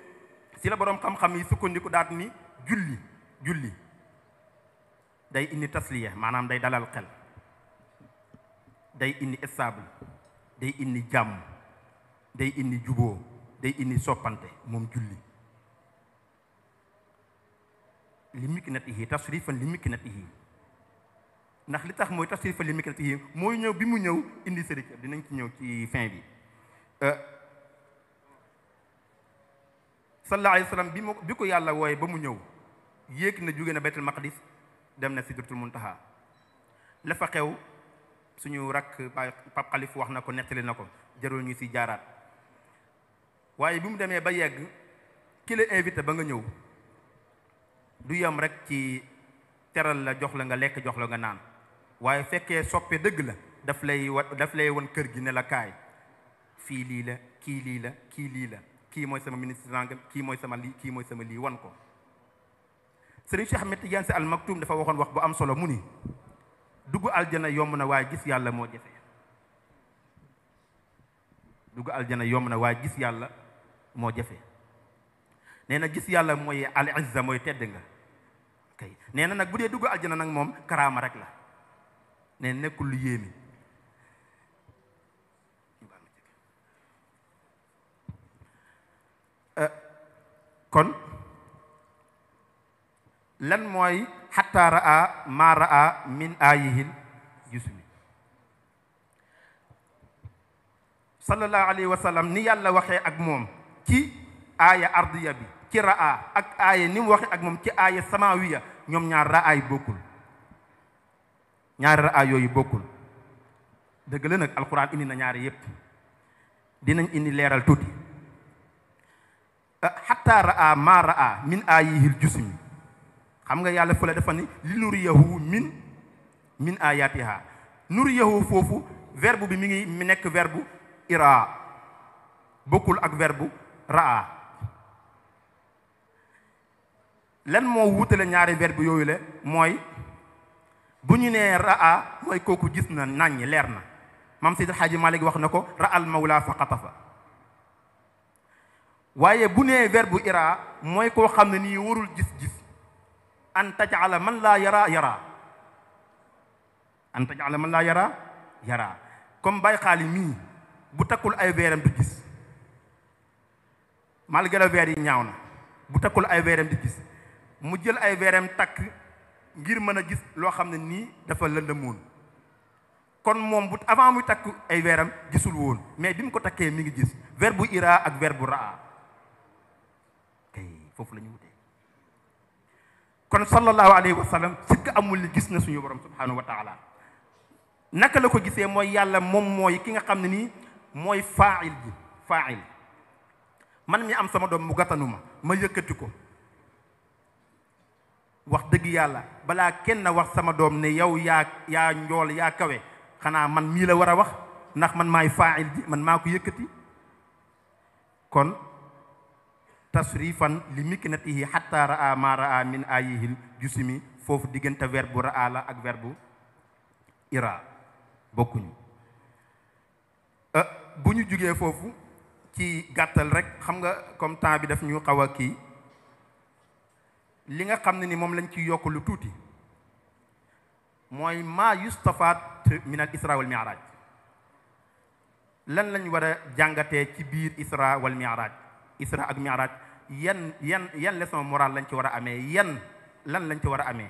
si la boroom xam-xam yi sukkandiku daat mi julli julli day indi tasliya maanaam day dalal xel day indi stable day indi jàmm day indi juboo day indi soppante moom julli li miknatihi tasrifan li miknatihi ndax li tax mooy tasrifan li miknatihi mooy ñëw bi mu ñëw indi sëriñ dinañ ci ñëw ci fin bi euh, sallallahu alayhi bi ma bi ko yàlla wooye ba mu ñëw yéeg na jóge na baytul maqdis dem na sidratul muntaha taxa fa xew suñu rakk pap xalif wax na ko nettali na ko jarul ñu si jaaraat waaye bi mu demee ba yegg ki la invité ba nga ñëw du yam rek ci teral la jox la nga lekk jox la nga naan waaye fekkee soppe dëgg la daf lay wa daf kër gi ne la kaay fii lii la kii lii la kii lii la kii mooy sama ministre nangam kii mooy sama lii kii mooy sama lii wan ko Serigne Cheikh Ahmed Tidiane Sy Al dafa waxoon wax bu am solo mu ni dugg aljana yomb na waaye gis yàlla moo jafe dugg aljana yomb na waaye gis yàlla moo jafe nee na gis yàlla mooy al izza mooy tedd nga kay nee na nag bu dee dugg aljana nag moom karaama rek la nee nekkul lu yéemi kon lan mooy xataa raa maa raa min aayihil yusmi sallallahu alayhi ni yàlla waxee ak moom ci aaya ardiya bi ci raa ak aaya ni mu waxee ak moom ci aaya samawiya ñoom ñaar raa yi bokkul ñaari raa yooyu bokkul dëgg la nag alquran indi na ñaari yëpp dinañ indi leeral tuuti xatta raa maa raa min aayihil jusmi xam nga yàlla fële dafa ni li nuriyahu min min ayatiha nuriyahu foofu verbe bi mi ngi mu nekk verbe iraa bokkul ak verbe raa lan moo wutale ñaari verbe yooyu la mooy bu ñu nee raa mooy kooku gis na naññ leer na maam Seydi Xaaji Malik wax na ko raal mawla fa xatafa waaye bu nee verbe iraa mooy koo xam ne nii warul gis-gis an tajala man laa yara yara an tajala man laa yara yaraa comme bay xaali mii bu takkul ay weeram du gis weer yi ñaaw na bu takkul ay weeram di gis mu jël ay weeram takk ngir mën a gis loo xam ne nii dafa lëndëmoon kon moom bu avant muy takk ay weeram gisul woon mais bi mu ko takkee mi ngi gis verbe iraa ak verbe raa foofu la ñu wutee kon sallallahu alayhi wa sallam sikk amul li gis na suñu borom subhanahu wa naka la ko gisee mooy yàlla moom mooy ki nga xam ne nii mooy faail bi faail man mi am sama doom mu gàttanuma ma yëkkati ko wax dëgg yàlla balaa kenn wax sama doom ne yow yaa yaa njool yaa kawe xanaa man mii la war a wax ndax man maay faail bi man maa ko yëkkati kon tasrifan li miknatihi hatta raa ma raa min ayihil jusimi foofu diggante verbe bu raa la ak verbe ira bokkuñu euh, bu ñu jugee foofu ci gàttal rek xam nga comme temps bi daf ñu xaw a kii li nga xam ne ni moom lañ ci yokk lu tuuti mooy maa yustafaat min al isra wal mi'raj lan lañ war a jàngatee ci biir isra wal mi'raj isra ak miraaj yan yan yan leçon morale lañ ci war a amee yan lan lañ ci war a amee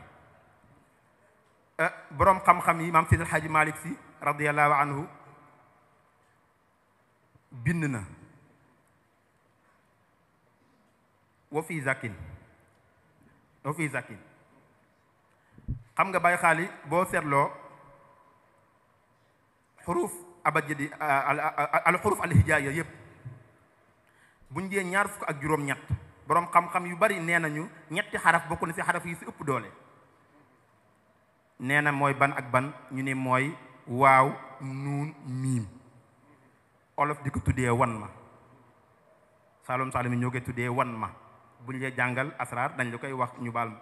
eh, boroom xam-xam yi maam Seydi El Hadji Malick Sy radiyallahu anhu bind na wa fi zakin wa fi zakin xam nga bay xaali boo seetloo xuruf abajadi al xuruf al hijaaya yëpp buñ dee ñaar fukk ak juróom-ñett boroom xam-xam yu bari nee nañu ñetti xaraf bokk na si xaraf yi si ëpp doole nee na mooy ban ak ban ñu ne mooy waaw nuun miim olof di ko tuddee wan ma saalum saalum yi ñoo koy tuddee wan ma buñ lee jàngal asraar dañ la koy wax ñu baal ma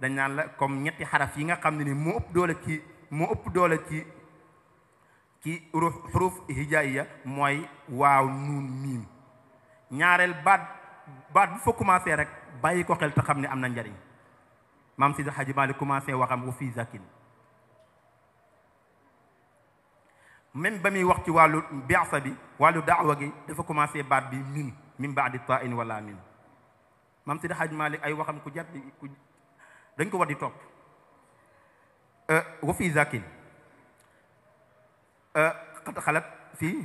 dañ naan la comme ñetti xaraf yi nga xam ne ni moo ëpp doole ci moo ëpp doole ci ci xuruf hijaaya mooy waaw nuun miim ñaareel baat baat bu fa commencé rek bàyyi ko xel te xam ne am na njariñ maam Sidi Hadji Malick commencé waxam wa fii zakin même ba muy wax ci wàllu biasa bi wàllu daawa gi dafa commencé baat bi min min baadi taa in wala min maam Sidi Hadji Malick ay waxam ku jar ku dañ ko war di topp euh, wa fii zakin xat euh, xalat fii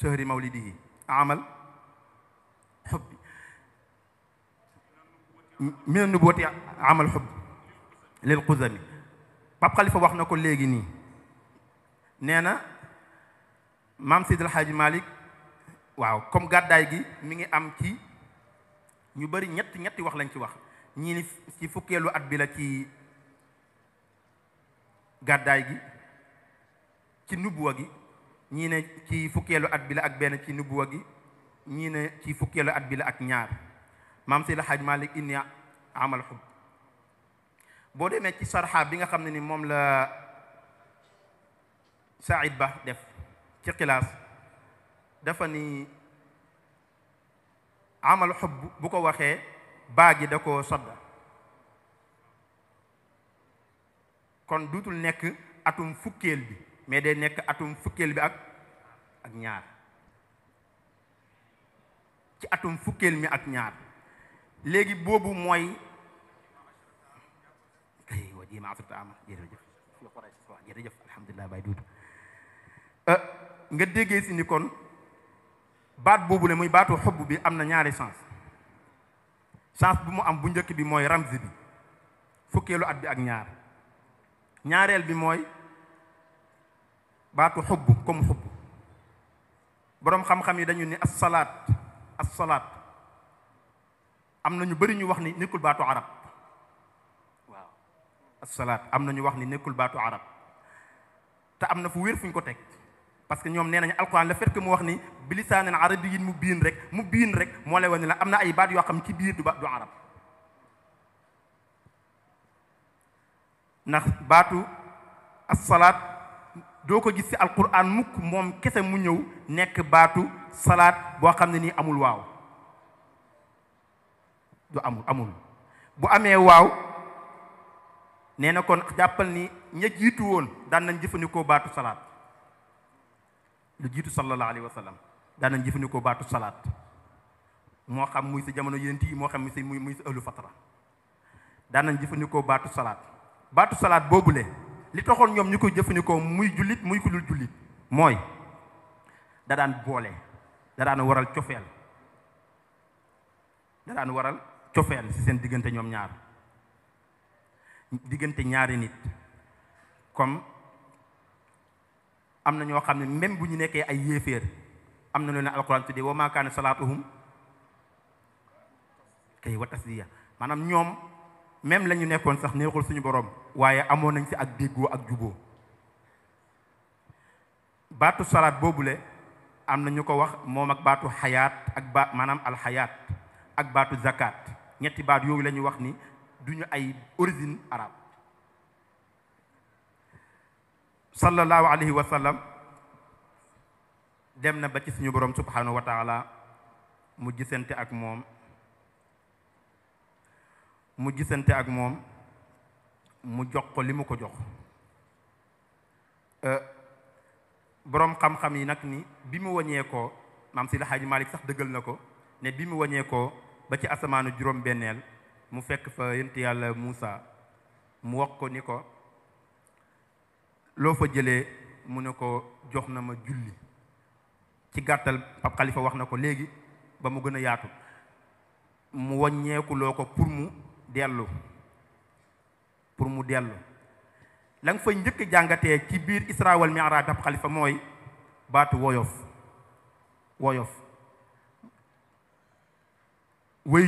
sëhri mawlidihi amal min nubuwati amal xub lil xuzami Pape Khalifa wax na ko léegi nii nee na maam Seydil Hadji Malick waaw comme gàddaay gi mi ngi am ci ñu bari ñetti ñetti wax lañ ci wax ñii ni ci fukkeelu at bila ci gàddaay gi ci nubuwa gi ñii ne ci fukkeelu at bi la ak benn ci nubuwa gi ñii ne ci fukkeelu at bi la ak ñaar maam Seydi Hadj Malick inni amal xub boo demee ci sarxa bi nga xam ne ni moom la Saïd Ba def ci xilaas dafa ni amal xub bu ko waxee baa gi da koo sodda kon duutul nekk atum fukkeel bi mais day nekk atum fukkeel bi ak ak ñaar ci atum fukkeel mi ak ñaar léegi boobu mooy wa ji ma asrata ama jërëjëf euh, nga déggee si ni kon baat boobu la muy baatu xobb bi am na ñaari sens sens bi mu am bu njëkk bi mooy ramzi bi fukkeelu at bi ak ñaar ñaareel bi mooy baatu xubb comme xubb boroom xam-xam yi dañu ni as as-salaat am na ñu wax ni nekkul baatu waaw as am na ñu wax ni nekkul baatu te am na fu wér fu ko teg parce que ñoom nee nañu alquran le mu wax ni bi lisaanin arabiyyin mu biin mu biin rek moo lay wane am na ay baat yoo xam ci biir du ba arab ndax baatu as-salaat doo ko gis ci alquran mukk moom kese mu ñëw nekk baatu salaat boo xam ne nii amul waaw du amul amul bu amee waaw nee na kon jàppal ni ña jiitu woon daan nañ jëfandikoo baatu salaat lu jiitu sallallahu alayhi wa sallam daan jëfandikoo baatu salaat moo xam muy si jamono yénent moo xam muy si muy si ëllu fatara daan nañ jëfandikoo baatu salaat baatu salaat boobule li taxoon ñoom ñu ko jëfandikoo muy jullit muy ku dul jullit mooy da daan boole daraanu waral cofeel daraanu waral cofeel ci seen diggante ñoom ñaar diggante ñaari nit comme am na ñoo xam ne même bu ñu nekkee ay yéeféer am na loo ne alquran tuddee wa maa kaana salaatuhum maanaam ñoom même la ñu nekkoon sax neexul suñu boroom waaye amoon nañ ci ak déggoo ak juboo baatu salaat boobule am na ñu ko wax moom ak baatu xayaat ak ba maanaam alxayaat ak baatu zakat ñetti baat yooyu lañuy wax ni duñu ay origine arabe sallallahu alayhi wa sallam dem na ba ci suñu borom subhanahu wa mu gisante ak moom mu gisante ak moom mu jox ko limu ko jox euh, boroom xam-xam yi nag ni bi mu waññeekoo maam si laxaaji Malick sax dëggal na ko ne bi mu waññeekoo ba ci asamaanu juróom benneel mu fekk fa yent yàlla Muusa mu wax ko ni ko loo fa jëlee mu ne ko jox na ma julli ci gàttal xalifa wax na ko léegi ba mu gën a yaatu mu waññeekuloo ko pour mu dellu pour mu dellu la nga fay njëkk jàngatee ci biir isra wal mi'raj ab xalifa mooy baatu woyof woyof way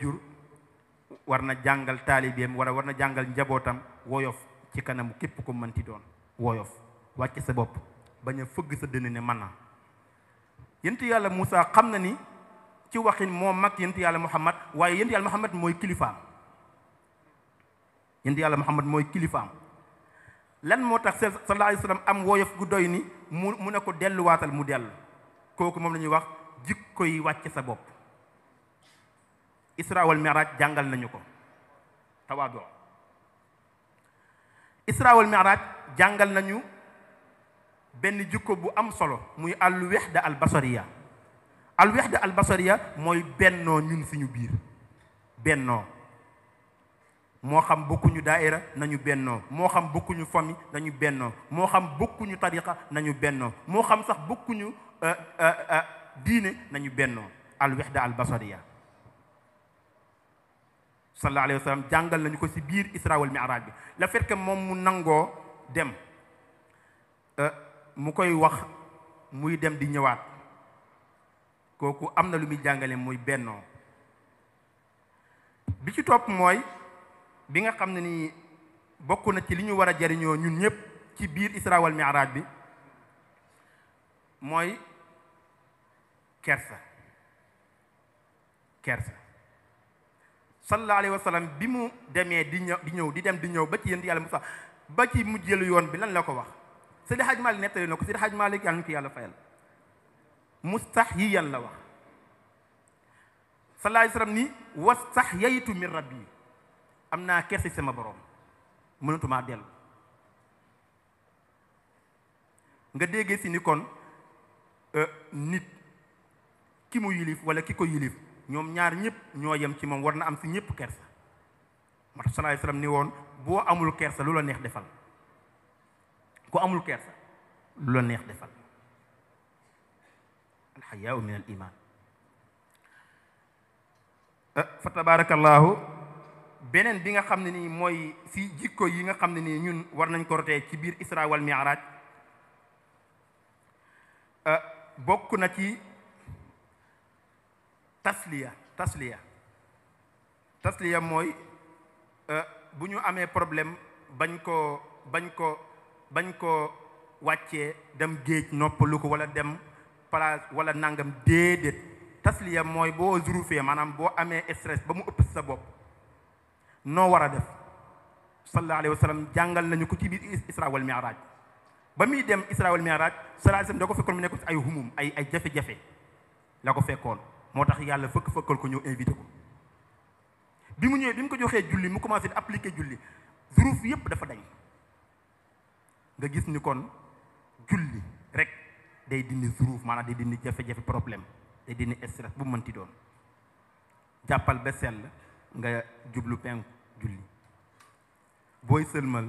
jur war na jàngal taalibeem wala war na jàngal njabootam woyof ci kanam képp ko mënti doon woyof wàcc sa bopp bañ a fëgg sa dënn ne mën naa yent yàlla Moussa xam na ni ci waxin moo mag yent yàlla Muhammad waaye yent yàlla Muhammad mooy kilifaam yonent yàlla Muhammad mooy kilifaam lan moo tax sallallahu alayhi am woyof gu doy ni mu mu ne ko delluwaatal mu dell kooku moom la ñuy wax jikko koy wàcce sa bopp isra wal jàngal nañu ko tawaadoo isra wal miraaj jàngal nañu benn jikko bu am solo muy al wahda al basariya al wahda al basariya mooy bennoo ñun suñu biir bennoo moo xam bokkuñu daaira nañu bennoo moo xam bokkuñu famille nañu bennoo moo xam bokkuñu tariqa nañu bennoo moo xam sax bokkuñu euh, euh, euh, diine nañu bennoo al wahda al basariya sallallahu alayhi wa jàngal nañu ko ci biir isra wal mi'raj bi la fait que moom mu nangoo dem mu koy wax muy dem di ñëwaat kooku am na lu muy jàngale muy bennoo bi ci topp mooy bi nga xam ne nii bokk na ci li ñu war a jariñoo ñun ñëpp ci biir isra wal mi'raj bi mooy kersa kersa sallallahu alayhi wa sallam bi mu demee di ñëw di dem di ñëw ba ci yéen di yàlla ba ci mujjëlu yoon bi lan la ko wax Seydi Hadj Malick nettali na ko Seydi Hadj Malick yàlla na ko yàlla fayal mustahyiyan la wax sallallahu alayhi wa sallam ni wastahiyaytu min rabbi am naa kersa sama boroom mënatumaa dellu nga déggee si ni kon euh, nit ki mu yilif wala ki ko yilif ñoom ñaar ñëpp ñoo yem ci moom war na am si ñëpp kersa moo tax ni woon boo amul kersa lu la neex defal ku amul kersa lu la neex defal alxayaau min al iman euh, fa tabaarakallahu beneen bi nga xam ne nii mooy fi jikko yi nga xam ne nii ñun war nañ ko rotee ci biir isra wal mi'raj euh, bokk na ci tasliya tasliya tasliya mooy euh, bu ñu amee problème bañ ko bañ ko bañ ko wàccee dem géej noppalu ko wala dem place wala nangam déedéet tasliya mooy boo zurufee maanaam boo amee stress ba mu ëpp sa bopp noo war a def sallallahu alayhi wa jàngal nañu ko ci biir isra wal ba muy dem isra wal mi'raj sallallahu alayhi wa da ko fekkoon mu nekk ci ay humum ay ay jafe la ko fekkoon moo tax yàlla fëkk fëkkal ko ñëw invité ko bi mu ñëwee bi mu ko joxee julli mu commencé di appliquer julli zuruf yépp dafa dañ nga gis ni kon julli rek day dindi zuruf maanaam day dindi jafe-jafe problème day dindi stress bu mu mënti doon jàppal ba sell nga jublu penk julli booy sëlmal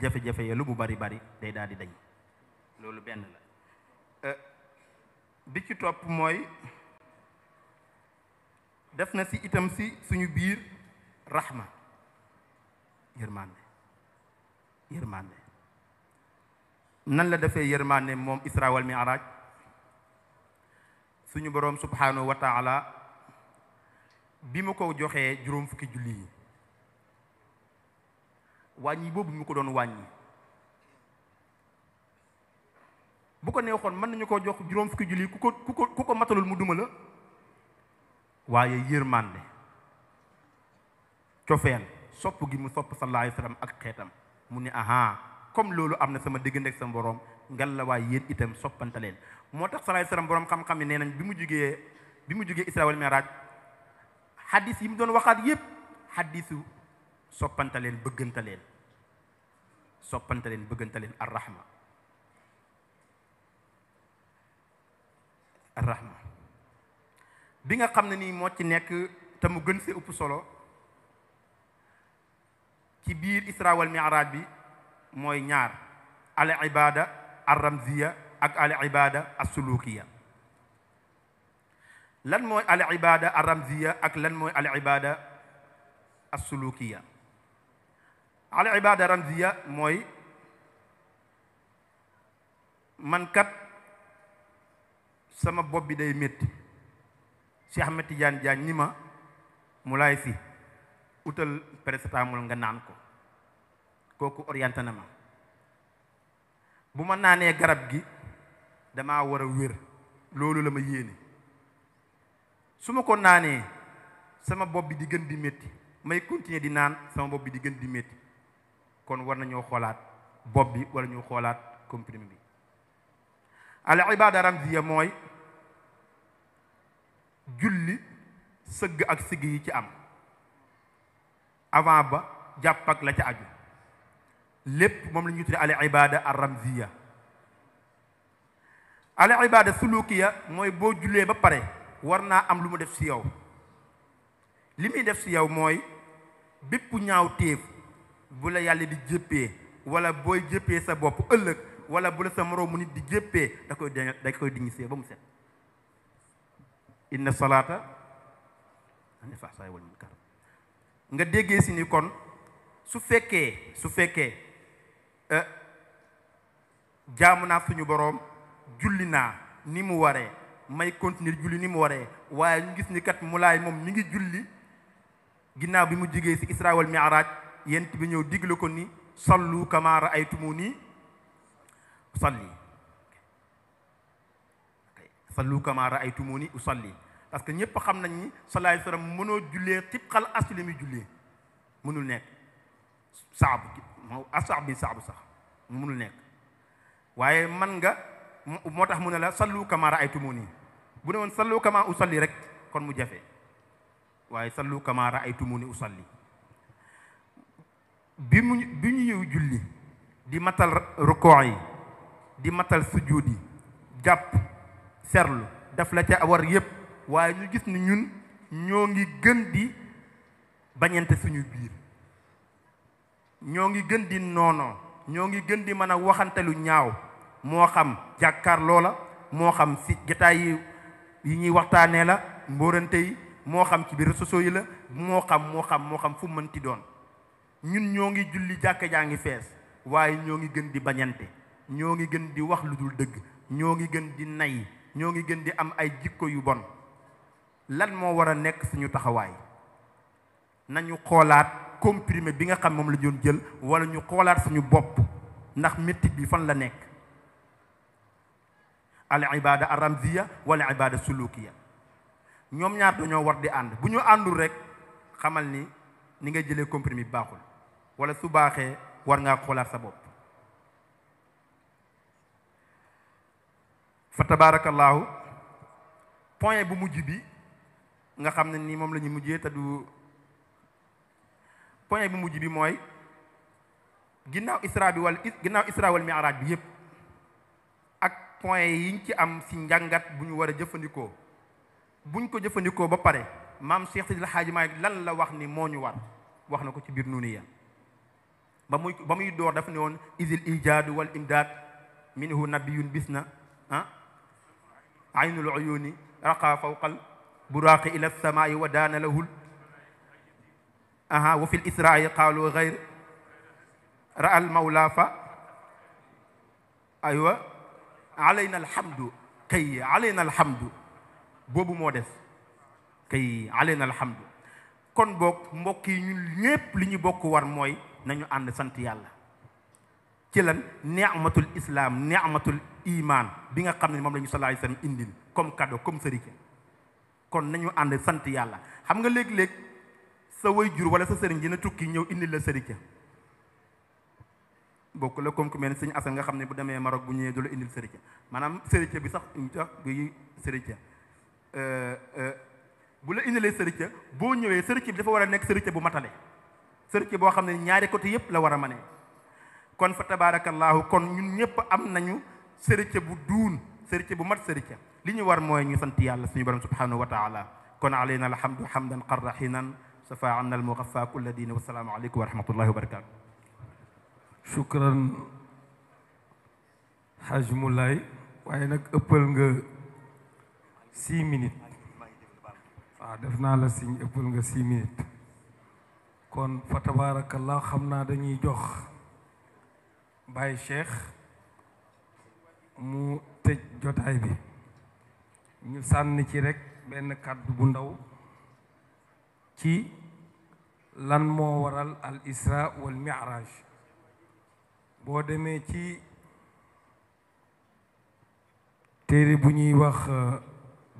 jafe-jafe ya lu mu bari bari day daal di dañ loolu benn la euh, bi ci topp mooy def na ci itam si suñu biir raxma yërmande yërmande nan la defee yërmande moom isra wal mi'raj suñu boroom subhanahu wataala taala bi mu ko joxee juróom fukki julli yi wàññi boobu mu ko doon wàññi bu ko neexoon mën nañu ko jox juróom fukki julli ku ko ku ko ku ko matalul mu duma la waaye yërmande cofeel sopp gi mu sopp sallallahu alayhi wa sallam ak xeetam mu ne aha comme loolu am na sama diggante ak sama borom ngal la waay yéen itam soppante leen moo tax sallallahu alayhi wa sallam borom xam-xam yi nee nañ bi mu jugee bi mu jugee isra wal miraaj xadis yi mu doon waxaat yépp xadisu soppante leen bëggante leen leen bëggante leen arrahma bi nga xam ne ni moo ci nekk te mu gën see ëpp solo ci biir isra wal mi'raj bi mooy ñaar al ibada ar ramziya ak al ibada as sulukiya lan mooy al ibada ar ramziya ak lan mooy al ibada as sulukiya al ibada ramziya mooy man kat sama bopp bi day métti Cheikh Ahmed Tidiane Diagne ni ma mu laay si utal paracetamol nga naan ko kooku orienté na ma bu ma naanee garab gi damaa war a wér loolu la ma yéene su ma ko naanee sama bopp bi di gën di métti may continuer di naan sama bopp bi di gën di métti kon war nañoo xoolaat bopp bi wala ñu xoolaat comprimé bi al ibada ramziya mooy julli sëgg ak sëgg yi ci am avant ba jàpp ak la ca aju lépp moom la ñu tudde al ibada ar ramziya al ibada sulukiya mooy boo jullee ba pare war naa am lu mu def si yow li muy def si yow mooy bépp ñaaw téef bu la yàlla di jëppee wala booy jëppee sa bopp ëllëg wala bu la sa moroomu nit di jëppee da koy da koy diñisee ba mu set inna salaata nga déggee si ni kon su fekkee su fekkee eh, jaamu naa suñu boroom julli naa ni mu waree may continuer julli ni mu waree waaye ñu gis ni kat mu laay moom mi ngi julli ginnaaw bi mu jógee si isra wal mi'raj yent bi ñëw digle ko ni sallu kama raaytumuni usalli sallu kama raaytumuni usalli parce que ñëpp xam nañ ni salaay salaam mënoo jullee tibqal asli mi jullee mënul nekk saabu moo asaab bi saabu sax mënul nekk waaye man nga moo tax mu ne la sallu ay raaytumuni bu ne woon sallu kama usalli rek kon mu jafe waaye sallu kama raaytumuni usalli bi mu bi ñu ñëw julli di matal rukoo yi di matal sujjuut yi jàpp serlu daf la ca awar yépp waaye ñu gis ni ñun ñoo ngi gën di bañante suñu biir ñoo ngi gën di noonoo ñoo ngi gën di mën a waxante lu ñaaw moo xam jàkkaarloo la moo xam si jotaay yi ñuy waxtaanee la mbóorante yi moo xam ci biir réseaux yi la moo xam moo xam moo xam fu mënti doon ñun ñoo ngi julli jàkka jaa ngi fees waaye ñoo ngi gën di bañante ñoo ngi gën di wax lu dul dëgg ñoo ngi gën di nay ñoo ngi gën di am ay jikko yu bon lan moo war a nekk suñu taxawaay nañu xoolaat comprimé bi nga xam moom la ñu jël wala ñu xoolaat suñu bopp ndax métti bi fan la nekk al ibada aramziya wala ibada sulukiya ñoom ñaar dañoo war di ànd bu ñu àndul rek xamal ni ni nga jëlee comprimé bi baaxul wala su baaxee war ngaa xoolaat sa bopp fa tabaarakallaahu point bu mujj bi nga xam ne ni moom la ñu mujjee te point bu mujj bi mooy ginnaaw isra bi wala ginnaaw isra wal bi yépp ak point yiñ ci am si njàngat bu ñu war a jëfandikoo buñ ko jëfandikoo ba pare maam Cheikh la xaaj Malick lan la wax ni moo ñu war wax na ko ci biir nuuni ya ba muy ba door daf ne woon isil ijaadu wal imdaad minhu nabiyun bis na ah aynul uyuni raqa fawqal buraaqi ila samaai wa daana lahul aha wa fi l israai qaalu gayr ra'a al mawla fa aywa alayna alhamdu kay alayna alhamdu boobu moo kay alayna alhamdu kon boog mbokk yi ñun ñépp li ñu bokk war mooy nañu ànd sant yàlla ci lan ni'matul islam ni'matul iman bi nga xam ne moom la ñu sallallahu alayhi indil comme cadeau comme sërike kon nañu ànd sant yàlla xam nga léeg-léeg sa jur wala sa sëriñ dina tukki ñëw indil la sërike bokk comme ku mel sëñ Assane nga xam ne bu demee Maroc bu ñëwee du la indil sërike maanaam sërike bi sax ñu tax bi sërike euh, euh, bu la indilee sërike boo ñëwee sërike bi dafa war a nekk sërike bu matale sërci boo xam ne ñaari côté yëpp la war a mane kon fa tabaarakallaahu kon ñun ñëpp am nañu sërca bu duun sërca bu mat sërca li ñu war mooy ñu sant yàlla suñu borom subhanahu wa taala kon alayna alhamdu hamdan qarra hinan safa anna almughafa kulla diin wa salaamu aleykum wa rahmatullahi wa barakatu shukran haj Moulay waaye nag ëppal nga six minutes waaw naa la siñ ëppal nga kon fa tabarakallah xam naa dañuy jox Baye Cheikh mu tëj jotaay bi ñu sànni ci rekk benn kàddu bu ndaw ci lan moo waral al isra wal mi'raj boo demee ci téere bu ñuy wax euh,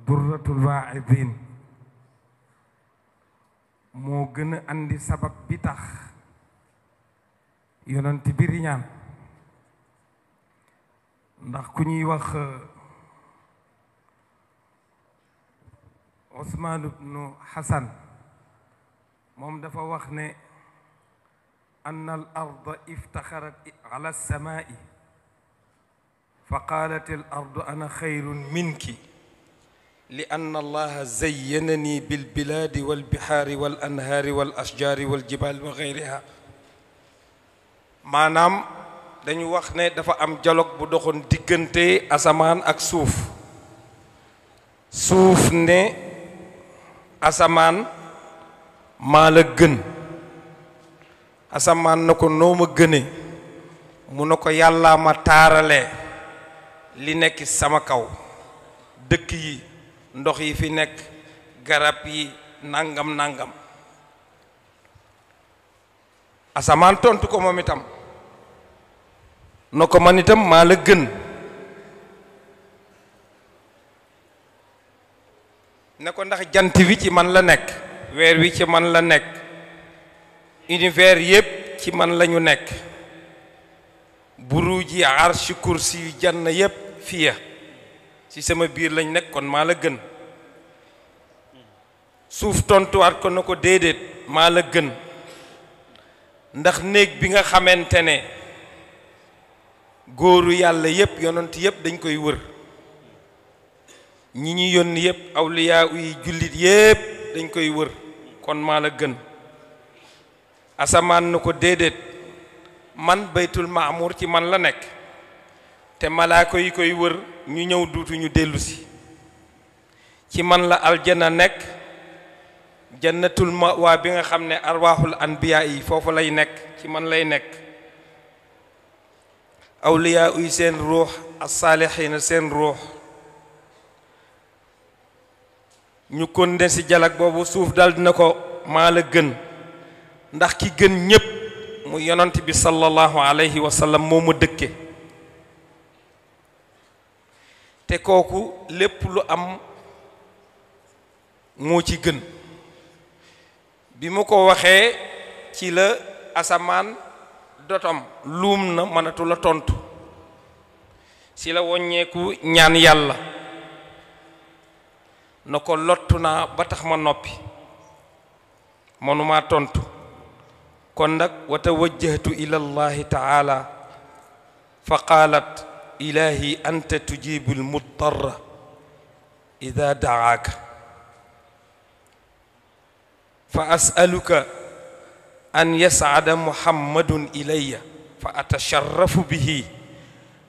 durratul waa'idin moo gën a andi sabab bitax tax yonent bi riñaan ndax ku ñuy wax uh, Usmaan ibnu Hasan moom dafa wax ne anna al arda iftaxarat ala alsamaai fa qaalat al ana xayrun minki li anna allaha zayyanani bil bilaadi wal bihaari wal anhaari wal ashjaari wal jibaal wa gayriha maanaam dañu wax ne dafa am dialogue bu doxoon diggante asamaan ak suuf suuf ne asamaan maa la gën asamaan na ko noo ma gëne mu ne ko yàllaa ma taarale li nekk sama kaw dëkk yi ndox yi fi nekk garab yi nangam nangam asamaan tontu ko moom itam na ko man itam maa la gën ne ko ndax jant wi ci man la nekk weer wi ci man la nekk univers yépp ci man lañu nekk buruuji arsh kursi yu jann yépp fiya ci sama biir lañ nekk kon maa la gën suuf tontuwaat ko na ko déedéet maa la gën ndax néeg bi nga xamante ne góoru yàlla yépp yonent yépp dañ koy wër ñi ñu yónni yépp awliyaa yi jullit yépp dañ koy wër kon maa la gën asamaan na ko déedéet man baytul maamur ci man la nekk te malaaka yi koy wër ñu ñëw duutuñu dellusi ci man la aljanna nekk jannatul mawaa bi nga xam ne arwaaxul anbiya yi foofu lay nekk ci man lay nekk awliyaa uy seen ruux asaalixina seen ruux ñu kon ne si jalag boobu suuf dal dina ko maa la gën ndax ki gën ñépp mu yonant bi sallallahu alayhi wa sallam ma dëkke te kooku lépp lu am moo ci gën bi mu ko waxee ci la asamaan dotam luum na mënatula tontu si la woññeeku ñaan yàlla na ko lottu naa ba tax ma noppi mënumaa tontu kon nag wa tawajjahtu ila allahi fa qaalat ilahi anta tujibu lmutarra ida dacaaka fa asaluka an yascada muhammadun ilaya fa atasharafu bihi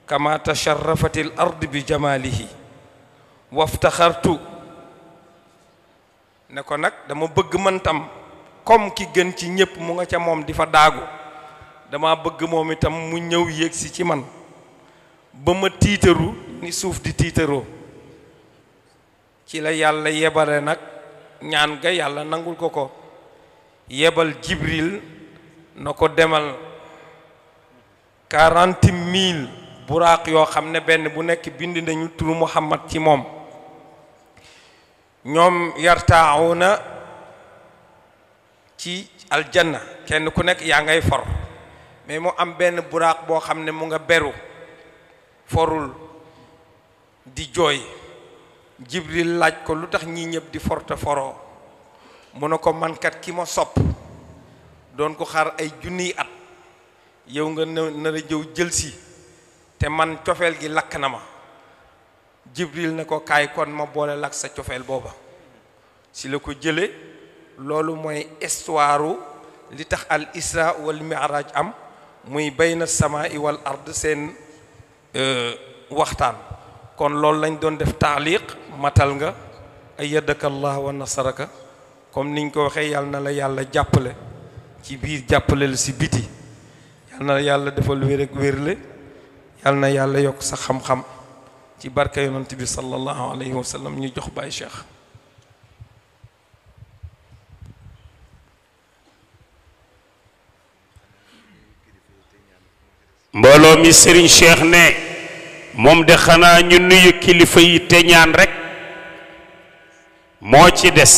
kama tasharafat alard bijamalihi waftaxartu ne ko nag dama bëgg man tam comme ki gën ci ñépp mu nga ca moom di fa dama bëgg moom itam mu ñëw yéegsi ci man ba ma tiitaru ni suuf di tiitaroo ci la yàlla yebare nag ñaan ga yàlla nangu ko ko yebal jibril na ko demal quarante mille buraaq yoo xam ne benn bu nekk bind nañu turu muhammad ci moom ñoom na ci aljanna kenn ku nekk yaa ngay for mais mu am benn buraaq boo xam ne mu nga beru forul di jooy jibril laaj ko lu tax ñii ñëpp di forte foro mu ne ko mankat ki ma sopp doon ko xaar ay junniy at yow nga na la jëw jëlsi te man cofeel gi lakk na ma jibril na ko kaay kon ma boole lak sa cofeel booba si la ko jële loolu mooy histoire li tax al isra wal am muy bayna samaa wal ard seen Euh, waxtaan kon loolu lañ doon def taaliq matal nga ay ayyadaka allah wa nasaraka ni niñ ko waxee yàlla na la yàlla jàppale ci biir jàppalel si biti yàlla na la yàlla defal wér ak wérle yàlla na yàlla yokk sa xam-xam ci barke yonent bi sallallahu alayhi wa sallam ñu jox baay cheikh mbooloo mi sëriñ Cheikh ne moom de xanaa ñu nuyu kilifa yi te ñaan rekk moo ci des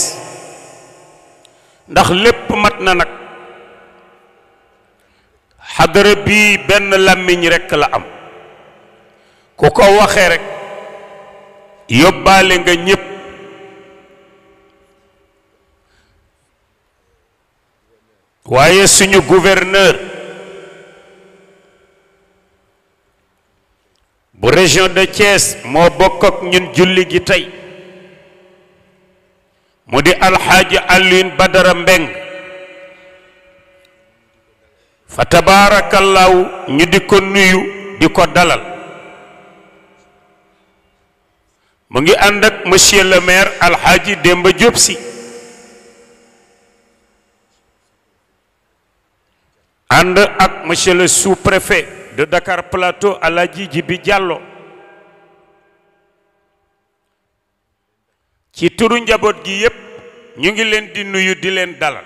ndax lépp mat na nag xadara bii benn làmmiñ rekk la am ku ko waxee rekk yóbbaale nga ñépp waaye suñu gouverneur bu région de Thiès moo bokk ak ñun julli gi tey mu di alxaaji Alioune Badara Mbeng fa tabaarakallaahu ñu di ko nuyu di ko dalal mu ngi ànd ak monsieur le maire alxaaji Demba Diop ànd ak monsieur le sous-préfet de Dakar Plateau Alaaji bi jàlloo ci turu njaboot gi yépp ñu ngi leen di nuyu di leen dalal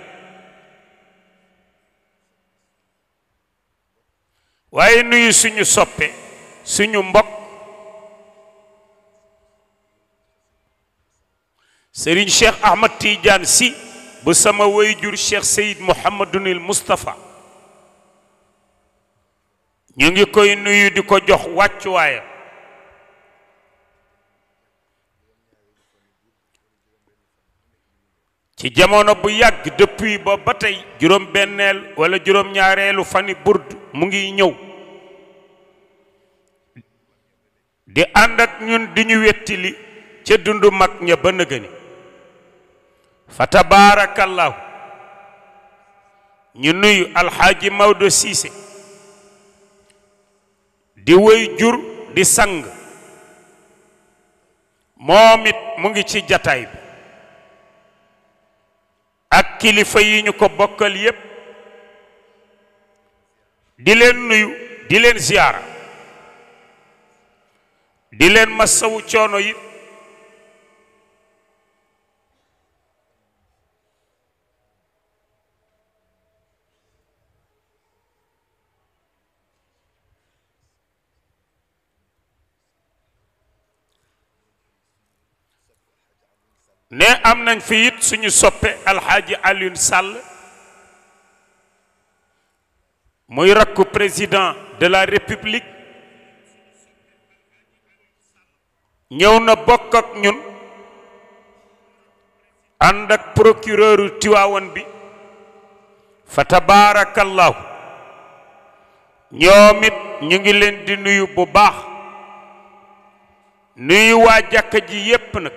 waaye nuyu suñu soppe suñu mbokk sëriñ Cheikh Ahmad Tidiane Sy bu sama wayjur Cheikh Seyid Mouhamadunil mustafa ñu ngi koy nuyu di ko jox wàccuwaayam ci jamono bu yàgg depuis ba ba tey juróom benneel wala juróom ñaareelu fani burd mu ngi ñëw di ànd ak ñun di ñu wettili ca dundu mag ña ba nëgëni fa tabaarakallaahu ñu nuyu alxaaji Maodo Cissé di woy jur di sang moomit mu ngi ci jataay bi ak kilifa yi ñu ko bokkal yépp di leen nuyu di leen ziyaara di leen masawu coono yi ne am nañ fi it suñu soppe alxaaji Alioune Sall muy rakku président de la république ñëw na bokk ak ñun ànd ak procureuru Tiwaawan bi fa tabaarakallahu ñoom ñu ngi leen di nuyu bu baax nuyu waa jàkka ji yépp nag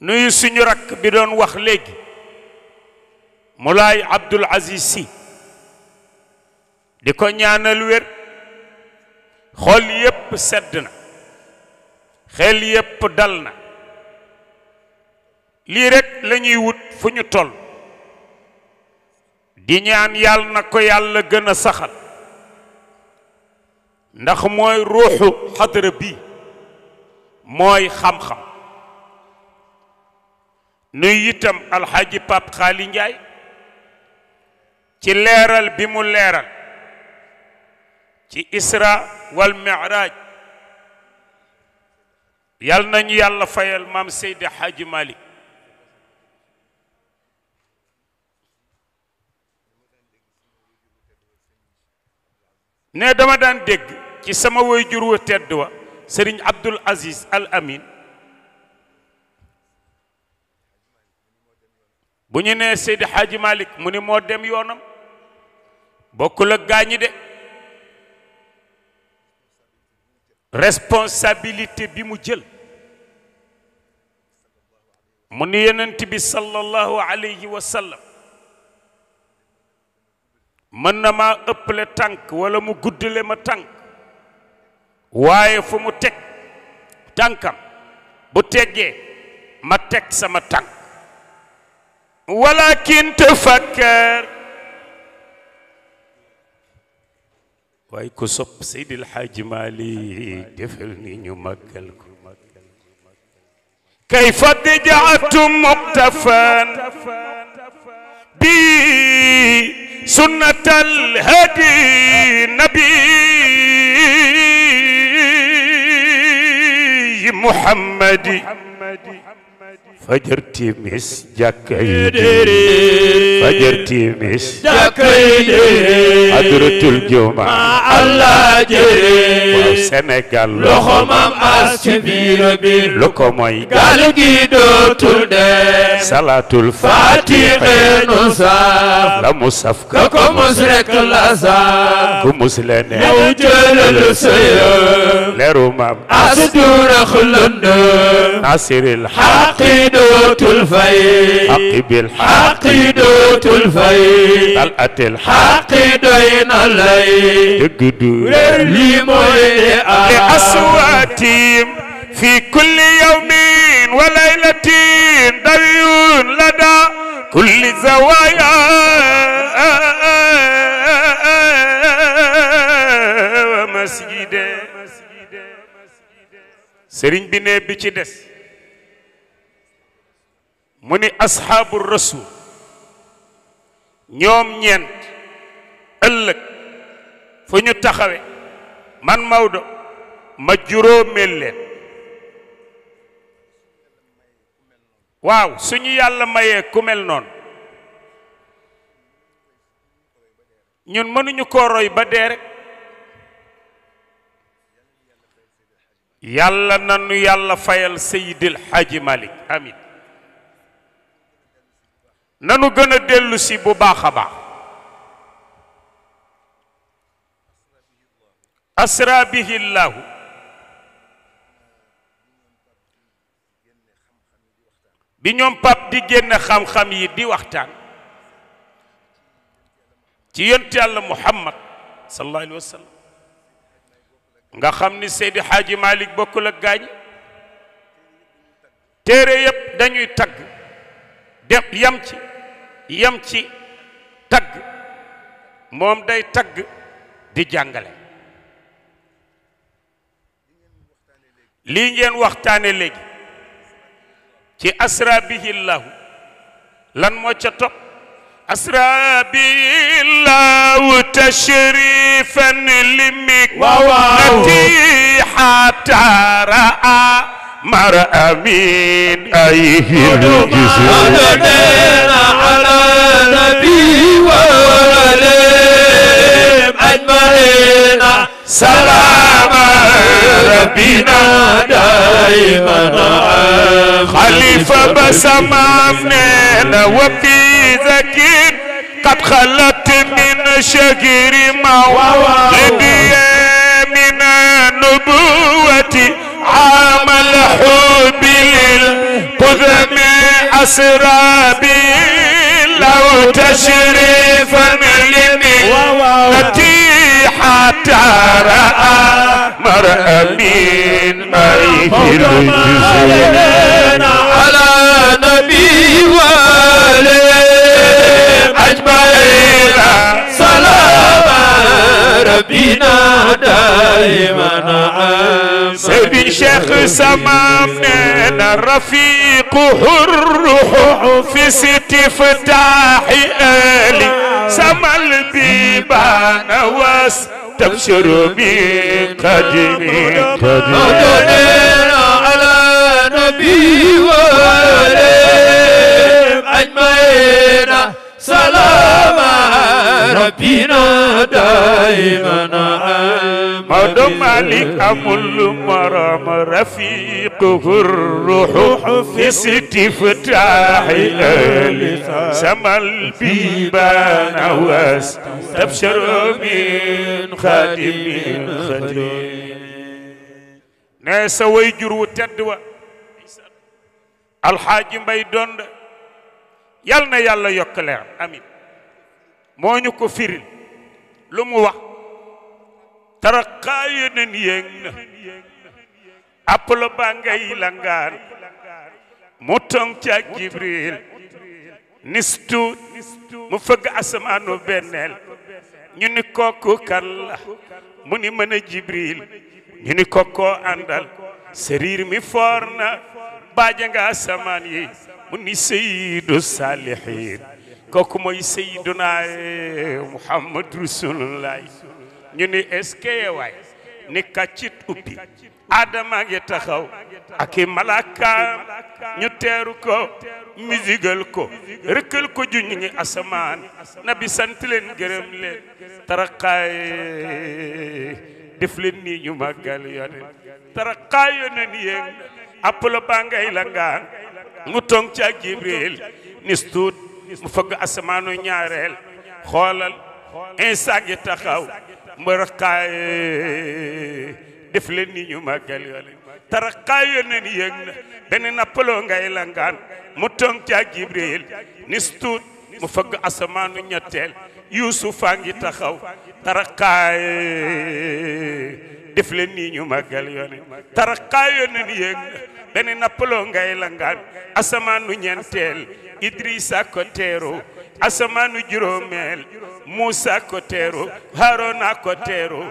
nuyu suñu rakk bi doon wax léegi Moulay Abdul Aziz si di ko ñaanal wér xol yépp sedd na xel yépp dal na lii rekk lañuy wut fu ñu toll di ñaan yàlla na ko yàlla gën a saxal ndax mooy ruuxu xadara bi mooy xam-xam nuy itam alxaaji Pape Xaali Njaay ci leeral bi mu leeral ci isra wal miraaj yal nañu yàlla fayal maam Seydi Xaaji Malik ne dama daan dégg ci sama waajur wu tedd wa sëriñ Abdul Aziz Al Amin bu ñu nee Seydi Hadji Malick mu ni moo dem yoonam bokkul ak gaañi de responsabilité bi mu jël mu ni yenent bi sallallahu alayhi wa mën na maa ëpple tànk wala mu guddle ma tànk waaye fu mu teg tànkam bu teggee ma teg sama tànk walakin tafakkar waaye ku sopp Seydil Hadji Malick defal ni ñu màggal ko kayfa dajaatum muqtafan bi sunnatal hadi nabi muhammadi fajar timis jàkka yi diri fajar timis jàkka adratul juma allah jiri waaw Sénégal loxo maam as ci biir bi lu ko mooy gaal gi dootul dee nu saaf la mu saf ka ko mus rek la saaf ku le ne as du rax lënd nasiril xaqi dootul fay. aqibil xaqi dootul fay. al atel xaqi doy na lay. dëgg du réer lii mooy aar. li aswaatim fi kulli yawmin wa laylatin dawiyun lada kulli zawaaya masjide. sëriñ bi ne bi ci des. mu ni asxaabu rasul ñoom ñeent ëllëg fu ñu taxawe man Maodo ma juróomeel leen waaw suñu yàlla mayee ku mel noonu ñun mënuñu koo roy ba dee rek yàlla nanu yàlla fayal Seydil Hadji Malick amin nanu gën a dellusi bu baax a baax asra bihi llaahu bi ñoom pap di génn xam-xam yi di waxtaan ci yont yàlla muhammad sallallahu alayhi wa nga xam ni seydi xaaji malik bokkul ak gaañ téere yépp dañuy tagg dem yam ci yam tagg moom day tagg di jàngale lii ngeen waxtaane léegi ci asra bihillahu lan moo ca topp asra tashrifan limik waaw waaw nati xataa raa مر أمين أي هرجس على نبي ورلم أجمعين سلام ربنا دائما خليفة بسمع مننا وفي زكين قد خلت من شجر موعد من نبوتي عام الحب للقدم أسرابي لو تشريفا لنبتي حتى رأى مرأمين مريه الرجل على نبي والي أجمعين ربنا دائما سيدي شيخ سمام نانا رفيق الروح في ست فتاح آلي سما البيبان واس تبشر بقدمي قدمي على نبي وآله أجمعين سلام ربنا دائما مدى مالك أمل مرام رفيقه الروح في ست فتاح آل سما البيبان واستبشر من خادم خديم ناسا ويجروا تدوى الحاج مبيدون yal na yàlla yokk leeram amin moo ñu ko firil lu mu wax tara xaayonen yéeg na apolo baa ngay langaan mu tong ca jibril nistu mu fëgg asamaanu benneel ñu ni kooku kan la mu ni mën a ñu ni kookoo àndal sariir mi foor na baaja nga asamaan yi mu ni sayyidu saalihiin kooku mooy sayyiduna Muhammad Rasulullah ñu ni est-ce ni kàccit ubbi Adama ngi taxaw ak i malaaka ñu teeru ko musigal ko rëkkal ko ju ñu ngi asamaan nabi sant leen gërëm leen taraqaay def nii ñu màggal yoneen tara xaa apolo baa ngay langaan mu tong ci ak jibril nis tuut mu fëgg asamaanu ñaareel xoolal insa gi taxaw mu raqaay def leen ni ñu màggal yoole tara xaayo nen yëg na benn nappaloo ngay langaan mu toog ci ak jibril nis tuut mu fëgg asamaanu ñetteel yuusufa ngi taxaw tara xaay def leen nii ñu màggal yoone taraqaa yoone ni yéeg dani nappaloo ngay langaan asamaanu ñeenteel idrisa ko teeru asamaanu juróomeel muusa ko teeru haarona ko teeru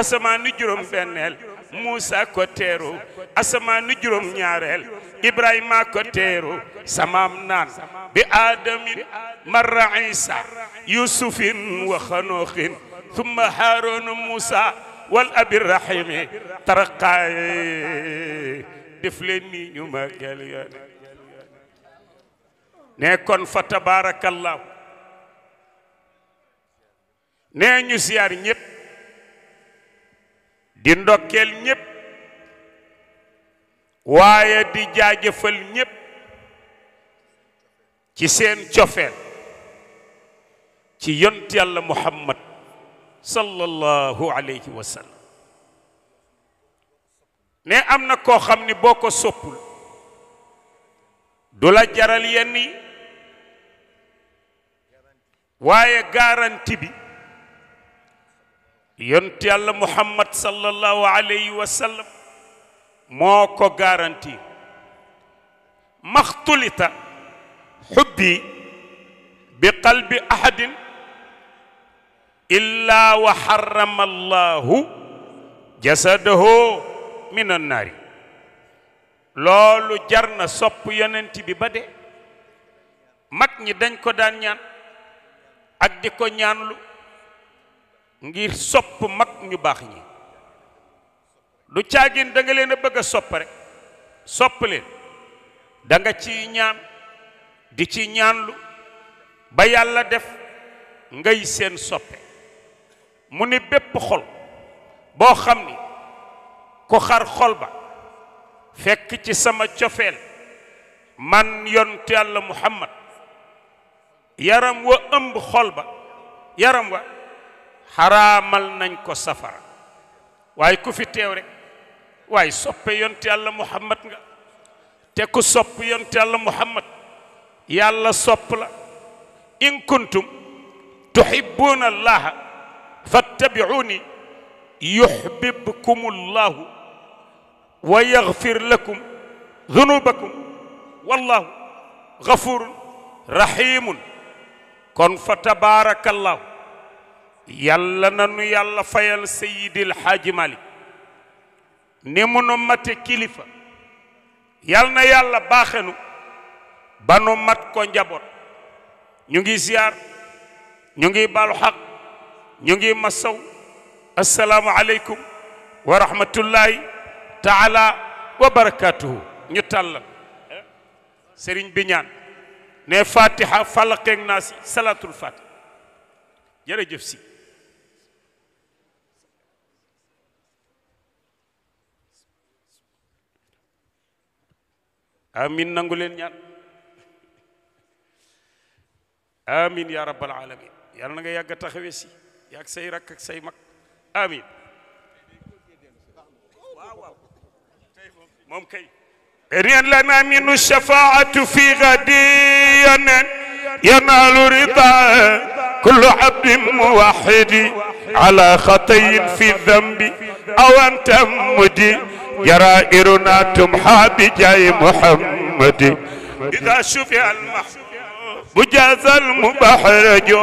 asamaanu juróom benneel muusa ko teeru asamaanu juróom ñaareel ibrahima ko teeru samaam naan bi aadamin marra isa yusufin wa thumma haarona muusa wal abi rahimi def leen nii ñu màggal yoone ne kon fa tabarakallahu nee ñu siyaar ñépp di ndokkeel ñépp waaye di jaajëfal ñépp ci seen cofeel ci yont yàlla muhammad sallallahu alayhi ne am na koo xam ni boo ko soppul du la jaral yenn waaye garanti bi yonent yàlla muhammad sallallahu alayhi wa sallam moo ko garanti maxtulita xubbi bi qalbi ahadin illaa wa harrama allahu jasadahu min annaari loolu jar na sopp yonent bi ba de mag ñi dañ ko daan ñaan ak di ko ñaanlu ngir sopp mag ñu baax ñi du caagin da leen a bëgg sopp rek sopp leen da ciy ñaan di ci ñaanlu ba yàlla def ngay seen soppe mu ni bépp xol boo xam ni ku xar xol ba fekk ci sama cofeel man yont yàlla muhammad yaram wa ëmb xol ba yaram wa xaraamal nañ ko safara waaye ku fi teew rek waaye soppe yont yàlla muhammad nga te ku sopp yont yàlla muhammad yàlla sopp la in kuntum tuhibbuuna allaha fattabi'uuni yuhbibkumu llaahu wa yaghfir lakum dunuubakum wallaahu gafuurun rahiimun kon fa tabaarakallaahu yàlla na nu yàlla fayal Seydil Haaji Malik ni mu nu mate kilifa yàlla na yàlla baaxenu ba nu mat ko njaboot ñu ngi ziyaar ñu ngi baalu xaq ñu ngi masaw asalaamu aleykum wa rahmatullahi taala wa barakaatuhu ñu tàll sëriñ bi ñaan ne fatiha falaqeeg naa salaatul fatiha jërëjëf si amin nangu leen ñaan amin ya rabbal alamin yàlla na nga yàgg a yaag say rakk ak say mag amin moom kay rien lana minu shafaatu fi gadiyan yanalu rida kullu abdin muwahidi ala xatayin fi dambi aw anta mudi jarairuna tumha bi jaay muhammadi ida shufi al mahbu jaza al mubahraju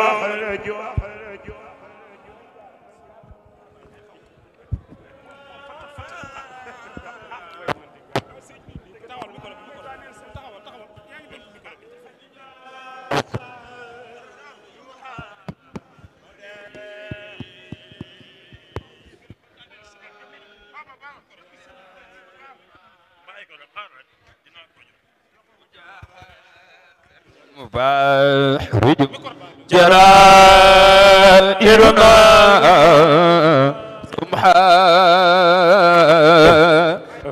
فاحرج جرائرنا تمحى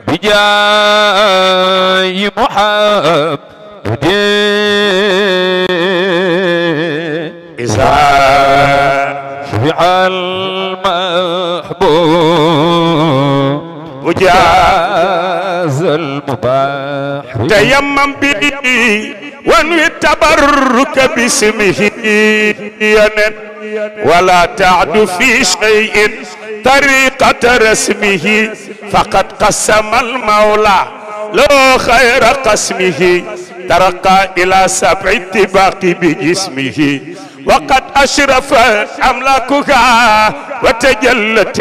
بجاي محمد إذا شفع المحبوب وجاز المباح تيمم به وانوي التبرك باسمه ولا تعد في شيء طريقة رسمه فقد قسم المولى لو خير قسمه ترقى إلى سبع اتباق بجسمه وقد أشرفت أملاكها وتجلت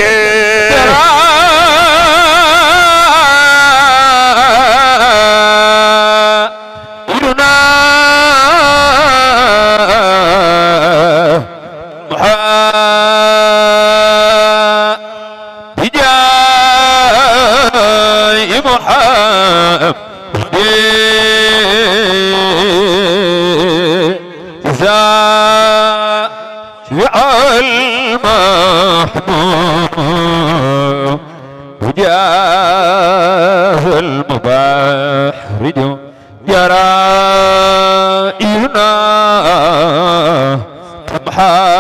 المحبوب وجاه المبارج جرائنا تمحى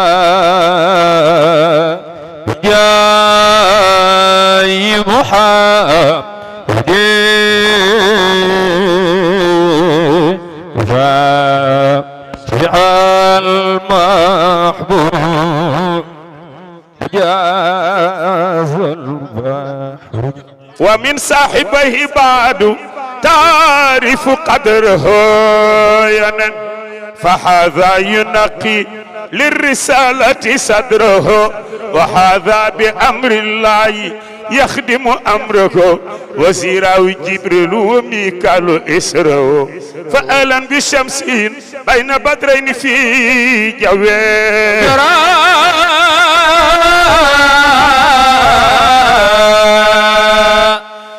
وجاي محمد فا يا المحبوب يا ذو البحر ومن صاحبه بعد تعرف قدره ينا فهذا ينقي للرسالة صدره وهذا بأمر الله يخدم أمره وزيره جبريل وميكال إسره فألا بالشمس بين بدرين في جوال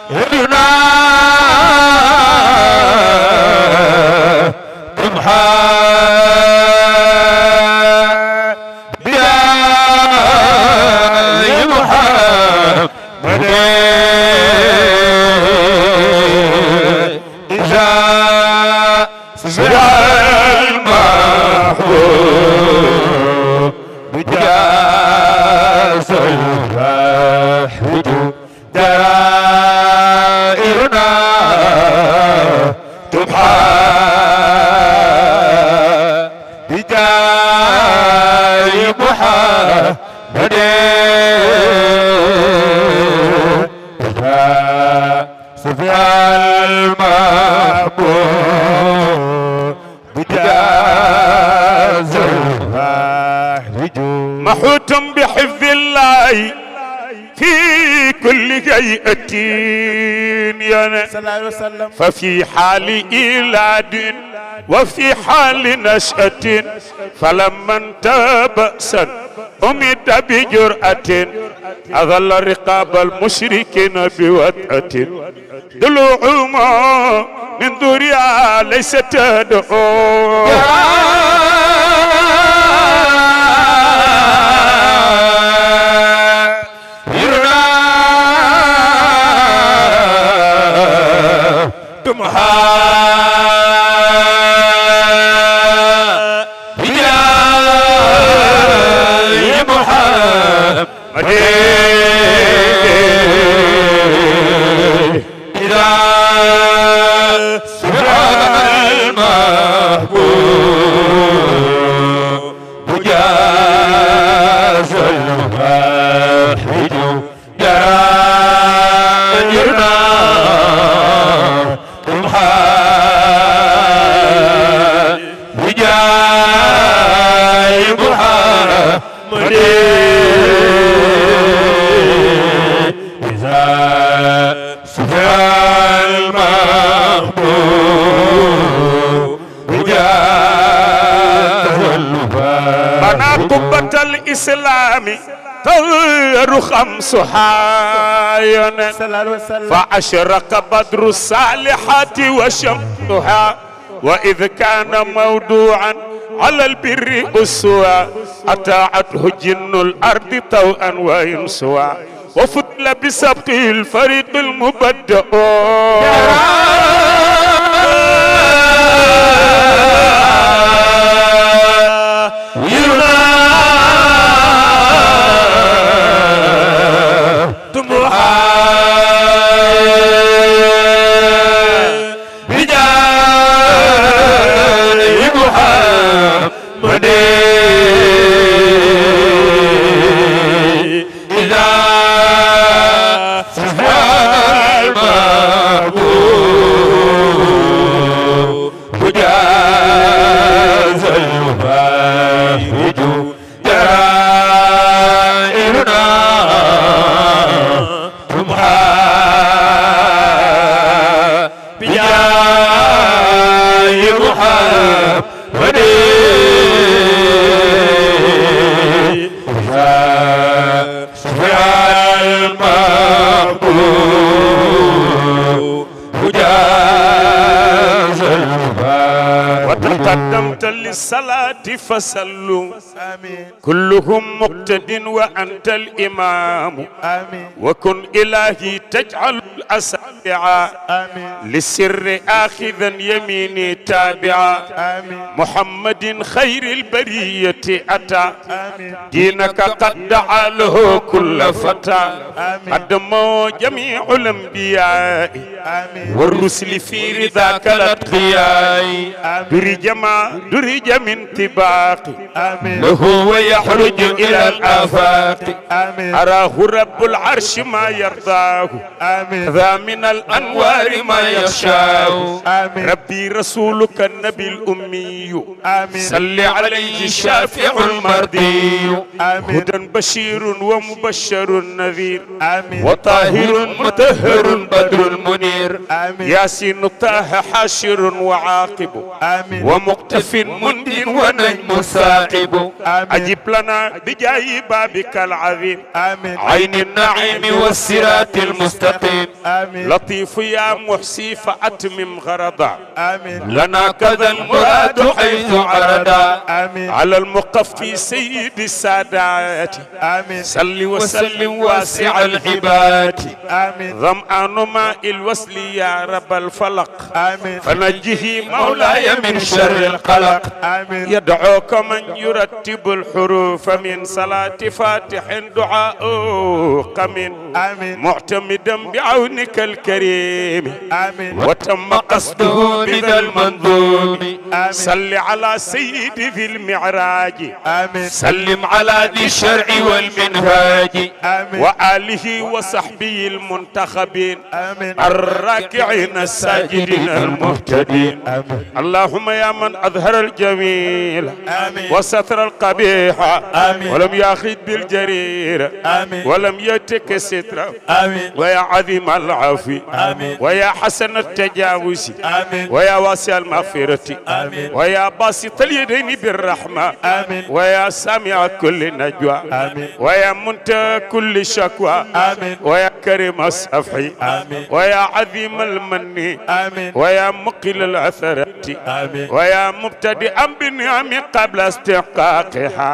هدنا يقحى بديع سفي المحبوب بجاز محوت بحفظ الله في كل هيئة ففي حال إيلاد وفي حال نشأة فلمن تاب سن أمد بجرأة أظل رقاب المشركين بوطأة دلوعهما من ذريا ليس تدعو تمہارا Okay. شمسها ينن فأشرق بدر الصالحات وشمسها وإذ كان موضوعا على البر أسوى أتاعته جن الأرض طوءا وينسوى وفضل بسبقه الفريق المبدأ fasallu كلهم مقتد وأنت الإمام آمين وكن إلهي تجعل الأسابع للسر آخذا يميني تابعا محمد خير البرية أتى دينك قد دعا له كل فتى قدموا جميع الأنبياء والرسل في رضاك الأتقياء درج ما درج من تباقي له ويحلو يخرج إلى الآفاق أراه رب العرش ما يرضاه ذا من الأنوار ما يخشاه ربي رسولك النبي الأمي صل عليه الشافع المرضي هدى بشير ومبشر نذير وطاهر مطهر بدر منير ياسين طه حاشر وعاقب ومقتف مندين ونجم ثاقب أجب لنا لنا بجاي بابك العظيم آمين عين النعيم والصراط المستقيم آمين لطيف يا محسي فأتمم غرضا آمين لنا كذا المراد حيث عرضا آمين على المقفي سيد السادات آمين صل وسلم واسع العباد آمين ظمآن ماء الوصل يا رب الفلق آمين فنجه مولاي من شر القلق آمين يدعوك من يرتب الحروف فمن صلاة فاتح دعاء قمن آمين معتمدا بعونك الكريم آمين وتم قصده من المنظوم صل على سيدي في المعراج آمين سلم على ذي الشرع والمنهاج آمين وآله وصحبه المنتخبين آمين الراكعين الساجدين المهتدين آمين اللهم يا من أظهر الجميل آمين وستر القبيح آمين ولم يأخذ بالجرير آمين ولم يتك سترا آمين ويا عظيم العفو آمين ويا حسن التجاوز آمين ويا واسع المغفرة آمين ويا باسط اليدين بالرحمة آمين ويا سامع كل نجوى آمين ويا منتهى كل شكوى آمين ويا كريم الصفحي آمين ويا عظيم المن آمين ويا مقل العثرة آمين ويا مبتدئا بنعم قبل استحقاقها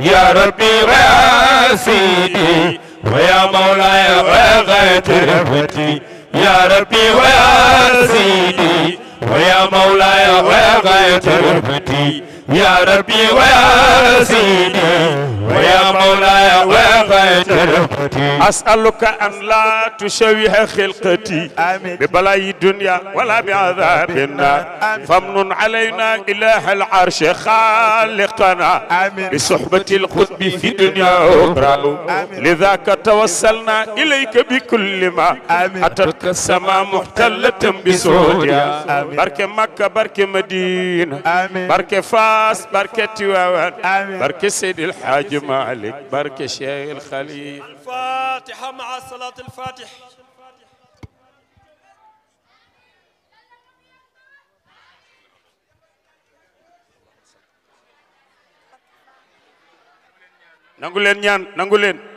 يا ربي ويا سيدي ويا مولاي ويا غيتي يا ربي ويا سيدي ويا مولاي ويا غيتي يا ربي ويا سيدي ويا مولاي وغير أسألك أن لا تشوه خلقتي ببلاي الدنيا ولا بعذاب النار فامن علينا إله العرش خالقنا بصحبة القطب في دنيا أخرى لذاك توسلنا إليك بكل ما أترك السماء محتلة بسعودها بركة مكة بركة مدينة بركة فاس بركة تواوان بركة سيد الحاج Hadji Malick barke Cheikh El Khalil al-Fatiha ma'a salat al-Fatih nangu leen ñaan nangu leen